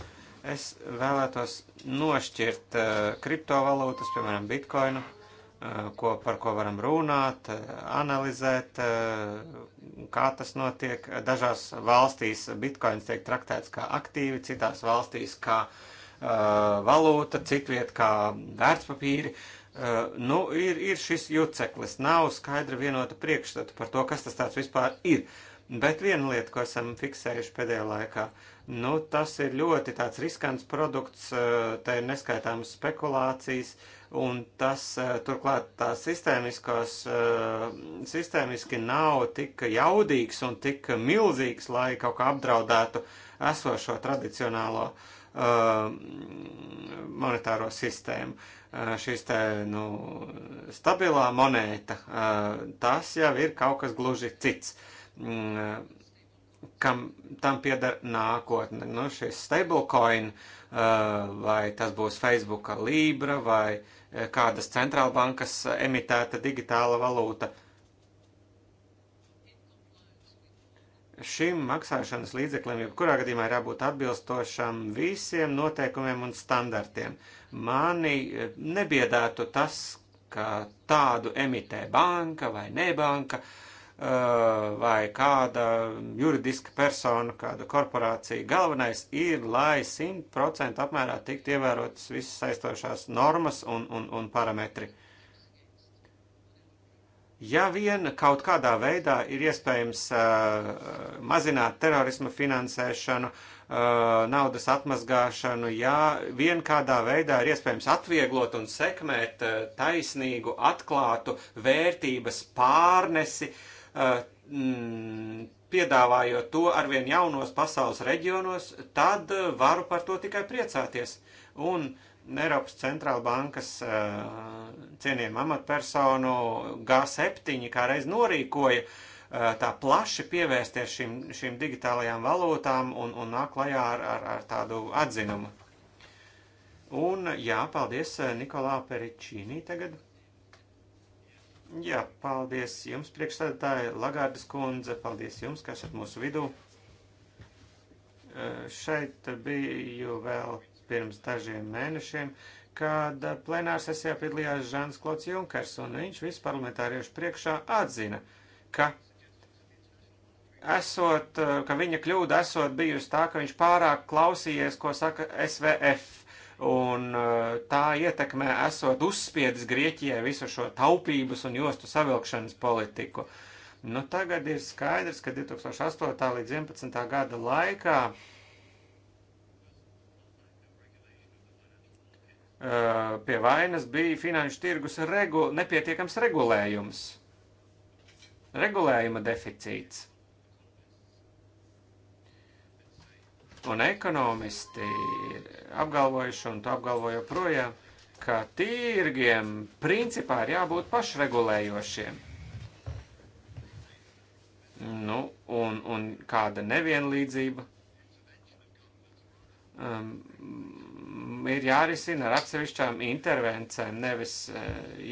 Es vēlētos nošķirt uh, kriptovalūtas, piemēram, bitkoinu, uh, eh, ko, par ko varam runāt, eh, analizēt, uh, kā tas notiek. Dažās valstīs bitkoins tiek traktēts kā aktīvi, citās valstīs kā uh, valūta, citviet kā vērtspapīri. Uh, Uh, nu, ir, ir šis juceklis, nav skaidra vienota priekšstata par to, kas tas tāds vispār ir. Bet viena lieta, ko esam fiksējuši pēdējā laikā, Nu, tas ir ļoti tāds riskants produkts, eh, tā ir neskaitāmas spekulācijas, un tas eh, turklāt tā sistēmiskos, eh, sistēmiski nav tik jaudīgs un tik milzīgs, lai kaut kā apdraudētu esošo tradicionālo monetāro sistēmu. Šis te, nu, stabilā monēta, tas jau ir kaut kas gluži cits mm, kam tam pieder nākotne. Nu, šis stablecoin, uh, vai tas būs Facebook, Libra vai uh, kādas centrālbankas emitēta digitāla valūta. Šim maksāšanas līdzeklim jebkurā gadījumā ir jābūt atbilstošam visiem noteikumiem un standartiem. Mani uh, nebiedētu tas, ka tādu emitē banka vai nebanka. Uh, Eh, vai kāda juridiska persona, kāda korporācija. Galvenais ir, lai 100% apmērā tiktu ievērotas visas saistošās normas un, un, un parametri. Ja vien kaut kādā veidā ir iespējams uh, mazināt terorismu finansēšanu, uh, naudas atmazgāšanu, ja vien kādā veidā ir iespējams atvieglot un sekmēt uh, taisnīgu, atklātu vērtības pārnesi, uh, Eh, mm, piedāvājot to arvien jaunos pasaules reģionos, tad eh, varu par to tikai priecāties. Un Eiropas centrāla bankas eh, cienījama amatpersonu G7 kā reiz norīkoja tā plaši pievērsties šīm, šīm digitālajām valūtām un, un nāk klajā ar, ar, ar tādu atzinumu. Un jā, paldies Nikolā Peričīnī tagad. Jā, paldies jums, priekšstādātāji Lagārdas kundze, paldies jums, ka esat mūsu vidū. Eh, šeit biju vēl pirms dažiem mēnešiem, kad plenāra sesijā piedalījās Žāns Klots Junkers, un viņš visu parlamentāriešu priekšā atzina, ka, esot, eh, ka viņa kļūda esot bijusi tā, ka viņš pārāk klausījies, ko saka SVF un eh, tā ietekmē esot uzspiedis Grieķijai visu šo taupības un jostu savilkšanas politiku. Nu, tagad ir skaidrs, ka 2008. līdz 2011. gada laikā eh, pie vainas bija finanšu tirgus regu, nepietiekams regulējums, regulējuma deficīts. un ekonomisti ir apgalvojuši, un to apgalvoju projām, ka tirgiem principā ir jābūt pašregulējošiem. Nu, un, un kāda nevienlīdzība um, ir jārisina ar atsevišķām intervencēm, nevis uh,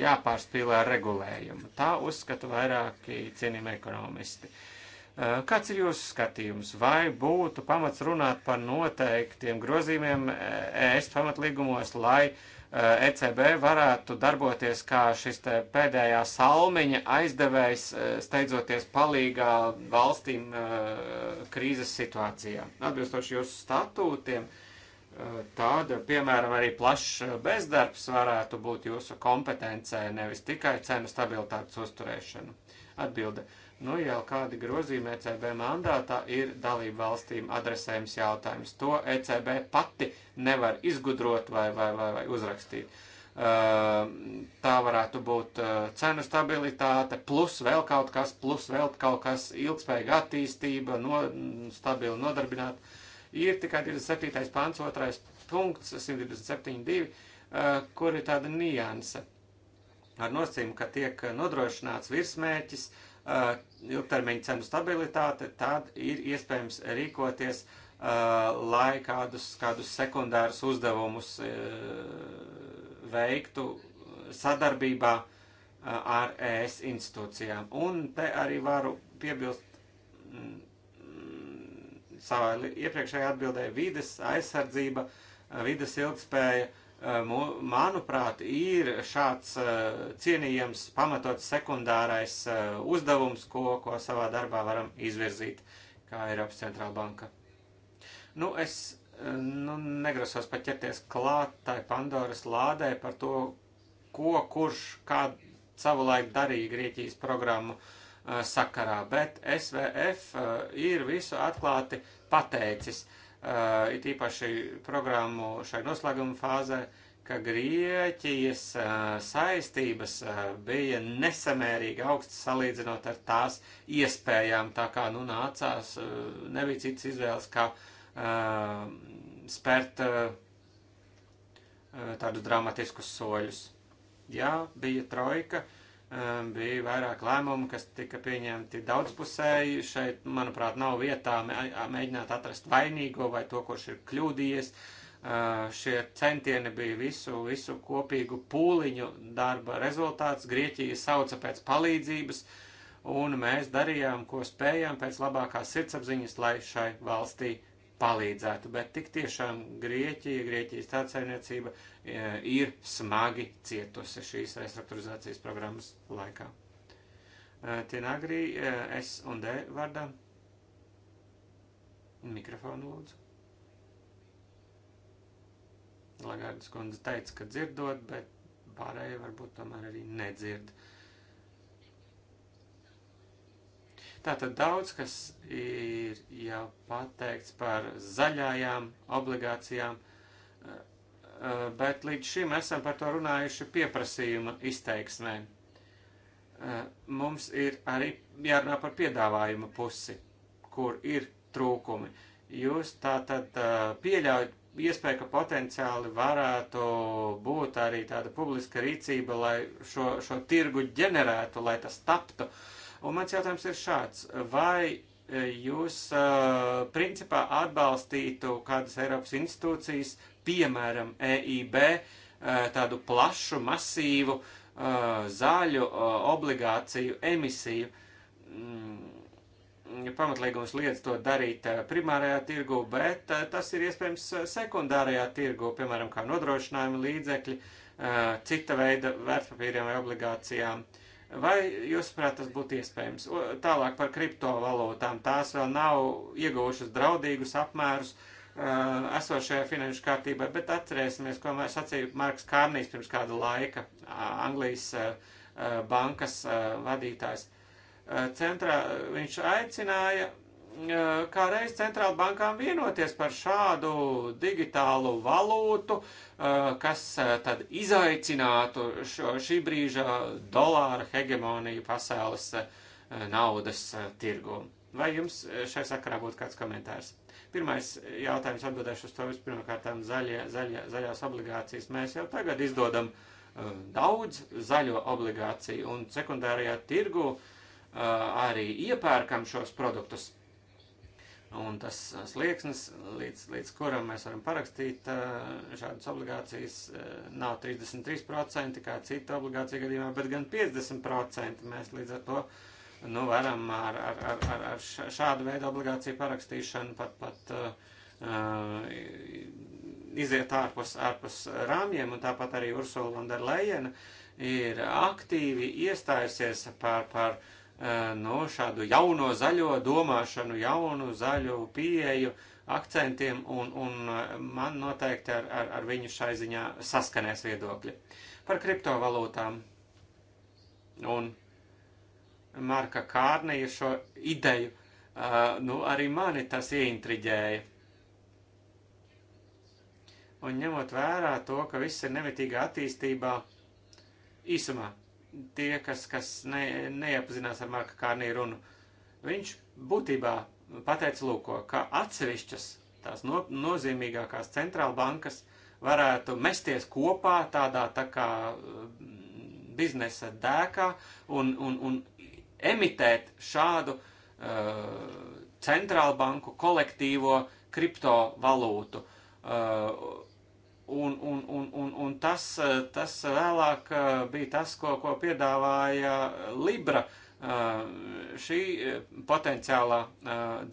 jāpārspīlē ar regulējumu. Tā uzskata vairāki cienījumi ekonomisti. Uh, Eh, kāds ir jūsu skatījums? Vai būtu pamats runāt par noteiktiem grozījumiem eh, ES pamatlīgumos, lai ECB eh, e varētu darboties kā šis pēdējā salmiņa aizdevējs, steidzoties palīgā valstīm krīzes situācijā? Atbilstoši jūsu statūtiem, tāda, piemēram, arī plašs bezdarbs varētu būt jūsu kompetencē, nevis tikai cenu stabilitātes uzturēšana. Atbilde. Uh, Nu jau kādi grozījumi ECB mandātā ir dalību valstīm adresējums jautājums. To ECB pati nevar izgudrot vai, vai, vai, vai uzrakstīt. Tā varētu būt cenu stabilitāte, plus vēl kaut kas, plus vēl kaut kas ilgspējīga attīstība, no, stabila nodarbināta. Ir tikai 27. pants, 2. punkts, 127.2, kur ir tāda nianse ar nosacījumu, ka tiek nodrošināts virsmēķis, uh, Uh, ilgtermiņa cenu stabilitāte, tad ir iespējams rīkoties, uh, lai kādus, kādus sekundārus uzdevumus uh, veiktu sadarbībā ar ES institūcijām. Un te arī varu piebilst mm, savā iepriekšējā atbildē vides aizsardzība, vides ilgspēja manuprāt, ir šāds cienījams, pamatots sekundārais uzdevums, ko, ko savā darbā varam izvirzīt, kā Eiropas centrāla banka. Nu, es nu, negrasos pat ķerties klāt tai Pandoras lādē par to, ko kurš kādu savulaik darīja Grieķijas programmu sakarā, bet SVF ir visu atklāti pateicis. Uh, Uh, it īpaši programmu šai noslēguma fāzē, ka Grieķijas uh, saistības uh, bija nesamērīgi augsts salīdzinot ar tās iespējām, tā kā nu nācās, nebija cits izvēles, kā spērt tādus dramatiskus soļus. Jā, bija trojka. Uh, bija vairāk lēmumu, kas tika pieņemti daudzpusēji. Šeit, manuprāt, nav vietā mēģināt atrast vainīgo vai to, kurš ir kļūdījies. Šie centieni bija visu, visu kopīgu pūliņu darba rezultāts. Grieķija sauca pēc palīdzības, un mēs darījām, ko spējām pēc labākās sirdsapziņas, lai šai valstī palīdzētu, bet tik tiešām Grieķija, Grieķijas tādsainiecība e, ir smagi cietusi šīs restruktūrizācijas programmas laikā. E, Tienagrī, e, S un D vārdā. Mikrofonu lūdzu. Lagārdas kundze teica, ka dzirdot, bet pārējie varbūt tomēr arī nedzird. Uh, Tātad daudz, kas ir jau pateikts par zaļajām obligācijām, eh, eh, bet līdz šim esam par to runājuši pieprasījuma izteiksmē. Eh, mums ir arī jārunā par piedāvājuma pusi, kur ir trūkumi. Jūs tātad pieļaujat iespēju, ka potenciāli varētu būt arī tāda publiska rīcība, lai šo, šo tirgu ģenerētu, lai tas taptu. Uh, Un mans jautājums ir šāds. Vai e, jūs e, principā atbalstītu kādas Eiropas institūcijas, piemēram, EIB, e, tādu plašu, masīvu, zaļu obligāciju emisiju? Mm, pamatlīgums liedz to darīt primārajā tirgu, bet tas ir iespējams sekundārajā tirgu, piemēram, kā nodrošinājuma līdzekļi, cita veida vērtpapīriem vai obligācijām. Uh, Vai jūs prāt tas būtu iespējams? O, tālāk par kriptovalūtām. Tās vēl nav ieguvušas draudīgus apmērus uh, esošajā finanšu kārtībā, bet atcerēsimies, ko sacīja Marks Kārnīs pirms kāda laika, uh, Anglijas uh, bankas vadītājs. Centrā viņš aicināja kā reiz centrāla bankām vienoties par šādu digitālu valūtu, kas tad izaicinātu šo, šī brīža dolāra hegemoniju pasaules naudas tirgu. Vai jums šai sakarā būtu kāds komentārs? Pirmais jautājums atbildēšu uz to vispirmkārt zaļie, zaļie, zaļās obligācijas. Mēs jau tagad izdodam uh, daudz zaļo obligāciju un sekundārajā tirgu uh, arī iepērkam šos produktus. Uh, Un tas uh, slieksnis, līdz, līdz kuram mēs varam parakstīt uh, šādas obligācijas, uh, nav 33% kā cita obligācija gadījumā, bet gan 50%. Mēs līdz ar to nu, varam ar, ar, ar, ar, ar šādu veidu obligāciju parakstīšanu pat, pat uh, iziet ārpus, ārpus rāmjiem, un tāpat arī Ursula von der Leyen ir aktīvi iestājusies par. par uh, nu, šādu jauno zaļo domāšanu, jaunu zaļu pieeju akcentiem, un, un eh, man noteikti ar, ar, ar viņu šai ziņā saskanēs viedokļi. Par kriptovalūtām un Marka Kārnija šo ideju, eh, nu, arī mani tas ieintriģēja. Un ņemot vērā to, ka viss ir nemitīgā attīstībā, īsumā tie, kas, kas ne, neiepazinās ar Marka Kārnī runu, viņš būtībā pateica lūko, ka atsevišķas tās no, nozīmīgākās centrāla bankas varētu mesties kopā tādā tā kā mm, biznesa dēkā un, un, un emitēt šādu uh, centrālu banku kolektīvo kriptovalūtu. Uh, Un, un, un, un, un tas, eh, tas vēlāk eh, bija tas, ko, ko piedāvāja eh, Libra, šī potenciālā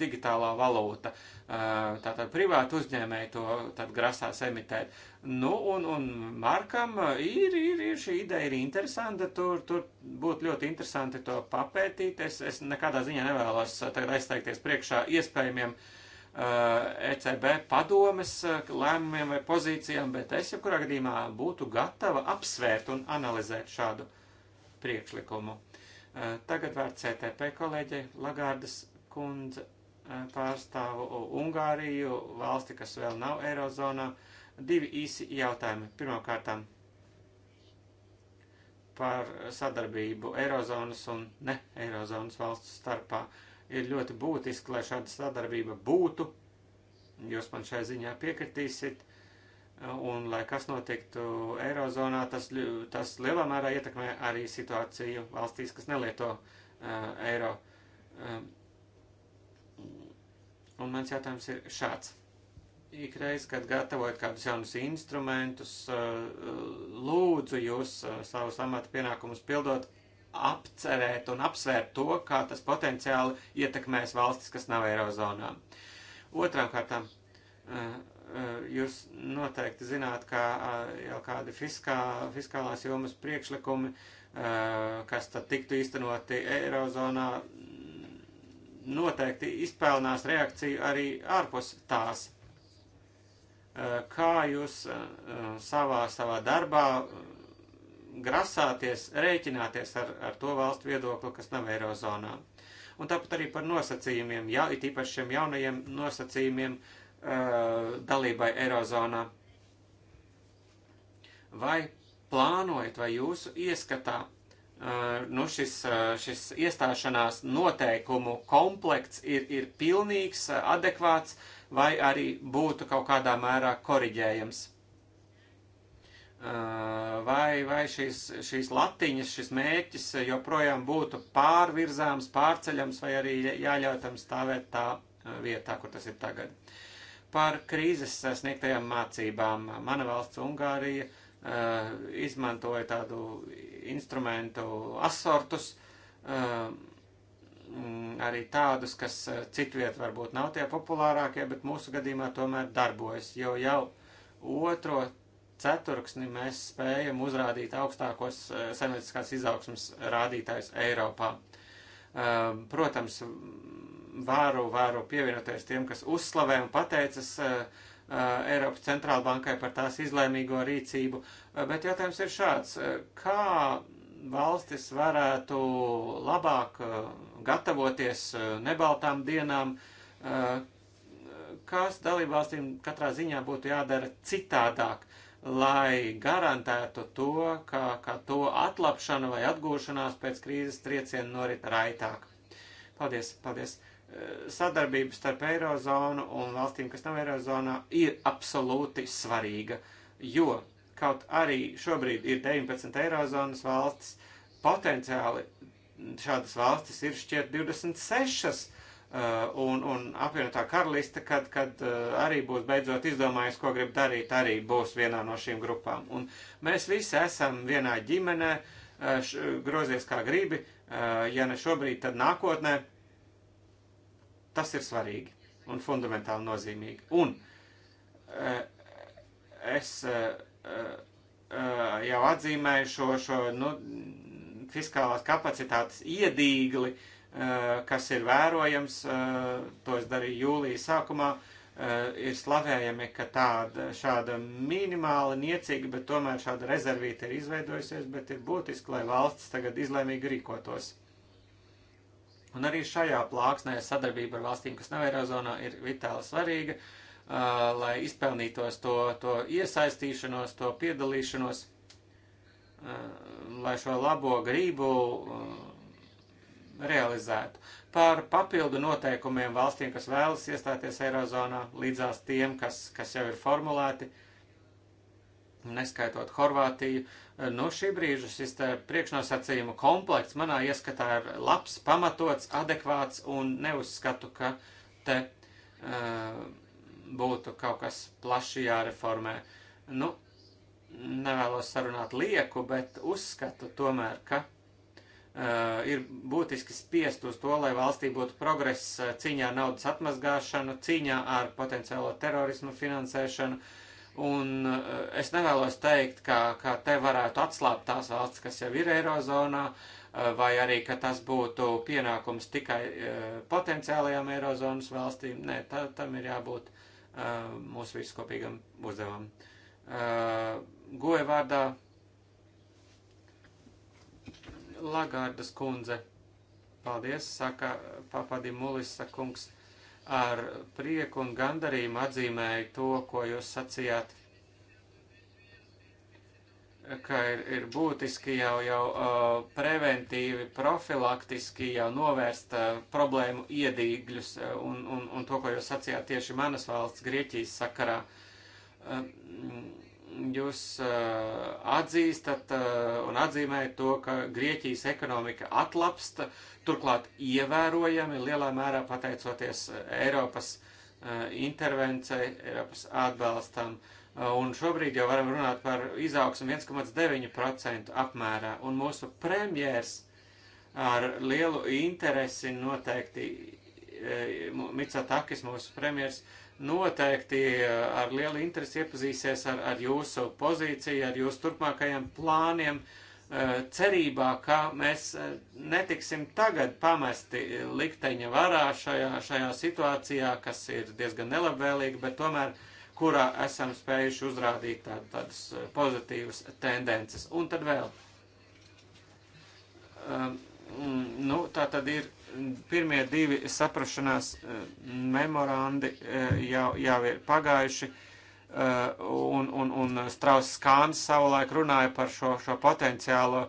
digitālā valūta. Tātad privāti uzņēmēji to tad grasās emitēt. Nu, un, un Markam ir, ir, ir šī ideja ir interesanta, tur, tur būtu ļoti interesanti to papētīt. Es, es nekādā ziņā nevēlos tagad aizteikties priekšā iespējamiem uh, ECB eh, e padomes eh, lēmumiem vai pozīcijām, bet es jebkurā gadījumā būtu gatava apsvērt un analizēt šādu priekšlikumu. Eh, tagad vērts CTP kolēģei Lagardas kundze pārstāvu Ungāriju, valsti, kas vēl nav Eirozonā. Divi īsi jautājumi. Pirmkārtām par sadarbību Eirozonas un ne Eirozonas valstu starpā. Uh, ir ļoti būtiski, lai šāda sadarbība būtu. Jūs man šai ziņā piekritīsiet, un lai kas notiktu Eirozonā, tas, tas lielā mērā ietekmē arī situāciju valstīs, kas nelieto uh, eiro. Um, un mans jautājums ir šāds. Ikreiz, kad gatavojat kādus jaunus instrumentus, uh, lūdzu jūs uh, savus amata pienākumus pildot, uh, apcerēt un apsvērt to, kā tas potenciāli ietekmēs valstis, kas nav Eirozonā. Otrām kārtām, eh, eh, jūs noteikti zināt, ka eh, jau kādi fiskā, fiskālās jomas priekšlikumi, kas tad tiktu īstenoti Eirozonā, noteikti izpelnās reakciju arī ārpus tās. Kā jūs savā, savā darbā grasāties rēķināties ar, ar to valstu viedokli, kas nav Eirozonā. Un tāpat arī par nosacījumiem, ja it īpaši šiem jaunajiem nosacījumiem uh, dalībai Eirozonā. Vai plānojat, vai jūsu ieskatā Uh, nu šis, uh, šis iestāšanās noteikumu komplekts ir, ir pilnīgs, uh, adekvāts vai arī būtu kaut kādā mērā koriģējams. Eh, vai, vai šīs, šīs latiņas, šis mērķis joprojām būtu pārvirzāms, pārceļams vai arī jāļauj tam stāvēt tā eh, vietā, kur tas ir tagad. Par krīzes eh, sniegtajām mācībām mana valsts Ungārija izmantoja tādu instrumentu asortus, mm, arī tādus, kas citviet varbūt nav tie populārākie, bet mūsu gadījumā tomēr darbojas, jo jau otro, ceturksni mēs spējam uzrādīt augstākos saimnieciskās eh, izaugsmas rādītājus Eiropā. Ehm, protams, varu, varu pievienoties tiem, kas uzslavē un pateicas eh, eh, Eiropas centrālbankai par tās izlēmīgo rīcību, bet jautājums ir šāds. Kā valstis varētu labāk gatavoties nebaltām dienām, kas dalībvalstīm katrā ziņā būtu jādara citādāk, lai garantētu to, ka, ka to atlapšana vai atgūšanās pēc krīzes trieciena norit raitāk. Paldies, paldies! Eh, Sadarbība starp Eirozonu un valstīm, kas nav Eirozonā, ir absolūti svarīga, jo kaut arī šobrīd ir 19 Eirozonas valstis, potenciāli šādas valstis ir šķiet 26 Uh, un, un apvienotā karaliste, kad, kad uh, arī būs beidzot izdomājusi, ko grib darīt, arī būs vienā no šīm grupām. Un mēs visi esam vienā ģimenē, uh, š, grozies kā gribi, ja ne šobrīd, tad nākotnē. Tas ir svarīgi un fundamentāli nozīmīgi. Un es jau atzīmēju šo, šo nu, fiskālās kapacitātes iedīgli, uh, Eh, kas ir vērojams, eh, to es darīju jūlijas sākumā, eh, ir slavējami, ka tāda šāda minimāla, niecīga, bet tomēr šāda rezervīta ir izveidojusies, bet ir būtiski, lai valsts tagad izlēmīgi rīkotos. Un arī šajā plāksnē sadarbība ar valstīm, kas nav Eirozonā, ir vitāli svarīga, lai izpelnītos to, to iesaistīšanos, to piedalīšanos, lai šo labo grību realizētu. Par papildu noteikumiem valstīm, kas vēlas iestāties Eirozonā, līdzās tiem, kas, kas jau ir formulēti, neskaitot Horvātiju, nu šī brīža šis priekšnosacījumu komplekts manā ieskatā ir labs, pamatots, adekvāts un neuzskatu, ka te uh, būtu kaut kas plaši jāreformē. Nu, nevēlos sarunāt lieku, bet uzskatu tomēr, ka Eh, ir būtiski spiest uz to, lai valstī būtu progress eh, cīņā ar naudas atmazgāšanu, cīņā ar potenciālo terorismu finansēšanu. Un eh, es nevēlos teikt, ka, ka te varētu atslābt tās valsts, kas jau ir Eirozonā, vai arī, ka tas būtu pienākums tikai potenciālajām Eirozonas valstīm. Nē, tā, tam ir jābūt mūsu viskopīgam uzdevumam. Goja vārdā Lagārdas kundze. Paldies, saka Papadimulis kungs. Ar prieku un gandarījumu atzīmēju to, ko jūs sacījāt ka ir, ir būtiski jau, jau uh, preventīvi, profilaktiski jau novērst uh, problēmu iedīgļus uh, un, un, un to, ko jūs sacījāt tieši manas valsts Grieķijas sakarā. Uh, jūs eh, atzīstat eh, un atzīmējat to, ka Grieķijas ekonomika atlapsta, turklāt ievērojami lielā mērā pateicoties eh, Eiropas intervencei, Eiropas atbalstam. Un šobrīd jau varam runāt par izaugsmu 1,9% apmērā. Un mūsu premjērs ar lielu interesi noteikti, Mitsotakis, mūsu premjērs, uh, noteikti eh, ar lielu interesi iepazīsies ar, ar jūsu pozīciju, ar jūsu turpmākajiem plāniem, eh, cerībā, ka mēs eh, netiksim tagad pamesti likteņa varā šajā, šajā situācijā, kas ir diezgan nelabvēlīga, bet tomēr kurā esam spējuši uzrādīt tād, tādas pozitīvas tendences. Un tad vēl. Um, nu, tā tad ir pirmie divi saprašanās eh, memorandi eh, jau, jau ir pagājuši, eh, un, un, un Strauss Kāns savulaik runāja par šo, šo potenciālo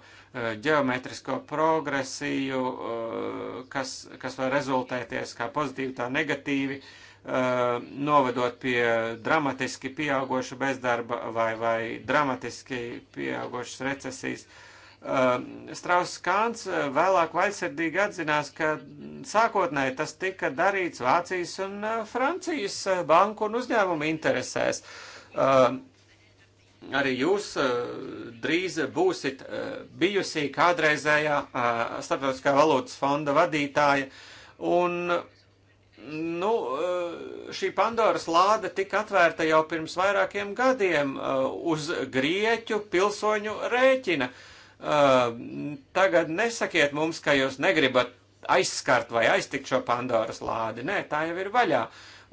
ģeometrisko progresiju, kas, kas var rezultēties kā pozitīvi, tā negatīvi, novedot pie dramatiski pieaugoša bezdarba vai, vai dramatiski pieaugošas recesijas. Uh, Eh, Strauss Kāns eh, vēlāk vaļsirdīgi atzinās, ka sākotnēji tas tika darīts Vācijas un eh, Francijas banku un uzņēmumu interesēs. Arī jūs drīz būsit bijusī kādreizējā starptautiskā valūtas fonda vadītāja. Un nu, šī Pandoras lāde tika atvērta jau pirms vairākiem gadiem uz grieķu pilsoņu rēķina. Uh, tagad nesakiet mums, ka jūs negribat aizskart vai aiztikt šo Pandoras lādi. Nē, tā jau ir vaļā.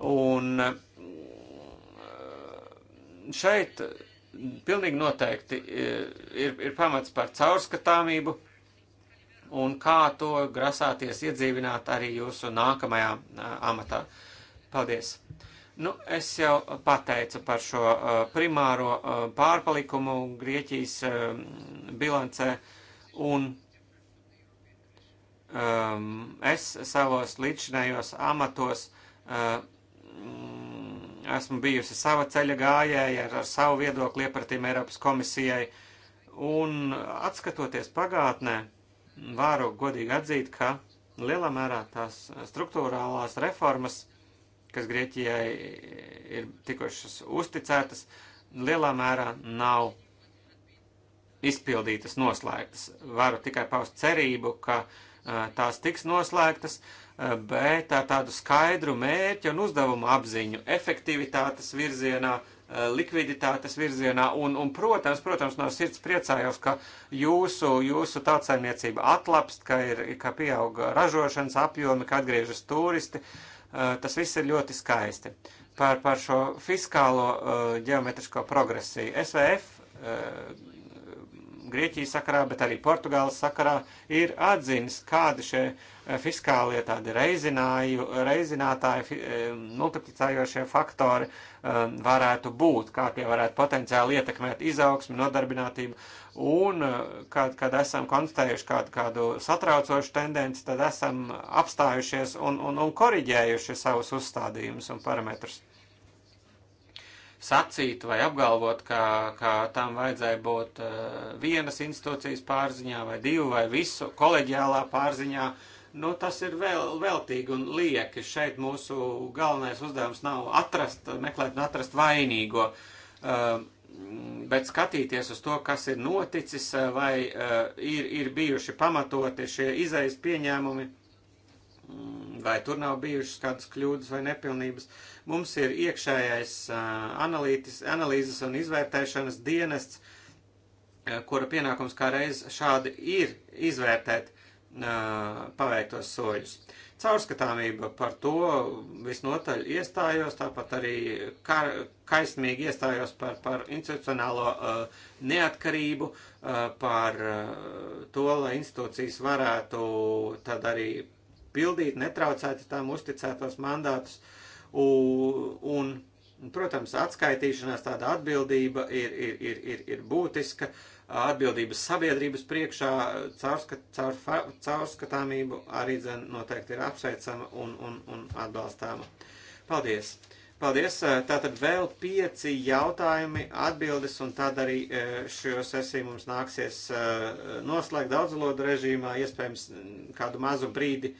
Un šeit pilnīgi noteikti ir, ir pamats par caurskatāmību un kā to grasāties iedzīvināt arī jūsu nākamajā amatā. Paldies! Nu, es jau pateicu par šo uh, primāro uh, pārpalikumu Grieķijas uh, bilancē, un um, es savos līdzinējos amatos uh, esmu bijusi sava ceļa gājēja ar, ar savu viedokli iepratīm Eiropas komisijai, un atskatoties pagātnē, varu godīgi atzīt, ka lielā mērā tās struktūrālās reformas kas Grieķijai ir tikušas uzticētas, lielā mērā nav izpildītas, noslēgtas. Varu tikai paust cerību, ka tās tiks noslēgtas, bet ar tādu skaidru mērķu un uzdevumu apziņu efektivitātes virzienā, likviditātes virzienā, un, un protams, protams, no sirds priecājos, ka jūsu, jūsu tautsaimniecība atlapst, ka, ir, ka pieauga ražošanas apjomi, ka atgriežas turisti. Uh, Eh, tas viss ir ļoti skaisti. Par, par šo fiskālo eh, ģeometrisko progresiju. SVF eh, Grieķijas sakarā, bet arī Portugāles sakarā, ir atzinis, kādi šie eh, fiskālie tādi reizinātāji, eh, multiplicējošie faktori eh, varētu būt, kā tie varētu potenciāli ietekmēt izaugsmi, nodarbinātību. Un, kad, kad esam konstatējuši kādu, kādu satraucošu tendenci, tad esam apstājušies un, un, un koriģējuši savus uzstādījumus un parametrus sacīt vai apgalvot, ka, ka tam vajadzēja būt eh, vienas institūcijas pārziņā vai divu vai visu koleģiālā pārziņā. Nu, tas ir vēl, veltīgi un lieki. Šeit mūsu galvenais uzdevums nav atrast, meklēt un atrast vainīgo, eh, bet skatīties uz to, kas ir noticis, eh, vai ir, ir bijuši pamatoti šie izaist pieņēmumi Mm, vai tur nav bijušas kādas kļūdas vai nepilnības. Mums ir iekšējais analītis, analīzes un izvērtēšanas dienests, kura pienākums kā reiz šādi ir izvērtēt paveiktos soļus. Caurskatāmība par to visnotaļ iestājos, tāpat arī kar, kaismīgi iestājos par, par institucionālo uh, neatkarību, uh, par uh, to, lai institūcijas varētu tad arī pildīt netraucēti tām uzticētos mandātus. Un, un protams, atskaitīšanās tāda atbildība ir, ir, ir, ir, ir būtiska. Atbildības sabiedrības priekšā caurskat, caur, caurskatāmību arī dzen, noteikti ir apsveicama un, un, un atbalstāma. Paldies! Paldies! Tātad vēl pieci jautājumi, atbildes, un tad arī e, šo sesiju mums nāksies e, noslēgt daudzvalodu režīmā, iespējams kādu mazu brīdi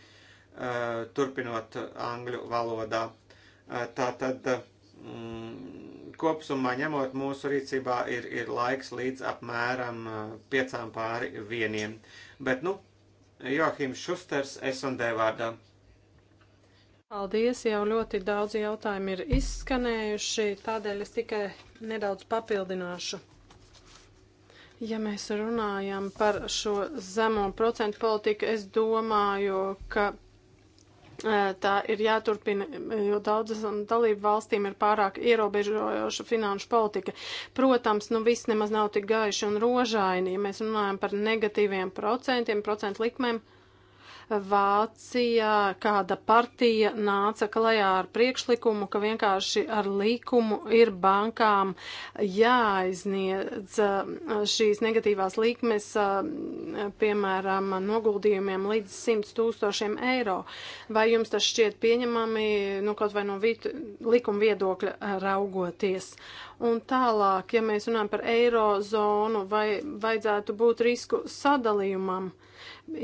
Eh, turpinot angļu valodā. Eh, tātad mm, kopsumā ņemot mūsu rīcībā ir, ir laiks līdz apmēram eh, piecām pāri vieniem. Bet, nu, Joachims Šusters, S&D vārdā. Paldies, jau ļoti daudz jautājumu ir izskanējuši, tādēļ es tikai nedaudz papildināšu. Ja mēs runājam par šo zemo procentu politiku, es domāju, ka tā ir jāturpina, jo daudzas dalību valstīm ir pārāk ierobežojoša finanšu politika. Protams, nu viss nemaz nav tik gaiši un rožaini, ja mēs runājam par negatīviem procentiem, procentu likmēm. Uh, Vācijā kāda partija nāca klajā ar priekšlikumu, ka vienkārši ar likumu ir bankām jāizniedz uh, šīs negatīvās likmes, uh, piemēram, noguldījumiem līdz 100 tūkstošiem eiro. Vai jums tas šķiet pieņemami, nu, kaut vai no vietu, likuma viedokļa raugoties? Un tālāk, ja mēs runājam par eirozonu, vai vajadzētu būt risku sadalījumam? Uh,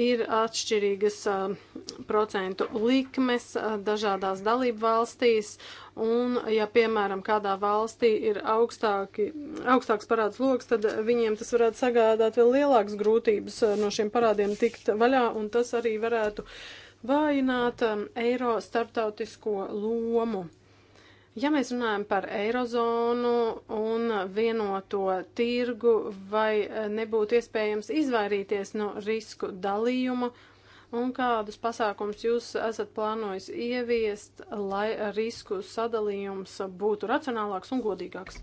Ir atšķirīgas procentu likmes dažādās dalību valstīs, un ja, piemēram, kādā valstī ir augstāki, augstāks parāds loks, tad viņiem tas varētu sagādāt vēl lielākas grūtības no šiem parādiem tikt vaļā, un tas arī varētu vājināt eiro starptautisko lomu. Ja mēs runājam par eirozonu un vienoto tirgu, vai e, nebūtu iespējams izvairīties no risku dalījuma un kādus pasākums jūs esat plānojis ieviest, lai risku sadalījums būtu racionālāks un godīgāks?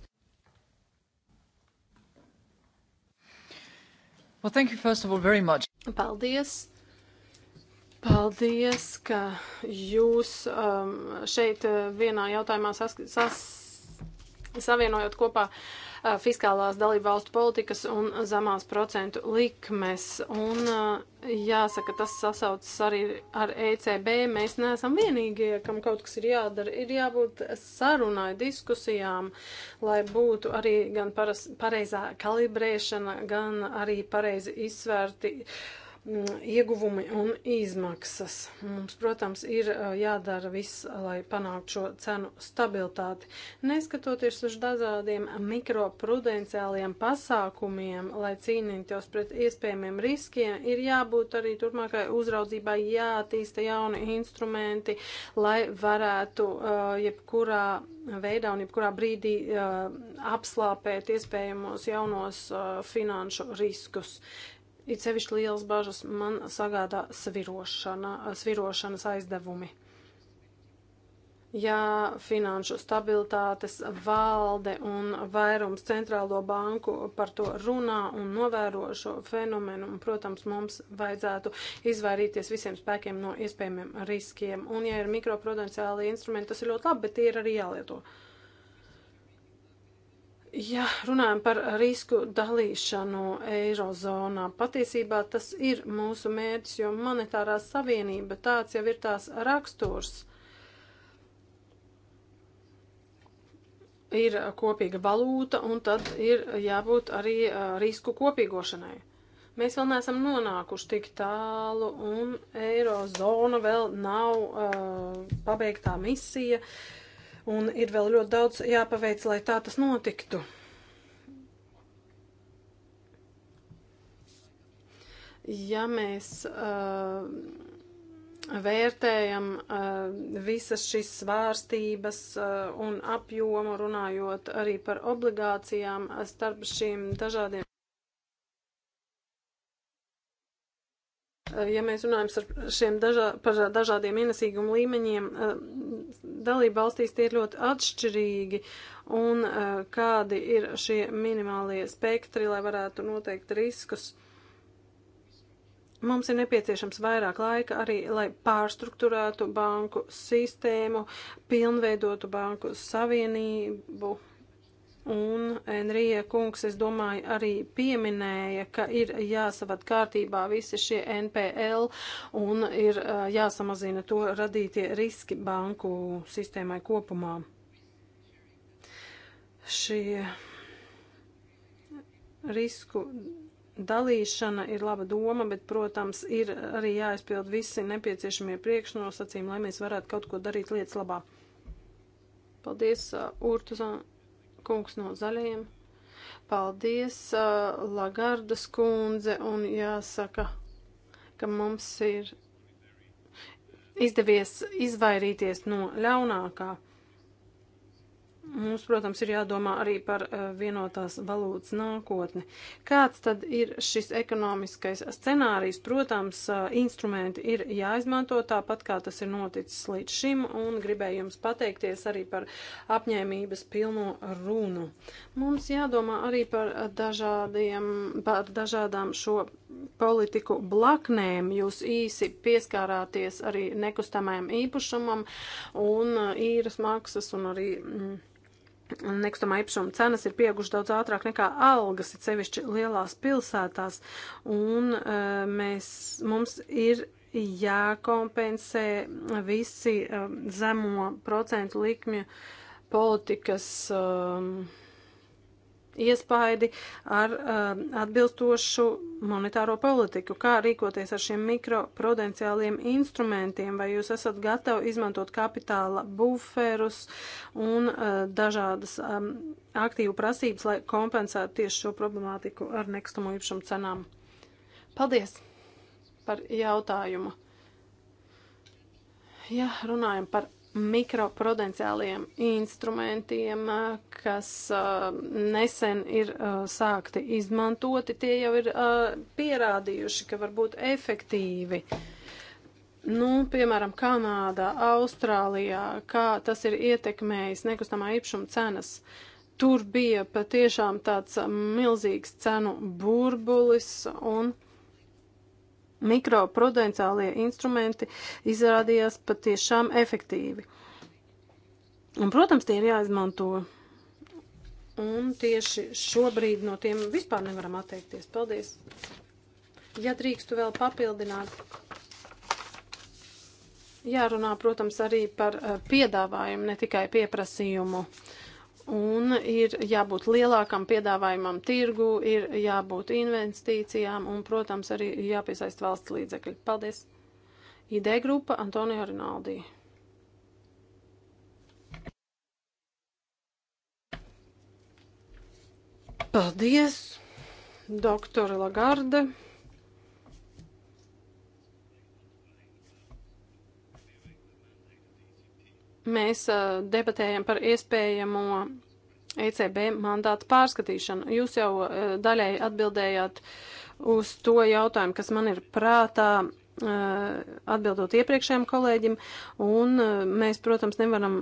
Well, thank you first of all very much. Paldies! Paldies, ka jūs um, šeit uh, vienā jautājumā sas, sas, savienojot kopā uh, fiskālās dalību valstu politikas un zemās procentu likmes. Un uh, jāsaka, tas sasaucas arī ar ECB. Mēs neesam vienīgie, kam kaut kas ir jādara. Ir jābūt sarunai, diskusijām, lai būtu arī gan paras, pareizā kalibrēšana, gan arī pareizi izsvērti. Uh, Mm, ieguvumi un izmaksas. Mums, protams, ir jādara viss, lai panāktu šo cenu stabilitāti. Neskatoties uz dažādiem mikroprudenciāliem pasākumiem, lai cīnītos pret iespējamiem riskiem, ir jābūt arī turpmākai uzraudzībai jātīsta jauni instrumenti, lai varētu jebkurā veidā un jebkurā brīdī apslāpēt iespējamos jaunos finanšu riskus. It sevišķi liels bažas man sagādā svirošana, svirošanas aizdevumi. Ja finanšu stabilitātes valde un vairums centrālo banku par to runā un novēro šo fenomenu, un, protams, mums vajadzētu izvairīties visiem spēkiem no iespējamiem riskiem. Un, ja ir mikroprudenciāli instrumenti, tas ir ļoti labi, bet tie ir arī jālieto. Uh, Ja runājam par risku dalīšanu Eirozonā, patiesībā tas ir mūsu mērķis, jo monetārā savienība tāds jau ir tās raksturs. Ir kopīga valūta, un tad ir jābūt arī risku kopīgošanai. Mēs vēl neesam nonākuši tik tālu, un Eirozona vēl nav uh, pabeigtā misija. Uh, un ir vēl ļoti daudz jāpaveic, lai tā tas notiktu. Ja mēs uh, vērtējam uh, visas šīs svārstības uh, un apjomu, runājot arī par obligācijām starp šīm dažādiem. Eh, ja mēs runājam šiem dažā, par dažādiem ienesīgumu līmeņiem, eh, dalību valstīs tie ir ļoti atšķirīgi un eh, kādi ir šie minimālie spektri, lai varētu noteikt riskus. Mums ir nepieciešams vairāk laika arī, lai pārstruktūrētu banku sistēmu, pilnveidotu banku savienību Un Enrija kungs, es domāju, arī pieminēja, ka ir jāsavad kārtībā visi šie NPL un ir jāsamazina to radītie riski banku sistēmai kopumā. Šie risku dalīšana ir laba doma, bet, protams, ir arī jāizpild visi nepieciešamie priekšnosacījumi, lai mēs varētu kaut ko darīt lietas labā. Paldies, Urtuzan. Uh, kungs no zaļajiem. Paldies, uh, Lagardas kundze, un jāsaka, ka mums ir izdevies izvairīties no ļaunākā. Mums, protams, ir jādomā arī par eh, vienotās valūtas nākotni. Kāds tad ir šis ekonomiskais scenārijs? Protams, eh, instrumenti ir jāizmanto tāpat, kā tas ir noticis līdz šim, un gribēju jums pateikties arī par apņēmības pilno runu. Mums jādomā arī par, dažādiem, par dažādām šo politiku blaknēm. Jūs īsi pieskārāties arī nekustamajam īpašumam un eh, īras maksas un arī. Mm, nekustamā īpašuma cenas ir pieaugušas daudz ātrāk nekā algas, it sevišķi lielās pilsētās, un e, mēs, mums ir jākompensē visi e, zemo procentu likmju politikas um, iespaidi ar um, atbilstošu monetāro politiku. Kā rīkoties ar šiem mikroprudenciāliem instrumentiem? Vai jūs esat gatavi izmantot kapitāla buferus un uh, dažādas um, aktīvu prasības, lai kompensētu tieši šo problemātiku ar nekustamo īpašumu cenām? Paldies par jautājumu. Ja runājam par mikroprudenciāliem instrumentiem, eh, kas eh, nesen ir eh, sākti izmantoti, tie jau ir pierādījuši, ka var būt efektīvi. Nu, piemēram, Kanādā, Austrālijā, kā tas ir ietekmējis nekustamā īpašuma cenas. Tur bija patiešām tāds milzīgs cenu burbulis un. Uh, Mikroprudenciālie instrumenti izrādījās patiešām efektīvi. Un, protams, tie ir jāizmanto. Un tieši šobrīd no tiem vispār nevaram atteikties. Paldies! Ja drīkstu vēl papildināt, jārunā, protams, arī par eh, piedāvājumu, ne tikai pieprasījumu. Uh, Un ir jābūt lielākam piedāvājumam tirgu, ir jābūt investīcijām un, protams, arī jāpiesaist valsts līdzekļi. Paldies! Ideja grupa Antonija Rinaldī. Paldies, doktora Lagarde! mēs uh, debatējam par iespējamo ECB mandātu pārskatīšanu. Jūs jau uh, daļai atbildējāt uz to jautājumu, kas man ir prātā atbildot iepriekšējiem kolēģim, un mēs, protams, nevaram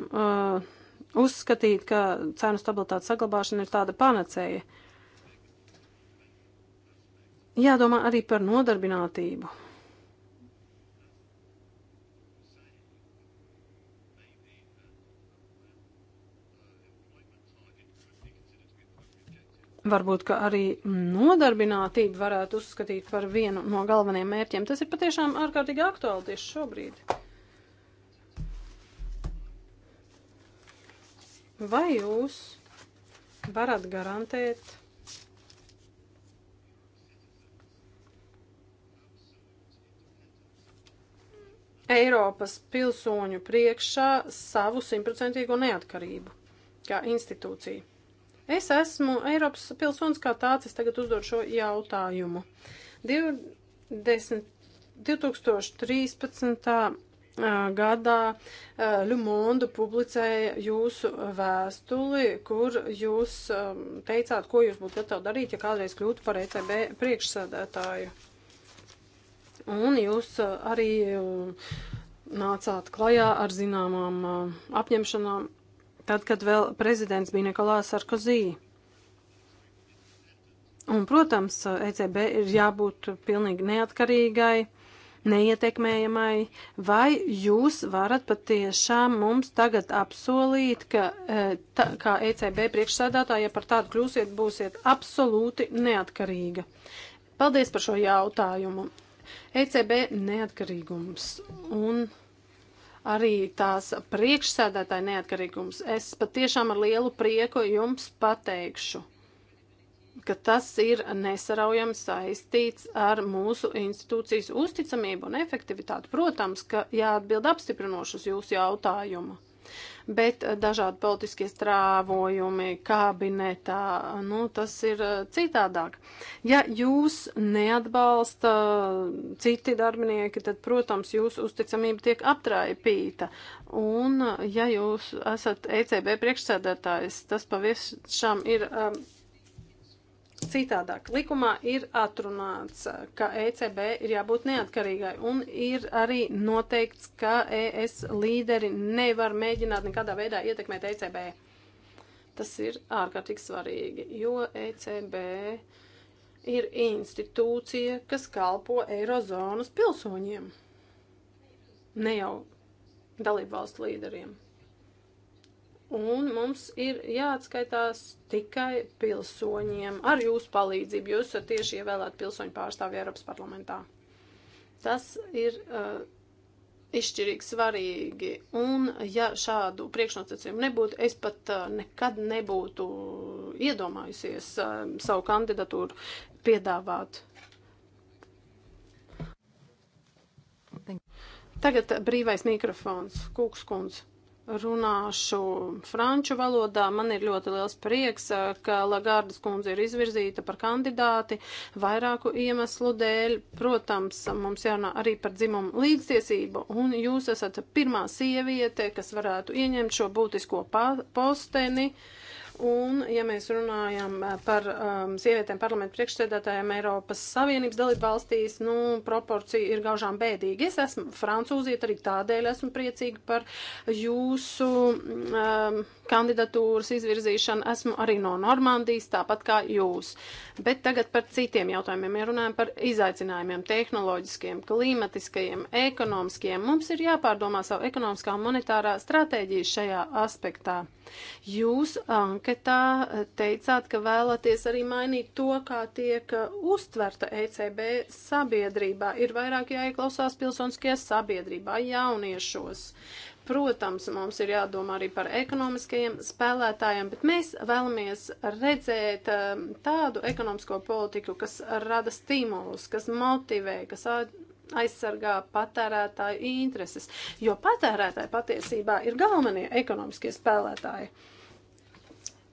uzskatīt, ka cenu stabilitātes saglabāšana ir tāda panacēja. Jādomā arī par nodarbinātību. Varbūt, ka arī nodarbinātība varētu uzskatīt par vienu no galvenajiem mērķiem. Tas ir patiešām ārkārtīgi aktuāli tieši šobrīd. Vai jūs varat garantēt, Eiropas pilsoņu priekšā savu simtprocentīgo neatkarību kā institūciju. Es esmu Eiropas pilsonis kā tāds, es tagad uzdod šo jautājumu. 20, 2013. gadā Ļumonda publicēja jūsu vēstuli, kur jūs teicāt, ko jūs būtu gatavi darīt, ja kādreiz kļūtu par ECB priekšsēdētāju. Un jūs arī nācāt klajā ar zināmām apņemšanām tad, kad vēl prezidents bija Nikolā Sarkozī. Un, protams, ECB ir jābūt pilnīgi neatkarīgai, neietekmējamai, vai jūs varat patiešām mums tagad apsolīt, ka e, tā, kā ECB priekšsēdētāja, ja par tādu kļūsiet, būsiet absolūti neatkarīga. Paldies par šo jautājumu. ECB neatkarīgums un arī tās priekšsēdētāja neatkarīgums. Es patiešām ar lielu prieku jums pateikšu ka tas ir nesaraujami saistīts ar mūsu institūcijas uzticamību un efektivitāti. Protams, ka jāatbild apstiprinoši uz jūsu jautājumu bet eh, dažādi politiskie strāvojumi kabinetā, nu, tas ir eh, citādāk. Ja jūs neatbalsta eh, citi darbinieki, tad, protams, jūsu uzticamība tiek aptraipīta. Un, ja jūs esat ECB priekšsēdētājs, tas pavisam ir. Um, citādāk. Likumā ir atrunāts, ka ECB ir jābūt neatkarīgai un ir arī noteikts, ka ES līderi nevar mēģināt nekādā veidā ietekmēt ECB. Tas ir ārkārtīgi svarīgi, jo ECB ir institūcija, kas kalpo Eirozonas pilsoņiem, ne jau dalību valstu līderiem. Un mums ir jāatskaitās tikai pilsoņiem ar jūsu palīdzību. Jūs esat tieši ievēlēt pilsoņu pārstāvi Eiropas parlamentā. Tas ir uh, izšķirīgi svarīgi. Un, ja šādu priekšnosacījumu nebūtu, es pat uh, nekad nebūtu iedomājusies uh, savu kandidatūru piedāvāt. Tagad brīvais mikrofons, Kūks kundze runāšu franču valodā. Man ir ļoti liels prieks, eh, ka Lagardas kundze ir izvirzīta par kandidāti vairāku iemeslu dēļ. Protams, mums jārunā arī par dzimumu līdztiesību, un jūs esat pirmā sieviete, kas varētu ieņemt šo būtisko posteni. Uh, Un, ja mēs runājam eh, par um, sievietēm parlamentu priekšsēdētājiem Eiropas Savienības dalību valstīs, nu, proporcija ir gaužām bēdīga. Es esmu francūziet, arī tādēļ esmu priecīga par jūsu um, kandidatūras izvirzīšanu. Esmu arī no Normandijas, tāpat kā jūs. Bet tagad par citiem jautājumiem. Ja runājam par izaicinājumiem, tehnoloģiskiem, klimatiskajiem, ekonomiskiem, mums ir jāpārdomā savu ekonomiskā un monetārā stratēģiju šajā aspektā. Jūs anketā teicāt, ka vēlaties arī mainīt to, kā tiek uztverta ECB sabiedrībā. Ir vairāk jāieklausās pilsoniskajā sabiedrībā, jauniešos. Uh, Protams, mums ir jādomā arī par ekonomiskajiem spēlētājiem, bet mēs vēlamies redzēt um, tādu ekonomisko politiku, kas rada stimulus, kas motivē, kas aizsargā patērētāju intereses, jo patērētāji patiesībā ir galvenie ekonomiskie spēlētāji. Uh,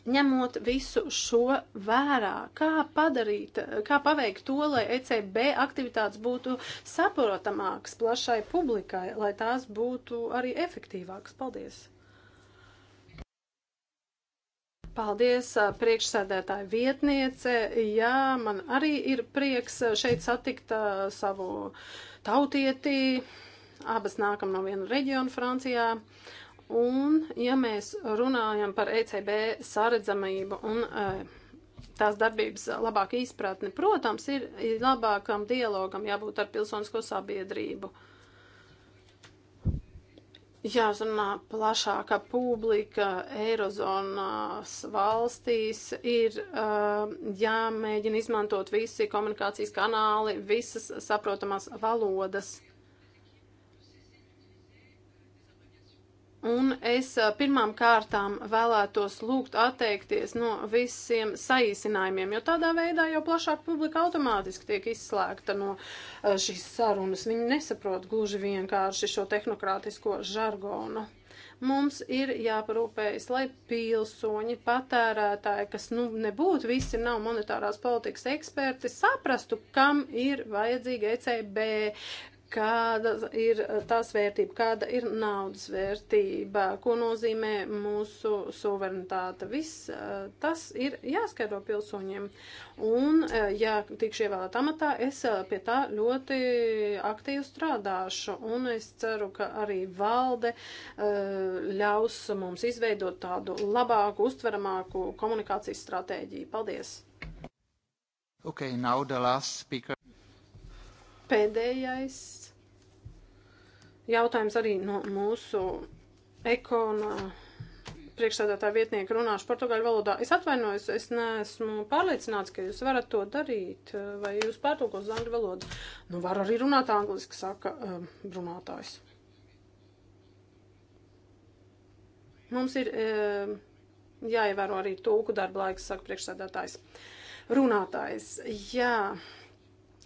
ņemot visu šo vērā, kā padarīt, kā paveikt to, lai ECB aktivitātes būtu saprotamākas plašai publikai, lai tās būtu arī efektīvākas. Paldies! Paldies, priekšsēdētāja vietniece. Jā, man arī ir prieks šeit satikt savu tautieti. Abas nākam no viena reģiona Francijā. Un, ja mēs runājam par ECB saredzamību un eh, tās darbības labāk izpratni, protams, ir, ir labākam dialogam jābūt ar pilsonisko sabiedrību. Jāzunā plašāka publika Eirozonas valstīs ir eh, jāmēģina izmantot visi komunikācijas kanāli, visas saprotamās valodas. Un es pirmām kārtām vēlētos lūgt atteikties no visiem saīsinājumiem, jo tādā veidā jau plašāka publika automātiski tiek izslēgta no šīs sarunas. Viņi nesaprot gluži vienkārši šo tehnokrātisko žargonu. Mums ir jāparūpējas, lai pilsoņi, patērētāji, kas nu nebūtu visi nav monetārās politikas eksperti, saprastu, kam ir vajadzīga ECB, kāda ir eh, tās vērtība, kāda ir naudas vērtība, ko nozīmē mūsu suverenitāte. Viss eh, tas ir jāskaidro pilsoņiem. Un, eh, ja tikšu ievēlēt amatā, es pie tā ļoti aktīvi strādāšu. Un es ceru, ka arī valde ļaus mums izveidot tādu labāku, uztveramāku komunikācijas stratēģiju. Paldies! Okay, now the last speaker. Pēdējais jautājums arī no mūsu ekona priekšstādātā vietnieka runāšu portugāļu valodā. Es atvainojos, es neesmu pārliecināts, ka jūs varat to darīt, vai jūs pārtulkos uz angļu valodu. Nu, var arī runāt angliski, saka um, runātājs. Mums ir um, jāievēro arī tūku darba laiks, saka priekšstādātājs. Runātājs, jā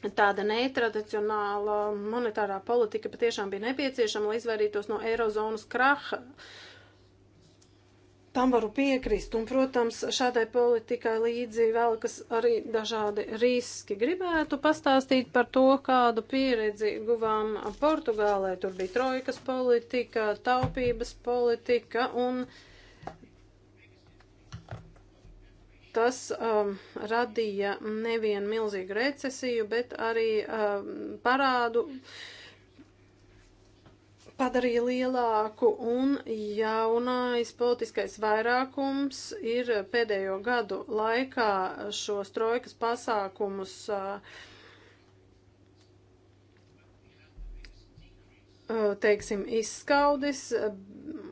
tāda netradicionāla monetārā politika patiešām bija nepieciešama, lai izvairītos no eirozonas kraha. Tam varu piekrist, un, protams, šādai politikai līdzi velkas arī dažādi riski. Gribētu pastāstīt par to, kādu pieredzi guvām Portugālē. Tur bija trojkas politika, taupības politika un uh, Tas um, radīja nevienu milzīgu recesiju, bet arī um, parādu padarīja lielāku un jaunais politiskais vairākums ir pēdējo gadu laikā šos trojkas pasākumus uh, teiksim, izskaudis,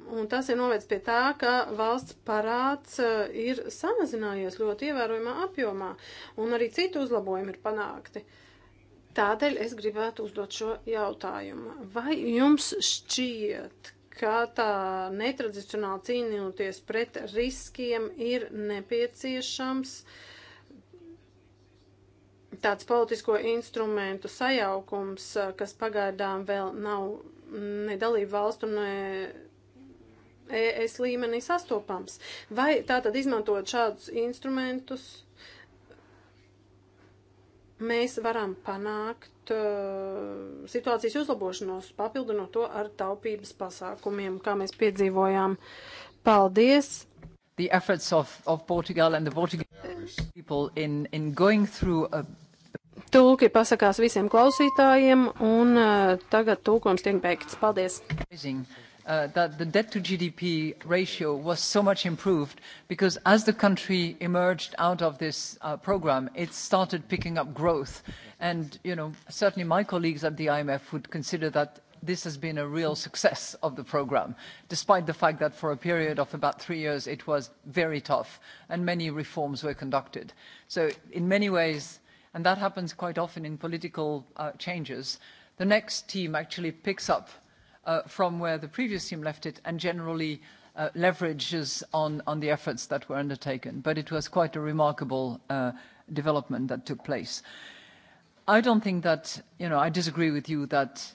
Un tas ir novēdz pie tā, ka valsts parāds eh, ir samazinājies ļoti ievērojumā apjomā, un arī citu uzlabojumi ir panākti. Tādēļ es gribētu uzdot šo jautājumu. Vai jums šķiet, ka tā netradicionāli cīnīties pret riskiem ir nepieciešams tāds politisko instrumentu sajaukums, eh, kas pagaidām vēl nav ne dalību valstu, ne ES līmenī sastopams. Vai tātad izmantojot šādus instrumentus, mēs varam panākt uh, situācijas uzlabošanos, papildinot to ar taupības pasākumiem, kā mēs piedzīvojām. Paldies! The efforts of, of Portugal and the Portuguese people in, in going through a Tūki pasakās visiem klausītājiem, un uh, tagad tūkojums tiek beigts. Paldies! Amazing uh, that the debt to GDP ratio was so much improved because as the country emerged out of this uh, program, it started picking up growth. And, you know, certainly my colleagues at the IMF would consider that this has been a real success of the program, despite the fact that for a period of about three years it was very tough and many reforms were conducted. So in many ways, and that happens quite often in political uh, changes, the next team actually picks up uh, from where the previous team left it and generally uh, leverages on, on the efforts that were undertaken. But it was quite a remarkable uh, development that took place. I don't think that, you know, I disagree with you that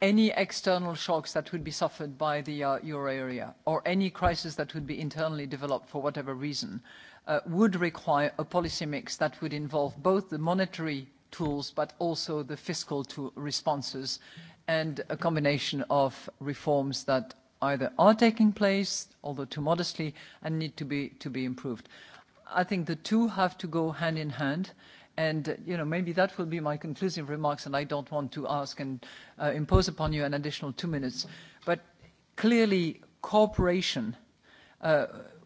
any external shocks that would be suffered by the uh, euro area or any crisis that would be internally developed for whatever reason uh, would require a policy mix that would involve both the monetary tools but also the fiscal to responses and a combination of reforms that either are taking place, although too modestly, and need to be, to be improved. I think the two have to go hand in hand, and, you know, maybe that will be my conclusive remarks, and I don't want to ask and uh, impose upon you an additional two minutes. But clearly, cooperation, uh,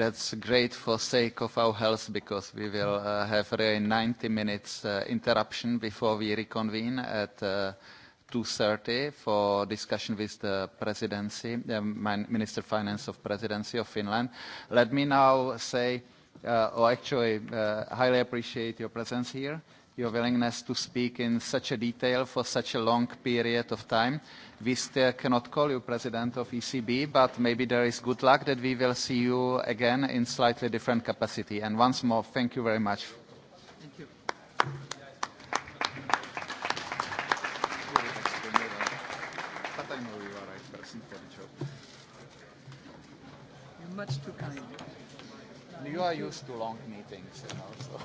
that's great for sake of our health because we will uh, have a 90 minutes uh, interruption before we reconvene at uh, 2.30 for discussion with the presidency, the Minister of Finance of Presidency of Finland. Let me now say, uh, or actually uh, highly appreciate your presence here. Uh, your willingness to speak in such a detail for such a long period of time. We still cannot call you president of ECB, but maybe there is good luck that we will see you again in slightly different capacity. And once more, thank you very much. Thank you. But I know you are right person for the job. You're much too kind. You are used to long meetings, you know, so.